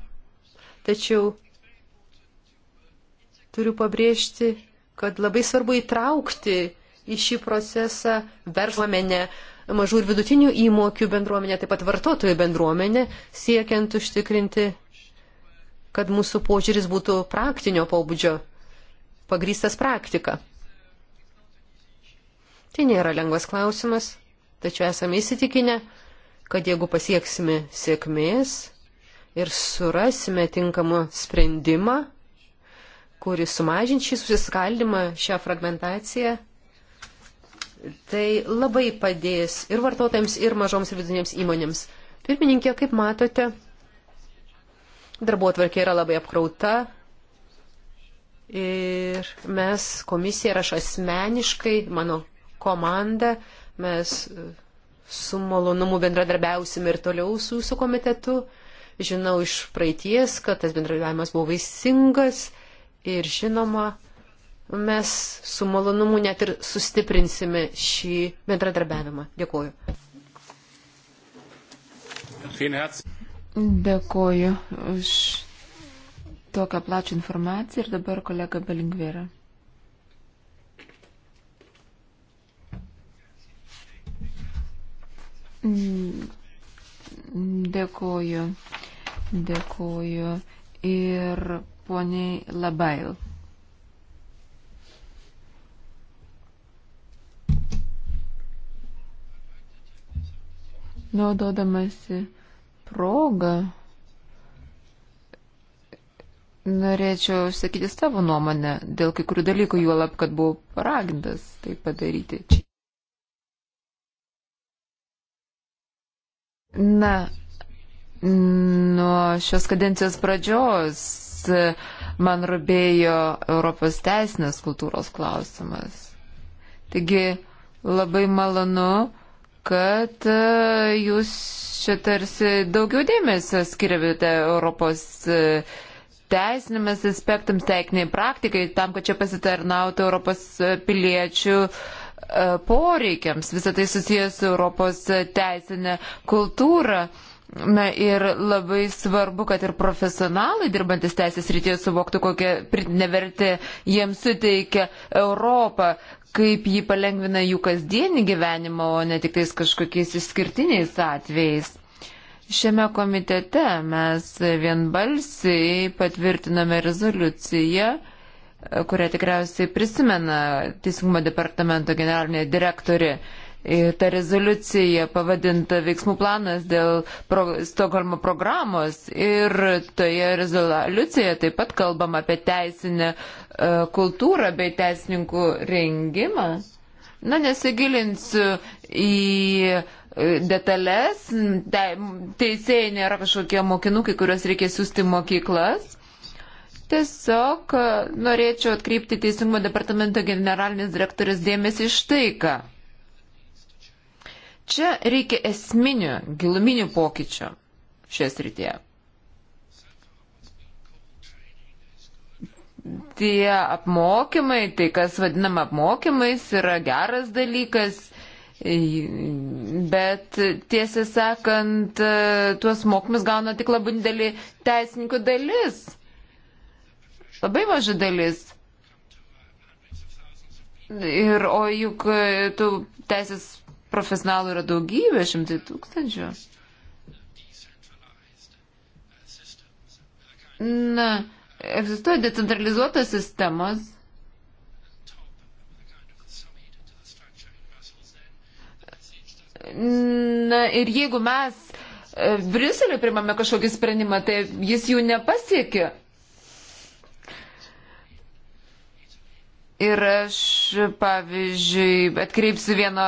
Tačiau turiu pabrėžti, kad labai svarbu įtraukti į šį procesą versluomenę, mažų ir vidutinių įmokių bendruomenę, taip pat vartotojų bendruomenę, siekiant užtikrinti, kad mūsų požiūris būtų praktinio pobūdžio, pagrystas praktika. Tai nėra lengvas klausimas, tačiau esame įsitikinę, kad jeigu pasieksime sėkmės, ir surasime tinkamą sprendimą, kuris sumažins šį susiskaldimą, šią fragmentaciją. Tai labai padės ir vartotojams, ir mažoms ir vidutinėms įmonėms. Pirmininkė, kaip matote, darbo atvarkė yra labai apkrauta, Ir mes komisija ir aš asmeniškai, mano komanda, mes su malonumu bendradarbiausim ir toliau su jūsų komitetu. Žinau iš praeities, kad tas bendradarbiavimas buvo vaisingas ir žinoma, mes su malonumu net ir sustiprinsime šį bendradarbiavimą. Dėkuoju. Dėkuoju už tokią plačią informaciją ir dabar kolega Belingvėra. Mm, dėkuoju. Dėkuoju ir poniai Labail. Naudodamasi progą, norėčiau sakyti savo nuomonę dėl kai kurių dalykų, juolab, kad buvau paragintas tai padaryti. Na, Nuo šios kadencijos pradžios e, man rūpėjo Europos teisinės kultūros klausimas. Taigi labai malonu, kad e, jūs čia tarsi daugiau dėmesio skiriate Europos e, teisinėmis aspektams, teikiniai praktikai, tam, kad čia pasitarnautų Europos piliečių poreikiams. Visą tai susijęs su Europos teisinė kultūra. Na ir labai svarbu, kad ir profesionalai dirbantis teisės rytyje suvoktų, kokią pridinę vertę jiems suteikia Europą, kaip jį palengvina jų kasdienį gyvenimą, o ne tik tais kažkokiais išskirtiniais atvejais. Šiame komitete mes vienbalsiai patvirtiname rezoliuciją, kurią tikriausiai prisimena Teisingumo departamento generalinė direktorė ta rezoliucija pavadinta veiksmų planas dėl pro, Stokholmo programos ir toje rezoliucijoje taip pat kalbam apie teisinę e, kultūrą bei teisininkų rengimą. Na, nesigilinsiu į e, detalės, Te, teisėjai nėra kažkokie mokinukai, kuriuos reikia siūsti mokyklas. Tiesiog e, norėčiau atkreipti Teisingumo departamento generalinės direktorės dėmesį iš tai, ką. Čia reikia esminių, giluminių pokyčių šioje srityje. Tie apmokymai, tai kas vadinama apmokymais, yra geras dalykas, bet tiesą sakant, tuos mokymus gauna tik labai didelį teisininkų dalis. Labai maža dalis. Ir, o juk tų teisės profesionalų yra daugybė, šimtai tūkstančių. Na, egzistuoja decentralizuotos sistemos. Na ir jeigu mes e, Briuselį primame kažkokį sprendimą, tai jis jų nepasiekia. Ir aš, pavyzdžiui, atkreipsiu vieną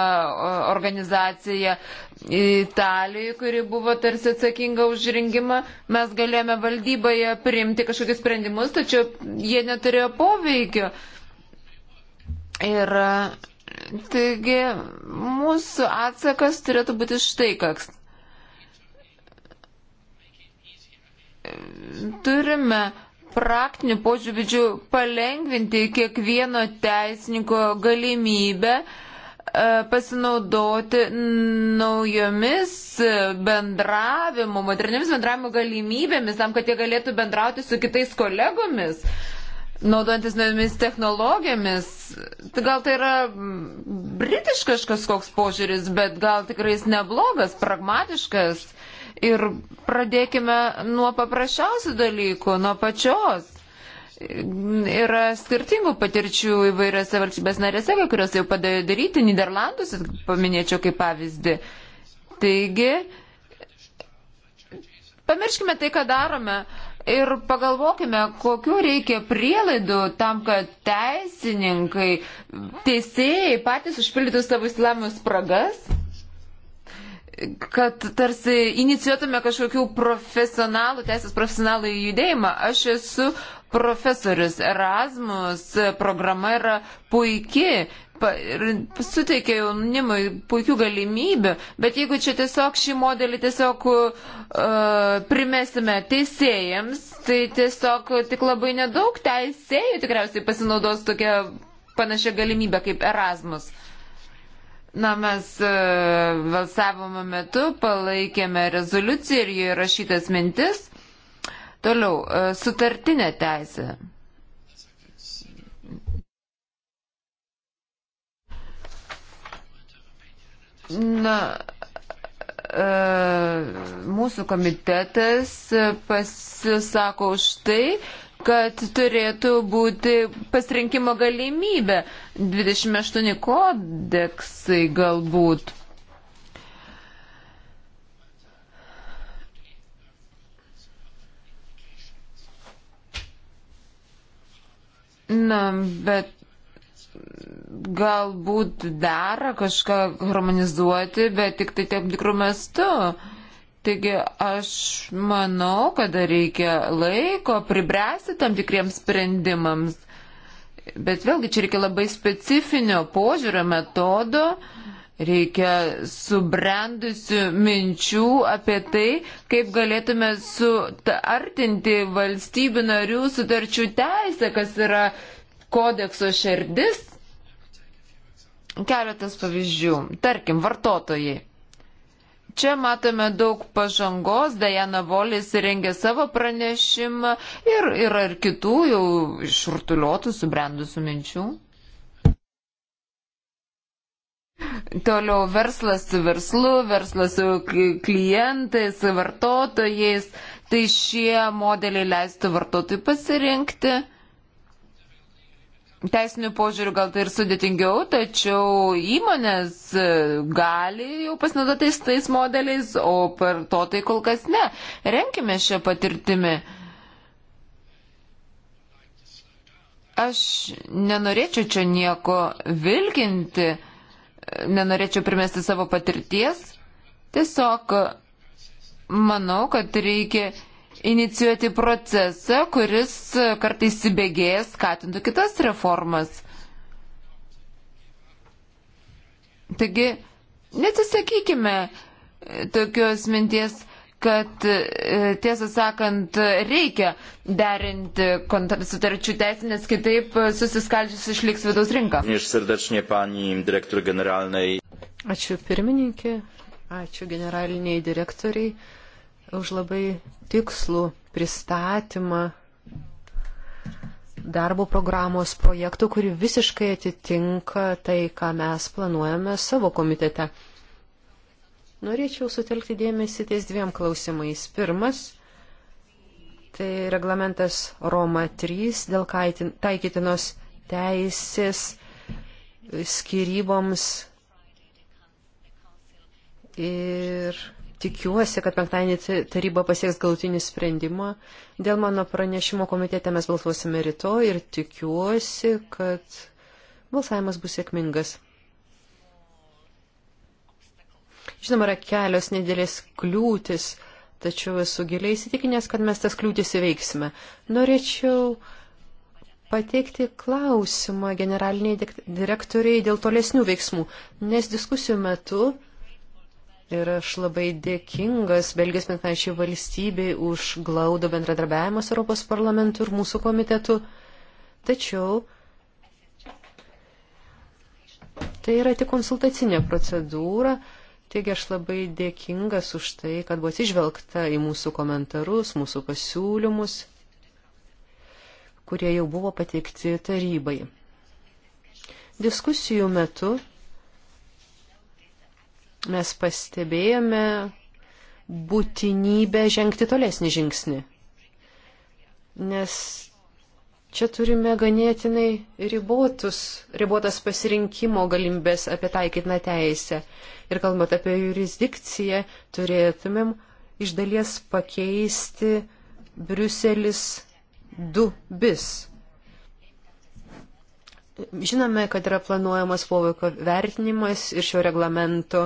organizaciją Italijoje, kuri buvo tarsi atsakinga už rengimą. Mes galėjome valdyboje priimti kažkokius sprendimus, tačiau jie neturėjo poveikio. Ir taigi mūsų atsakas turėtų būti štai koks. Turime praktiniu požiūriu palengvinti kiekvieno teisininko galimybę e, pasinaudoti naujomis bendravimo, moderniamis bendravimo galimybėmis, tam, kad jie galėtų bendrauti su kitais kolegomis, naudojantis naujomis technologijomis. Tai gal tai yra britiškas kažkoks požiūris, bet gal tikrai jis neblogas, pragmatiškas Ir pradėkime nuo paprasčiausių dalykų, nuo pačios. Yra skirtingų patirčių įvairiose valstybės narėse, kai kurios jau padėjo daryti, Niderlandus paminėčiau kaip pavyzdį. Taigi, pamirškime tai, ką darome ir pagalvokime, kokiu reikia prielaidų tam, kad teisininkai, teisėjai patys užpildytų savo įsilavimus spragas kad tarsi inicijuotume kažkokių profesionalų, teisės profesionalų judėjimą. Aš esu profesorius. Erasmus programa yra puikiai ir suteikia jaunimui puikių galimybių, bet jeigu čia tiesiog šį modelį tiesiog uh, primesime teisėjams, tai tiesiog tik labai nedaug teisėjų tikriausiai pasinaudos tokia panašia galimybė kaip Erasmus. Uh, Na, mes e, balsavimo metu palaikėme rezoliuciją ir jie rašytas mintis. Toliau, e, sutartinė teisė. Na, e, mūsų komitetas pasisako už tai, kad turėtų būti pasirinkimo galimybė. 28 kodeksai galbūt. Na, bet galbūt dera kažką harmonizuoti, bet tik tai tam tikrų mestu. Uh, Taigi aš manau, kad reikia laiko pribręsti tam tikriems sprendimams. Bet vėlgi čia reikia labai specifinio požiūrio metodo, reikia subrendusių minčių apie tai, kaip galėtume suartinti valstybių narių sutarčių teisę, kas yra kodekso šerdis. Keletas pavyzdžių. Tarkim, vartotojai. Čia matome daug pažangos, Dajana Volis rengia savo pranešimą ir yra ir kitų jau išurtuliotų, subrendusių minčių. Toliau verslas su verslu, verslas su klientais, vartotojais, tai šie modeliai leistų vartotojui pasirinkti Teisinių požiūrių gal tai ir sudėtingiau, tačiau įmonės e, gali jau pasinaudotis tais modeliais, o per to tai kol kas ne. Renkime šią patirtimį. Aš nenorėčiau čia nieko vilkinti, nenorėčiau primesti savo patirties. Tiesiog manau, kad reikia inicijuoti procesą, kuris kartais įsibėgėjęs skatintų kitas reformas. Taigi, nesisakykime tokios minties, kad e, tiesą sakant reikia derinti sutarčių teisę, nes kitaip susiskaldžius išliks vidaus rinka. Ačiū pirmininkė, ačiū generaliniai direktoriai už labai tikslų pristatymą darbo programos projektų, kuri visiškai atitinka tai, ką mes planuojame savo komitete. Norėčiau sutelkti dėmesį ties dviem klausimais. Pirmas - tai reglamentas Roma 3 dėl taikytinos teisės skyryboms ir tikiuosi, kad penktadienį taryba pasieks galutinį sprendimą. Dėl mano pranešimo komitete mes balsuosime rytoj ir tikiuosi, kad balsavimas bus sėkmingas. Žinoma, yra kelios nedėlės kliūtis, tačiau esu giliai įsitikinęs, kad mes tas kliūtis įveiksime. Norėčiau pateikti klausimą generaliniai direktoriai dėl tolesnių veiksmų, nes diskusijų metu Ir aš labai dėkingas Belgijos penktnašiai valstybei už glaudo bendradarbiavimą su Europos parlamentu ir mūsų komitetu. Tačiau tai yra tik konsultacinė procedūra. Taigi aš labai dėkingas už tai, kad buvo atsižvelgta į mūsų komentarus, mūsų pasiūlymus, kurie jau buvo pateikti tarybai. Diskusijų metu mes pastebėjome būtinybę žengti tolesnį žingsnį. Nes čia turime ganėtinai ribotus, ribotas pasirinkimo galimybės apie taikytiną teisę. Ir kalbant apie jurisdikciją, turėtumėm iš dalies pakeisti Briuselis 2 bis. Žinome, kad yra planuojamas poveikio vertinimas ir šio reglamento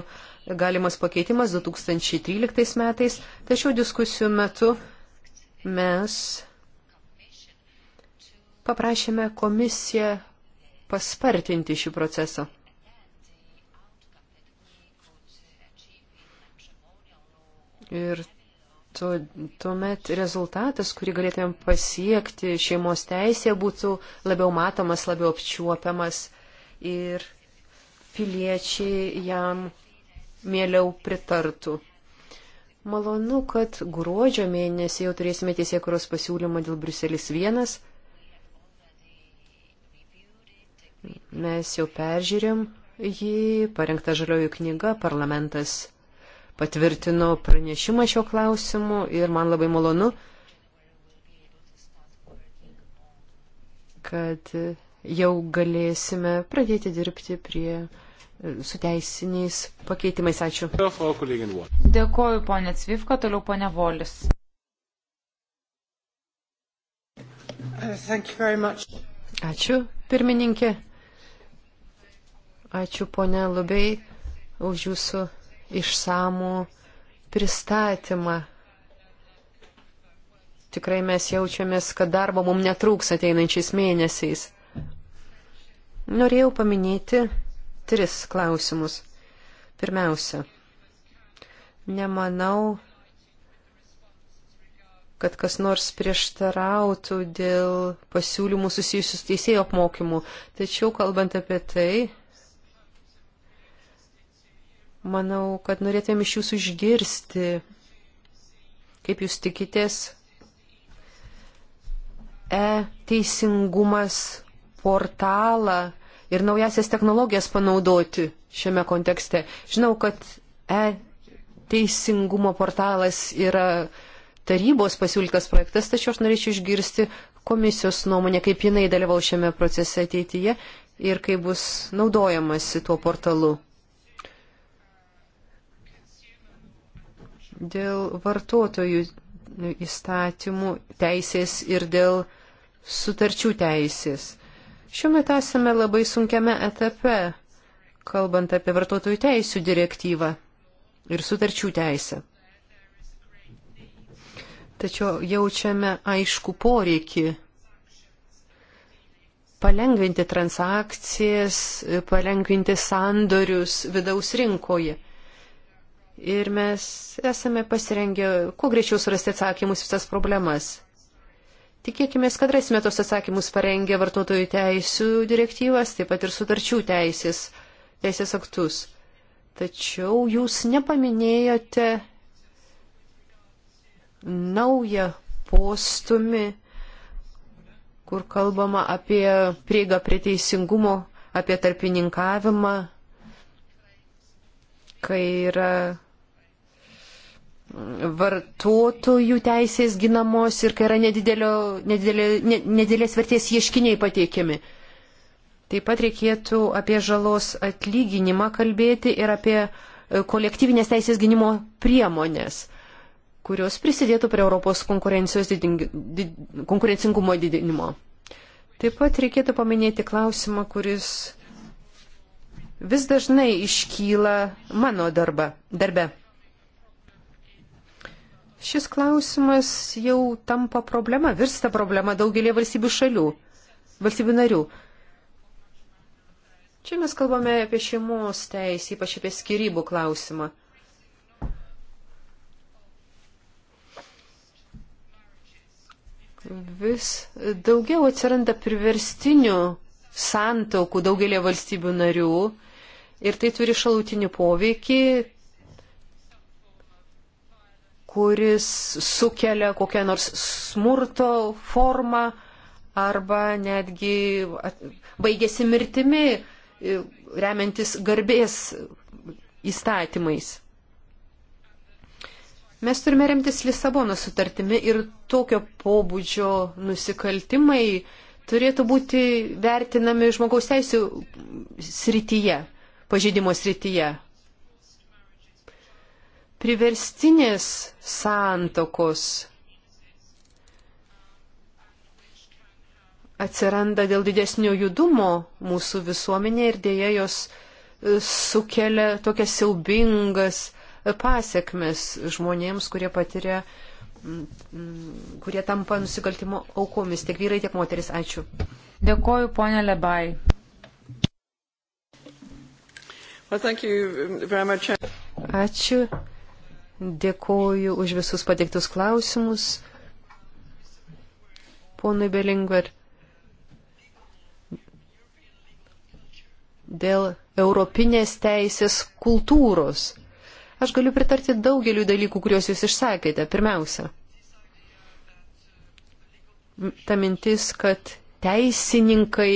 galimas pakeitimas 2013 metais, tačiau diskusijų metu mes paprašėme komisiją paspartinti šį procesą. Ir Tuomet rezultatas, kurį galėtumėm pasiekti šeimos teisėje, būtų labiau matomas, labiau apčiuopiamas ir piliečiai jam mieliau pritartų. Malonu, kad gruodžio mėnesį jau turėsime tiesiekuros pasiūlymą dėl Bruselis vienas. Mes jau peržiūrėm jį, parengta žalioji knyga, parlamentas patvirtino pranešimą šio klausimu ir man labai malonu, kad jau galėsime pradėti dirbti prie su teisiniais pakeitimais. Ačiū. Dėkoju, ponė Cvifka, toliau ponė Volis. Ačiū, pirmininkė. Ačiū, ponė Lubiai, už jūsų išsamų pristatymą. Tikrai mes jaučiamės, kad darbo mums netrūks ateinančiais mėnesiais. Norėjau paminėti tris klausimus. Pirmiausia, nemanau, kad kas nors prieštarautų dėl pasiūlymų susijusius teisėjo apmokymų. Tačiau, kalbant apie tai, Manau, kad norėtumėm iš jūsų išgirsti, kaip jūs tikitės, e-teisingumas portalą ir naujasias technologijas panaudoti šiame kontekste. Žinau, kad e-teisingumo portalas yra tarybos pasiūlytas projektas, tačiau aš norėčiau išgirsti komisijos nuomonę, kaip jinai dalyvau šiame procese ateityje ir kaip bus naudojamasi tuo portalu. dėl vartotojų įstatymų teisės ir dėl sutarčių teisės. Šiuo metu esame labai sunkiame etape, kalbant apie vartotojų teisų direktyvą ir sutarčių teisę. Tačiau jaučiame aišku poreikį palengvinti transakcijas, palengvinti sandorius vidaus rinkoje ir mes esame pasirengę kuo greičiau surasti atsakymus visas problemas. Tikėkime, kad rasime tos atsakymus parengę vartotojų teisų direktyvas, taip pat ir sutarčių teisės, teisės aktus. Tačiau jūs nepaminėjote naują postumį, kur kalbama apie prieigą prie teisingumo, apie tarpininkavimą, kai yra vartotojų teisės ginamos ir kai yra nedidelio, nedidelė, nedidelės vertės ieškiniai pateikiami. Taip pat reikėtų apie žalos atlyginimą kalbėti ir apie e, kolektyvinės teisės gynimo priemonės, kurios prisidėtų prie Europos diding, did, konkurencingumo didinimo. Taip pat reikėtų paminėti klausimą, kuris vis dažnai iškyla mano darba, darbe Šis klausimas jau tampa problema, virsta problema daugelį valstybių šalių, valstybių narių. Čia mes kalbame apie šeimos teisę, ypač apie skirybų klausimą. Vis daugiau atsiranda priverstinių santaukų daugelį valstybių narių ir tai turi šalutinių poveikį kuris sukelia kokią nors smurto formą arba netgi baigėsi mirtimi, remiantis garbės įstatymais. Mes turime remtis Lisabono sutartimi ir tokio pobūdžio nusikaltimai turėtų būti vertinami žmogaus teisų srityje, pažydimo srityje priverstinės santokos atsiranda dėl didesnio judumo mūsų visuomenė ir dėja jos e, sukelia tokias siaubingas e, pasiekmes žmonėms, kurie patiria, kurie tampa nusikaltimo aukomis, tiek vyrai, tiek moteris. Ačiū. Dėkoju, ponė Lebai. Well, Ačiū. Dėkoju už visus pateiktus klausimus. Ponui Belingver, dėl europinės teisės kultūros. Aš galiu pritarti daugeliu dalykų, kuriuos jūs išsakėte. Pirmiausia, ta mintis, kad teisininkai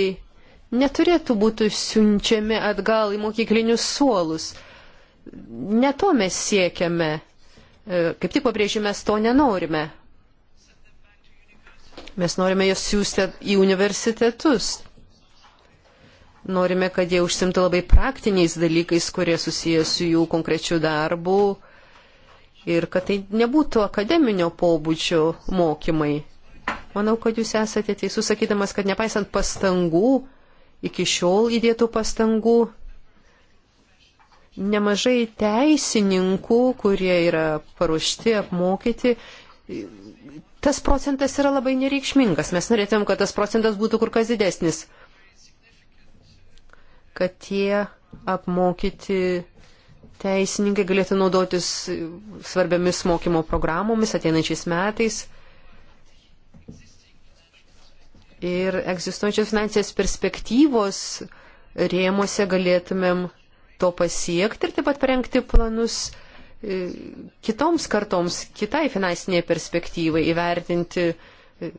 neturėtų būti siunčiami atgal į mokyklinius suolus. Ne to mes siekiame E, kaip tik pabrėžiu, mes to nenorime. Mes norime jas siūsti į universitetus. Norime, kad jie užsimtų labai praktiniais dalykais, kurie susijęs su jų konkrečiu darbu ir kad tai nebūtų akademinio pobūdžio mokymai. Manau, kad jūs esate teisus, sakydamas, kad nepaisant pastangų, iki šiol įdėtų pastangų, nemažai teisininkų, kurie yra paruošti, apmokyti. Tas procentas yra labai nereikšmingas. Mes norėtum, kad tas procentas būtų kur kas didesnis. Kad tie apmokyti teisininkai galėtų naudotis svarbiamis mokymo programomis ateinančiais metais. Ir egzistuojančios finansinės perspektyvos rėmose galėtumėm to pasiekti ir taip pat parengti planus e, kitoms kartoms, kitai finansiniai perspektyvai įvertinti e,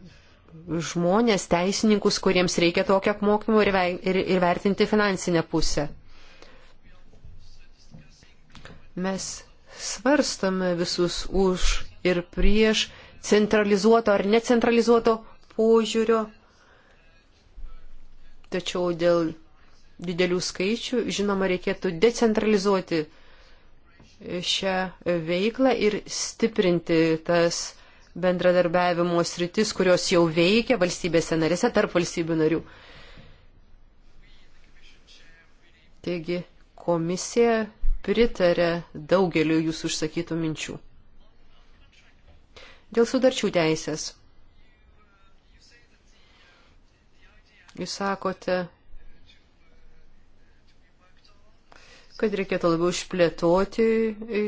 žmonės, teisininkus, kuriems reikia tokio apmokymo ir, ir, ir vertinti finansinę pusę. Mes svarstame visus už ir prieš centralizuoto ar necentralizuoto požiūrio, tačiau dėl didelių skaičių. Žinoma, reikėtų decentralizuoti šią veiklą ir stiprinti tas bendradarbiavimo sritis, kurios jau veikia valstybėse narėse tarp valstybių narių. Taigi komisija pritarė daugeliu jūsų užsakytų minčių. Dėl sudarčių teisės. Jūs sakote, kad reikėtų labiau išplėtoti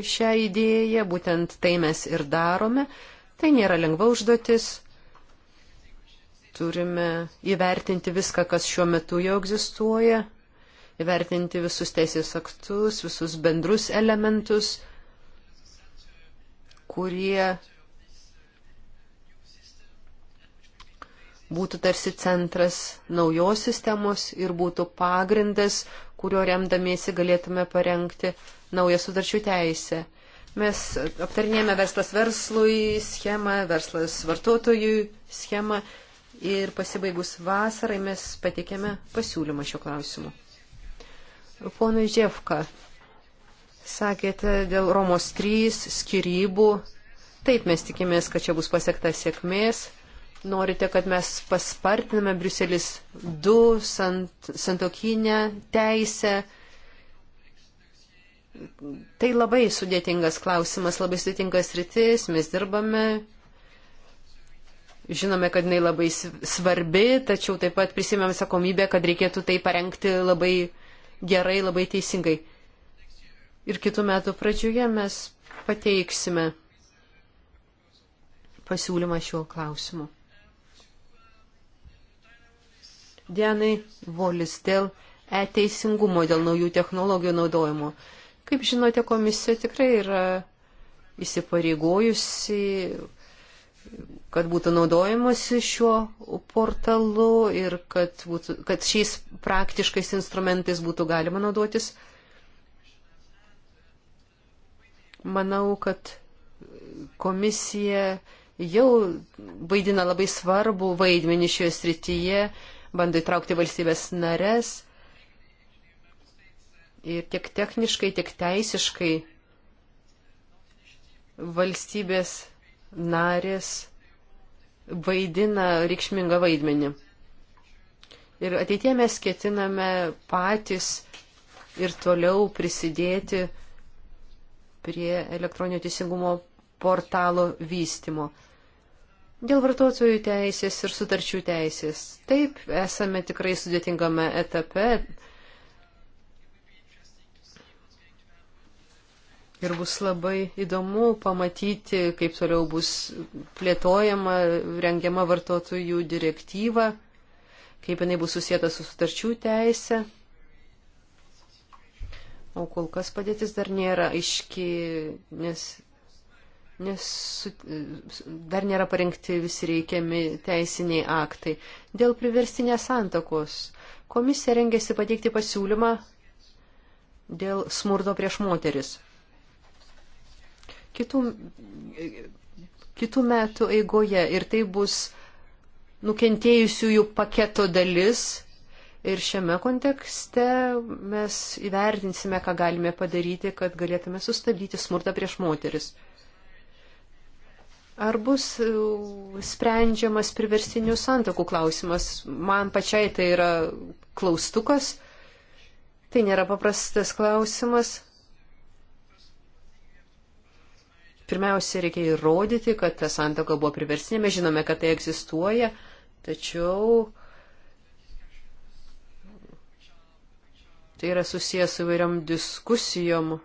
šią idėją, būtent tai mes ir darome. Tai nėra lengva užduotis. Turime įvertinti viską, kas šiuo metu jau egzistuoja, įvertinti visus teisės aktus, visus bendrus elementus, kurie būtų tarsi centras naujos sistemos ir būtų pagrindas, kurio remdamiesi galėtume parengti naują sudarčių teisę. Mes aptarnėjame verslas verslui schemą, verslas vartotojui schemą ir pasibaigus vasarai mes patikėme pasiūlymą šio klausimu. Ponui Ževka, sakėte dėl Romos 3 skirybų. Taip mes tikimės, kad čia bus pasiekta sėkmės norite, kad mes paspartiname Briuselis 2 sant, santokinę teisę. Tai labai sudėtingas klausimas, labai sudėtingas rytis, mes dirbame. Žinome, kad jinai labai svarbi, tačiau taip pat prisimėm atsakomybę, kad reikėtų tai parengti labai gerai, labai teisingai. Ir kitų metų pradžioje mes pateiksime pasiūlymą šiuo klausimu. Dienai Volis dėl e-teisingumo, dėl naujų technologijų naudojimo. Kaip žinote, komisija tikrai yra įsipareigojusi, kad būtų naudojamasi šiuo portalu ir kad, būtų, kad šiais praktiškais instrumentais būtų galima naudotis. Manau, kad komisija jau vaidina labai svarbu vaidmenį šioje srityje, bando įtraukti valstybės nares. Ir tiek techniškai, tiek teisiškai valstybės narės vaidina reikšmingą vaidmenį. Ir ateitie mes ketiname patys ir toliau prisidėti prie elektroninio teisingumo portalo vystimo. Dėl vartotojų teisės ir sutarčių teisės. Taip, esame tikrai sudėtingame etape. Ir bus labai įdomu pamatyti, kaip toliau bus plėtojama, rengiama vartotojų direktyva, kaip jinai bus susijęta su sutarčių teisė. O kol kas padėtis dar nėra aiški, nes nes dar nėra parengti visi reikiami teisiniai aktai. Dėl priverstinės santakos komisija rengėsi pateikti pasiūlymą dėl smurto prieš moteris. Kitų, kitų metų eigoje ir tai bus nukentėjusiųjų paketo dalis. Ir šiame kontekste mes įvertinsime, ką galime padaryti, kad galėtume sustabdyti smurtą prieš moteris. Ar bus e, sprendžiamas priverstinių santokų klausimas? Man pačiai tai yra klaustukas. Tai nėra paprastas klausimas. Pirmiausia, reikia įrodyti, kad ta santoka buvo priverstinė. Mes žinome, kad tai egzistuoja, tačiau tai yra susijęs su vairiom diskusijom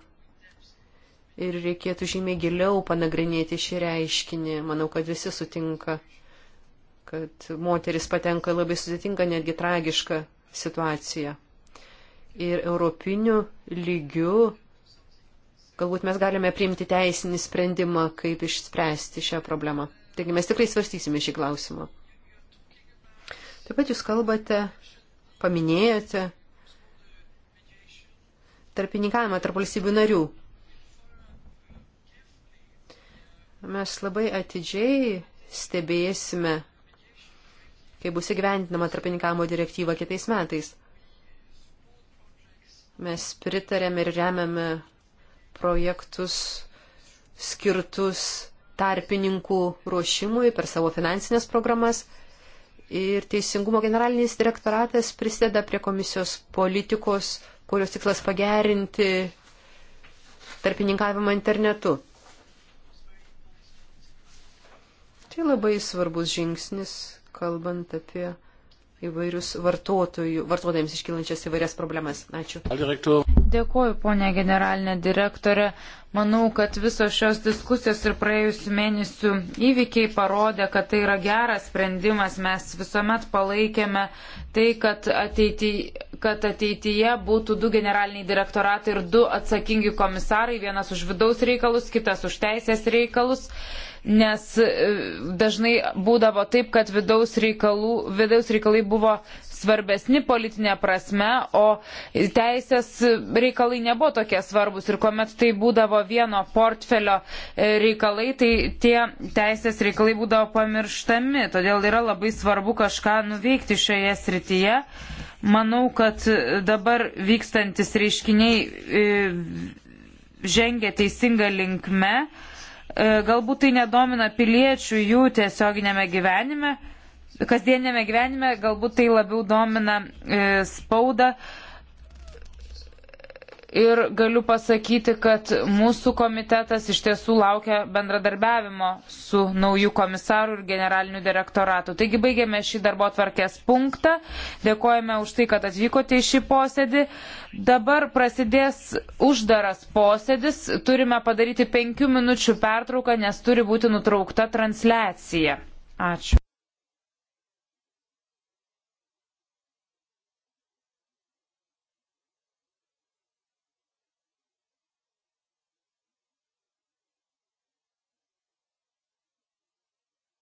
ir reikėtų žymiai giliau panagrinėti šį reiškinį. Manau, kad visi sutinka, kad moteris patenka labai sudėtinga, netgi tragiška situacija. Ir europiniu lygiu galbūt mes galime priimti teisinį sprendimą, kaip išspręsti šią problemą. Taigi mes tikrai svarstysime šį klausimą. Taip pat jūs kalbate, paminėjote tarpininkavimą tarp valstybių narių. Mes labai atidžiai stebėsime, kai bus įgyvendinama tarpininkavimo direktyva kitais metais. Mes pritarėme ir remiame projektus skirtus tarpininkų ruošimui per savo finansinės programas. Ir Teisingumo generalinis direktoratas prisideda prie komisijos politikos, kurios tikslas pagerinti tarpininkavimą internetu. Tai labai svarbus žingsnis, kalbant apie įvairius vartotojų, vartotojams iškylančias įvairias problemas. Ačiū. Dėkuoju, ponė generalinė direktorė. Manau, kad visos šios diskusijos ir praėjusių mėnesių įvykiai parodė, kad tai yra geras sprendimas. Mes visuomet palaikėme tai, kad, ateity, kad ateityje būtų du generaliniai direktoratai ir du atsakingi komisarai, vienas už vidaus reikalus, kitas už teisės reikalus nes e, dažnai būdavo taip, kad vidaus, reikalų, vidaus reikalai buvo svarbesni politinė prasme, o teisės reikalai nebuvo tokie svarbus. Ir kuomet tai būdavo vieno portfelio e, reikalai, tai tie teisės reikalai būdavo pamirštami. Todėl yra labai svarbu kažką nuveikti šioje srityje. Manau, kad dabar vykstantis reiškiniai e, žengia teisinga linkme. E, galbūt tai nedomina piliečių jų tiesioginėme gyvenime, kasdienėme gyvenime, galbūt tai labiau domina e, spaudą. E, ir galiu pasakyti, kad mūsų komitetas iš tiesų laukia bendradarbiavimo su naujų komisarų ir generaliniu direktoratu. Taigi baigėme šį darbo tvarkės punktą. Dėkojame už tai, kad atvykote į šį posėdį. Dabar prasidės uždaras posėdis. Turime padaryti penkių minučių pertrauką, nes turi būti nutraukta transliacija. Ačiū.